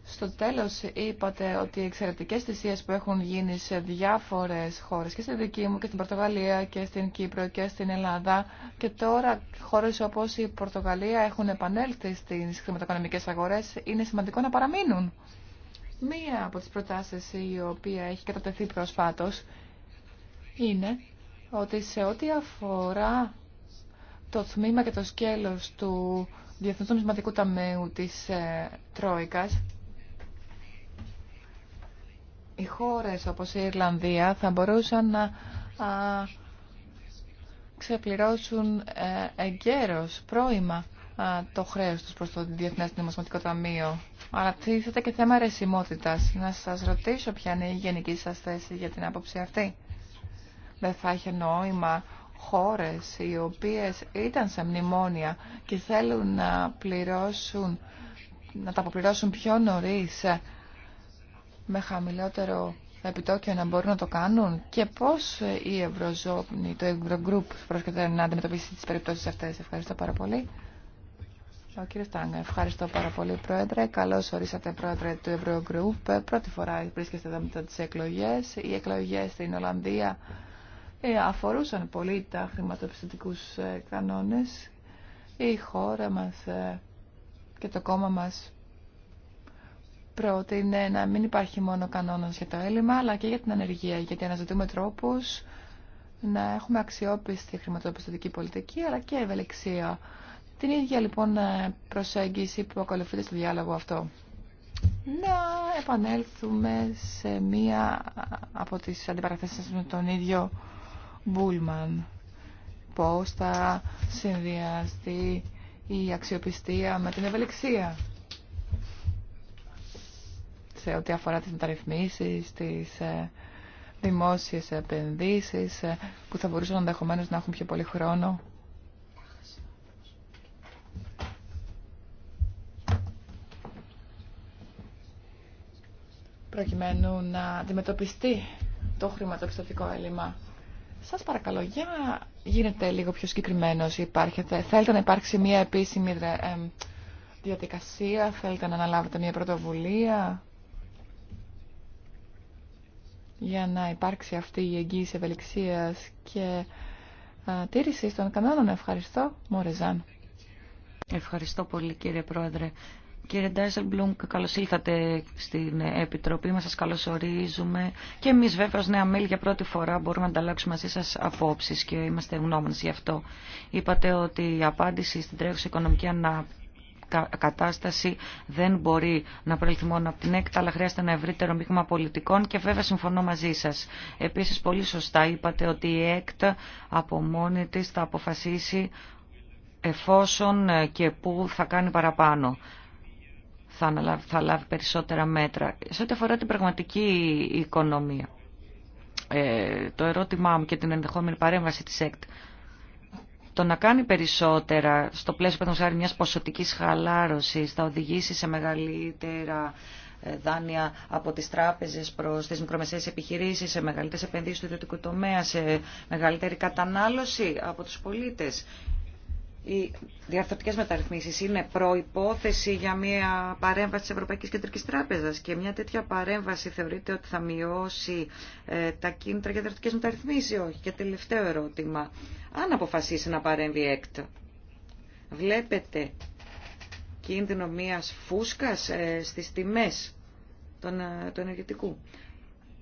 Στο τέλος είπατε ότι οι εξαιρετικές θυσίες που έχουν γίνει σε διάφορες χώρες και στη δική μου και στην Πορτογαλία και στην Κύπρο και στην Ελλάδα και τώρα χώρες όπως η Πορτογαλία έχουν επανέλθει στις χρηματοοικονομικές αγορές είναι σημαντικό να παραμείνουν. Μία από τις προτάσεις η οποία έχει κατατεθεί προσφάτως είναι ότι σε ό,τι αφορά το τμήμα και το σκέλος του Διεθνούς Νομισματικού Ταμείου της ε, Τρόικας, οι χώρες όπως η Ιρλανδία θα μπορούσαν να ξεπληρώσουν ε, εγκαίρως, πρόημα, το χρέο του προ το Διεθνές Νομισματικό Ταμείο. Αλλά τίθεται και θέμα αρεσιμότητα, Να σα ρωτήσω ποια είναι η γενική σα θέση για την άποψη αυτή. Δεν θα έχει νόημα χώρε οι οποίε ήταν σε μνημόνια και θέλουν να πληρώσουν, να τα αποπληρώσουν πιο νωρίς με χαμηλότερο επιτόκιο να μπορούν να το κάνουν και πώς η Ευρωζώνη, το Eurogroup πρόκειται να αντιμετωπίσει τις περιπτώσεις αυτές. Ευχαριστώ πάρα πολύ. Ο κύριο Τάγκα, ευχαριστώ πάρα πολύ Πρόεδρε. Καλώ ορίσατε Πρόεδρε του Eurogroup. Πρώτη φορά βρίσκεστε εδώ μετά τι εκλογέ. Οι εκλογέ στην Ολλανδία ε, αφορούσαν πολύ τα χρηματοπιστωτικού ε, κανόνε. Η χώρα μα ε, και το κόμμα μα πρότεινε να μην υπάρχει μόνο κανόνα για το έλλειμμα αλλά και για την ανεργία γιατί αναζητούμε τρόπου να έχουμε αξιόπιστη χρηματοπιστωτική πολιτική αλλά και ευελιξία την ίδια λοιπόν ε, προσέγγιση που ακολουθείται στο διάλογο αυτό. Να επανέλθουμε σε μία από τις αντιπαραθέσεις με τον ίδιο Μπούλμαν. Πώς θα συνδυαστεί η αξιοπιστία με την ευελιξία σε ό,τι αφορά τις μεταρρυθμίσεις, τις ε, δημόσιες επενδύσεις ε, που θα μπορούσαν ενδεχομένω να έχουν πιο πολύ χρόνο προκειμένου να αντιμετωπιστεί το χρηματοπιστωτικό έλλειμμα. Σας παρακαλώ, για να γίνετε λίγο πιο συγκεκριμένος, υπάρχετε. θέλετε να υπάρξει μια επίσημη ε, ε, διαδικασία, θέλετε να αναλάβετε μια πρωτοβουλία για να υπάρξει αυτή η εγγύηση ευελιξίας και ε, τήρησης των κανόνων. Ευχαριστώ, Μορεζάν. Ευχαριστώ πολύ κύριε Πρόεδρε. Κύριε Ντάισελμπλουμ, καλώ ήλθατε στην Επιτροπή μα. Σα καλωσορίζουμε. Και εμεί, βέβαια, ω νέα μέλη, για πρώτη φορά μπορούμε να ανταλλάξουμε μαζί σα απόψει και είμαστε ευγνώμονε γι' αυτό. Είπατε ότι η απάντηση στην τρέχουσα οικονομική κατάσταση δεν μπορεί να προέλθει μόνο από την ΕΚΤ, αλλά χρειάζεται ένα ευρύτερο μείγμα πολιτικών και βέβαια συμφωνώ μαζί σα. Επίση, πολύ σωστά είπατε ότι η ΕΚΤ από μόνη τη θα αποφασίσει εφόσον και πού θα κάνει παραπάνω θα, θα λάβει περισσότερα μέτρα. Σε ό,τι αφορά την πραγματική οικονομία, ε, το ερώτημά μου και την ενδεχόμενη παρέμβαση της ΕΚΤ, το να κάνει περισσότερα στο πλαίσιο που παραδείγματος μιας ποσοτικής χαλάρωσης θα οδηγήσει σε μεγαλύτερα ε, δάνεια από τις τράπεζες προς τις μικρομεσαίες επιχειρήσεις, σε μεγαλύτερες επενδύσεις του ιδιωτικού τομέα, σε μεγαλύτερη κατανάλωση από τους πολίτες οι διαρθρωτικές μεταρρυθμίσεις είναι προϋπόθεση για μια παρέμβαση της Ευρωπαϊκής Κεντρικής Τράπεζας και μια τέτοια παρέμβαση θεωρείτε ότι θα μειώσει ε, τα κίνητρα για διαρθρωτικές μεταρρυθμίσεις όχι. Και τελευταίο ερώτημα, αν αποφασίσει να παρέμβει ΕΚΤ, βλέπετε κίνδυνο μιας φούσκας ε, στις τιμές ε, του ενεργητικού.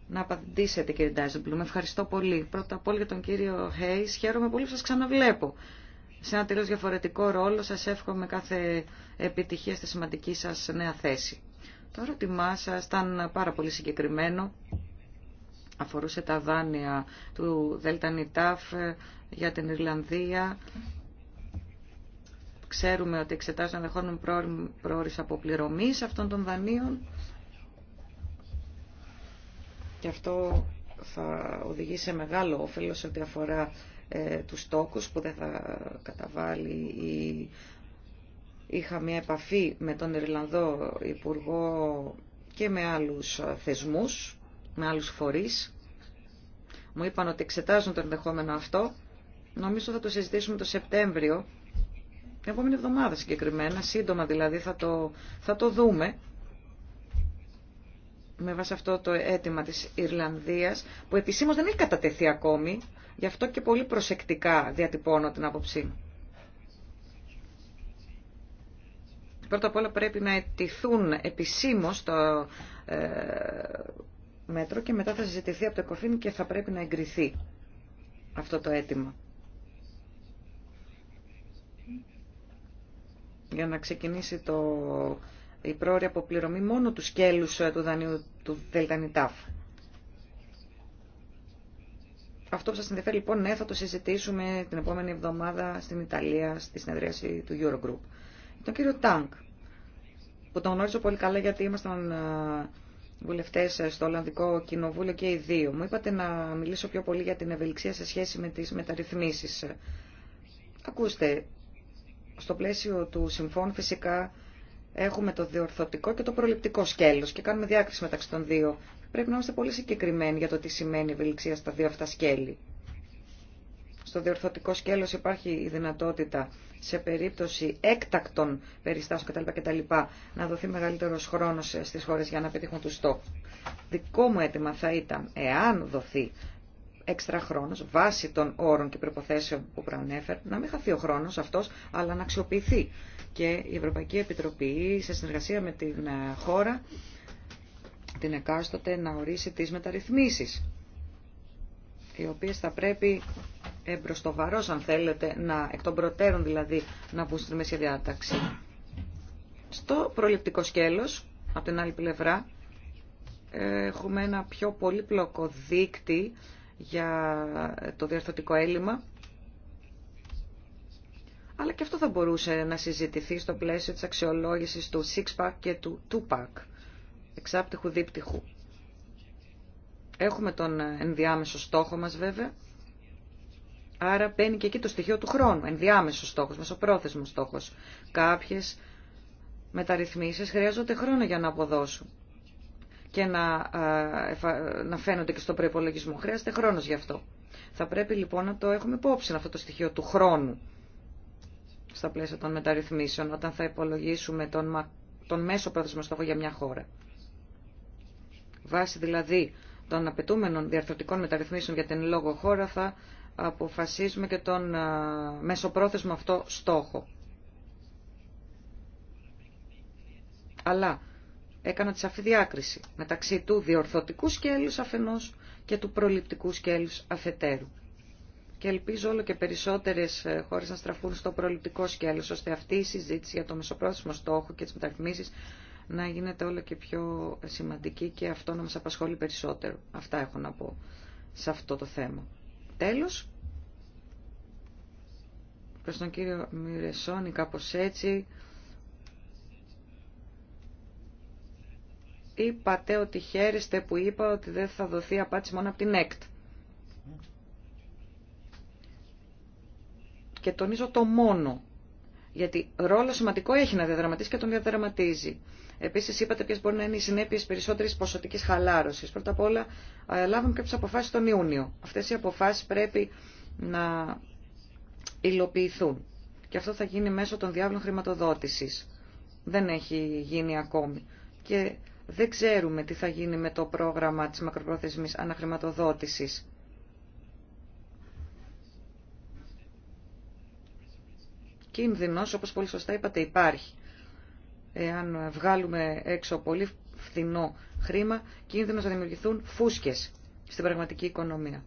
Να απαντήσετε κύριε Με Ευχαριστώ πολύ. Πρώτα απ' όλα για τον κύριο Χέις. Χαίρομαι πολύ που σας ξαναβλέπω σε ένα τελείως διαφορετικό ρόλο. Σας εύχομαι κάθε επιτυχία στη σημαντική σας νέα θέση. Το ερώτημά σα ήταν πάρα πολύ συγκεκριμένο. Αφορούσε τα δάνεια του Νιτάφ για την Ιρλανδία. Ξέρουμε ότι εξετάζουν ενδεχόμενο πρόορις αποπληρωμής αυτών των δανείων. Και αυτό θα οδηγήσει σε μεγάλο όφελο σε ό,τι αφορά ε, τους στόχους που δεν θα καταβάλει Είχα μια επαφή με τον Ιρλανδό Υπουργό και με άλλους θεσμούς, με άλλους φορείς. Μου είπαν ότι εξετάζουν το ενδεχόμενο αυτό. Νομίζω θα το συζητήσουμε το Σεπτέμβριο, την επόμενη εβδομάδα συγκεκριμένα, σύντομα δηλαδή θα το, θα το δούμε με βάση αυτό το αίτημα της Ιρλανδίας, που επισήμως δεν έχει κατατεθεί ακόμη, γι' αυτό και πολύ προσεκτικά διατυπώνω την άποψή μου. Πρώτα απ' όλα πρέπει να αιτηθούν επισήμως το ε, μέτρο και μετά θα συζητηθεί από το ΕΚΟΦΗΝ και θα πρέπει να εγκριθεί αυτό το αίτημα. Για να ξεκινήσει το η πρόορη αποπληρωμή μόνο του σκέλους ε, του δανείου του ΔΕΛΤΑΝΙΤΑΦ. Αυτό που σας ενδιαφέρει λοιπόν, ναι, θα το συζητήσουμε την επόμενη εβδομάδα στην Ιταλία, στη συνεδρίαση του Eurogroup. Τον κύριο Τάγκ, που τον γνώριζω πολύ καλά γιατί ήμασταν ε, βουλευτέ ε, στο Ολλανδικό Κοινοβούλιο και οι δύο. Μου είπατε να μιλήσω πιο πολύ για την ευελιξία σε σχέση με τις μεταρρυθμίσεις. Ακούστε, στο πλαίσιο του συμφώνου φυσικά Έχουμε το διορθωτικό και το προληπτικό σκέλος και κάνουμε διάκριση μεταξύ των δύο. Πρέπει να είμαστε πολύ συγκεκριμένοι για το τι σημαίνει ευελιξία στα δύο αυτά σκέλη. Στο διορθωτικό σκέλος υπάρχει η δυνατότητα σε περίπτωση έκτακτων περιστάσεων κτλ. κτλ να δοθεί μεγαλύτερος χρόνος στις χώρες για να πετύχουν τους στόχους. Δικό μου αίτημα θα ήταν, εάν δοθεί έξτρα χρόνο, βάσει των όρων και προποθέσεων που προανέφερε, να μην χαθεί ο χρόνο αυτό, αλλά να αξιοποιηθεί. Και η Ευρωπαϊκή Επιτροπή, σε συνεργασία με την ε, χώρα, την εκάστοτε να ορίσει τις μεταρρυθμίσει, οι οποίε θα πρέπει εμπροστοβαρός, αν θέλετε, να, εκ των προτέρων δηλαδή, να μπουν στη μέση διάταξη. Στο προληπτικό σκέλος, από την άλλη πλευρά, έχουμε ένα πιο πολύπλοκο δίκτυ για το διαρθωτικό έλλειμμα. Αλλά και αυτό θα μπορούσε να συζητηθεί στο πλαίσιο της αξιολόγησης του 6-pack και του 2-pack, εξάπτυχου δίπτυχου. Έχουμε τον ενδιάμεσο στόχο μας βέβαια, άρα μπαίνει και εκεί το στοιχείο του χρόνου, ενδιάμεσος στόχος, μεσοπρόθεσμος στόχος. Κάποιες μεταρρυθμίσεις χρειάζονται χρόνο για να αποδώσουν και να, να φαίνονται και στον προπολογισμό. Χρειάζεται χρόνος γι' αυτό. Θα πρέπει λοιπόν να το έχουμε υπόψη αυτό το στοιχείο του χρόνου στα πλαίσια των μεταρρυθμίσεων όταν θα υπολογίσουμε τον, τον μέσο πρόθεσμο στόχο για μια χώρα. Βάσει δηλαδή των απαιτούμενων διαρθρωτικών μεταρρυθμίσεων για την λόγο χώρα θα αποφασίσουμε και τον μέσο πρόθεσμο αυτό στόχο. Αλλά έκανα τη σαφή διάκριση μεταξύ του διορθωτικού σκέλους αφενός και του προληπτικού σκέλους αφετέρου. Και ελπίζω όλο και περισσότερες ε, χώρες να στραφούν στο προληπτικό σκέλος, ώστε αυτή η συζήτηση για το μεσοπρόθεσμο στόχο και τις μεταρρυθμίσεις να γίνεται όλο και πιο σημαντική και αυτό να μας απασχολεί περισσότερο. Αυτά έχω να πω σε αυτό το θέμα. Τέλος, προς τον κύριο Μιρεσόνη κάπως έτσι, είπατε ότι χαίρεστε που είπα ότι δεν θα δοθεί απάντηση μόνο από την ΕΚΤ. Και τονίζω το μόνο. Γιατί ρόλο σημαντικό έχει να διαδραματίσει και τον διαδραματίζει. Επίση, είπατε ποιε μπορεί να είναι οι συνέπειε περισσότερη ποσοτική χαλάρωση. Πρώτα απ' όλα, λάβουμε κάποιε αποφάσει τον Ιούνιο. Αυτέ οι αποφάσει πρέπει να υλοποιηθούν. Και αυτό θα γίνει μέσω των διάβλων χρηματοδότηση. Δεν έχει γίνει ακόμη. Και δεν ξέρουμε τι θα γίνει με το πρόγραμμα της μακροπρόθεσμης αναχρηματοδότησης. Κίνδυνος, όπως πολύ σωστά είπατε, υπάρχει. Εάν βγάλουμε έξω πολύ φθηνό χρήμα, κίνδυνος να δημιουργηθούν φούσκες στην πραγματική οικονομία.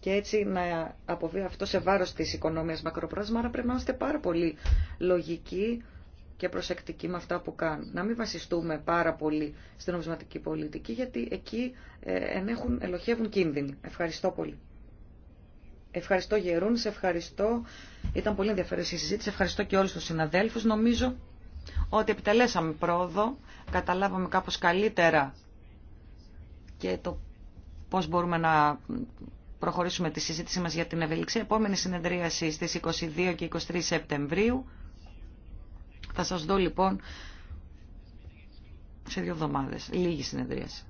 Και έτσι να αποβεί αυτό σε βάρος της οικονομίας μακροπρόθεσμα, άρα πρέπει να είμαστε πάρα πολύ λογικοί και προσεκτικοί με αυτά που κάνουν. Να μην βασιστούμε πάρα πολύ στην νομισματική πολιτική, γιατί εκεί ε, ενέχουν, ελοχεύουν κίνδυνοι. Ευχαριστώ πολύ. Ευχαριστώ Γερούν, σε ευχαριστώ. Ήταν πολύ ενδιαφέρουσα η συζήτηση. Ευχαριστώ και όλους τους συναδέλφους. Νομίζω ότι επιτελέσαμε πρόοδο, καταλάβαμε κάπως καλύτερα και το πώς μπορούμε να προχωρήσουμε τη συζήτησή μας για την ευελιξία. Επόμενη συνεδρίαση στις 22 και 23 Σεπτεμβρίου. Θα σας δω λοιπόν σε δύο εβδομάδες. Λίγη συνεδρίαση.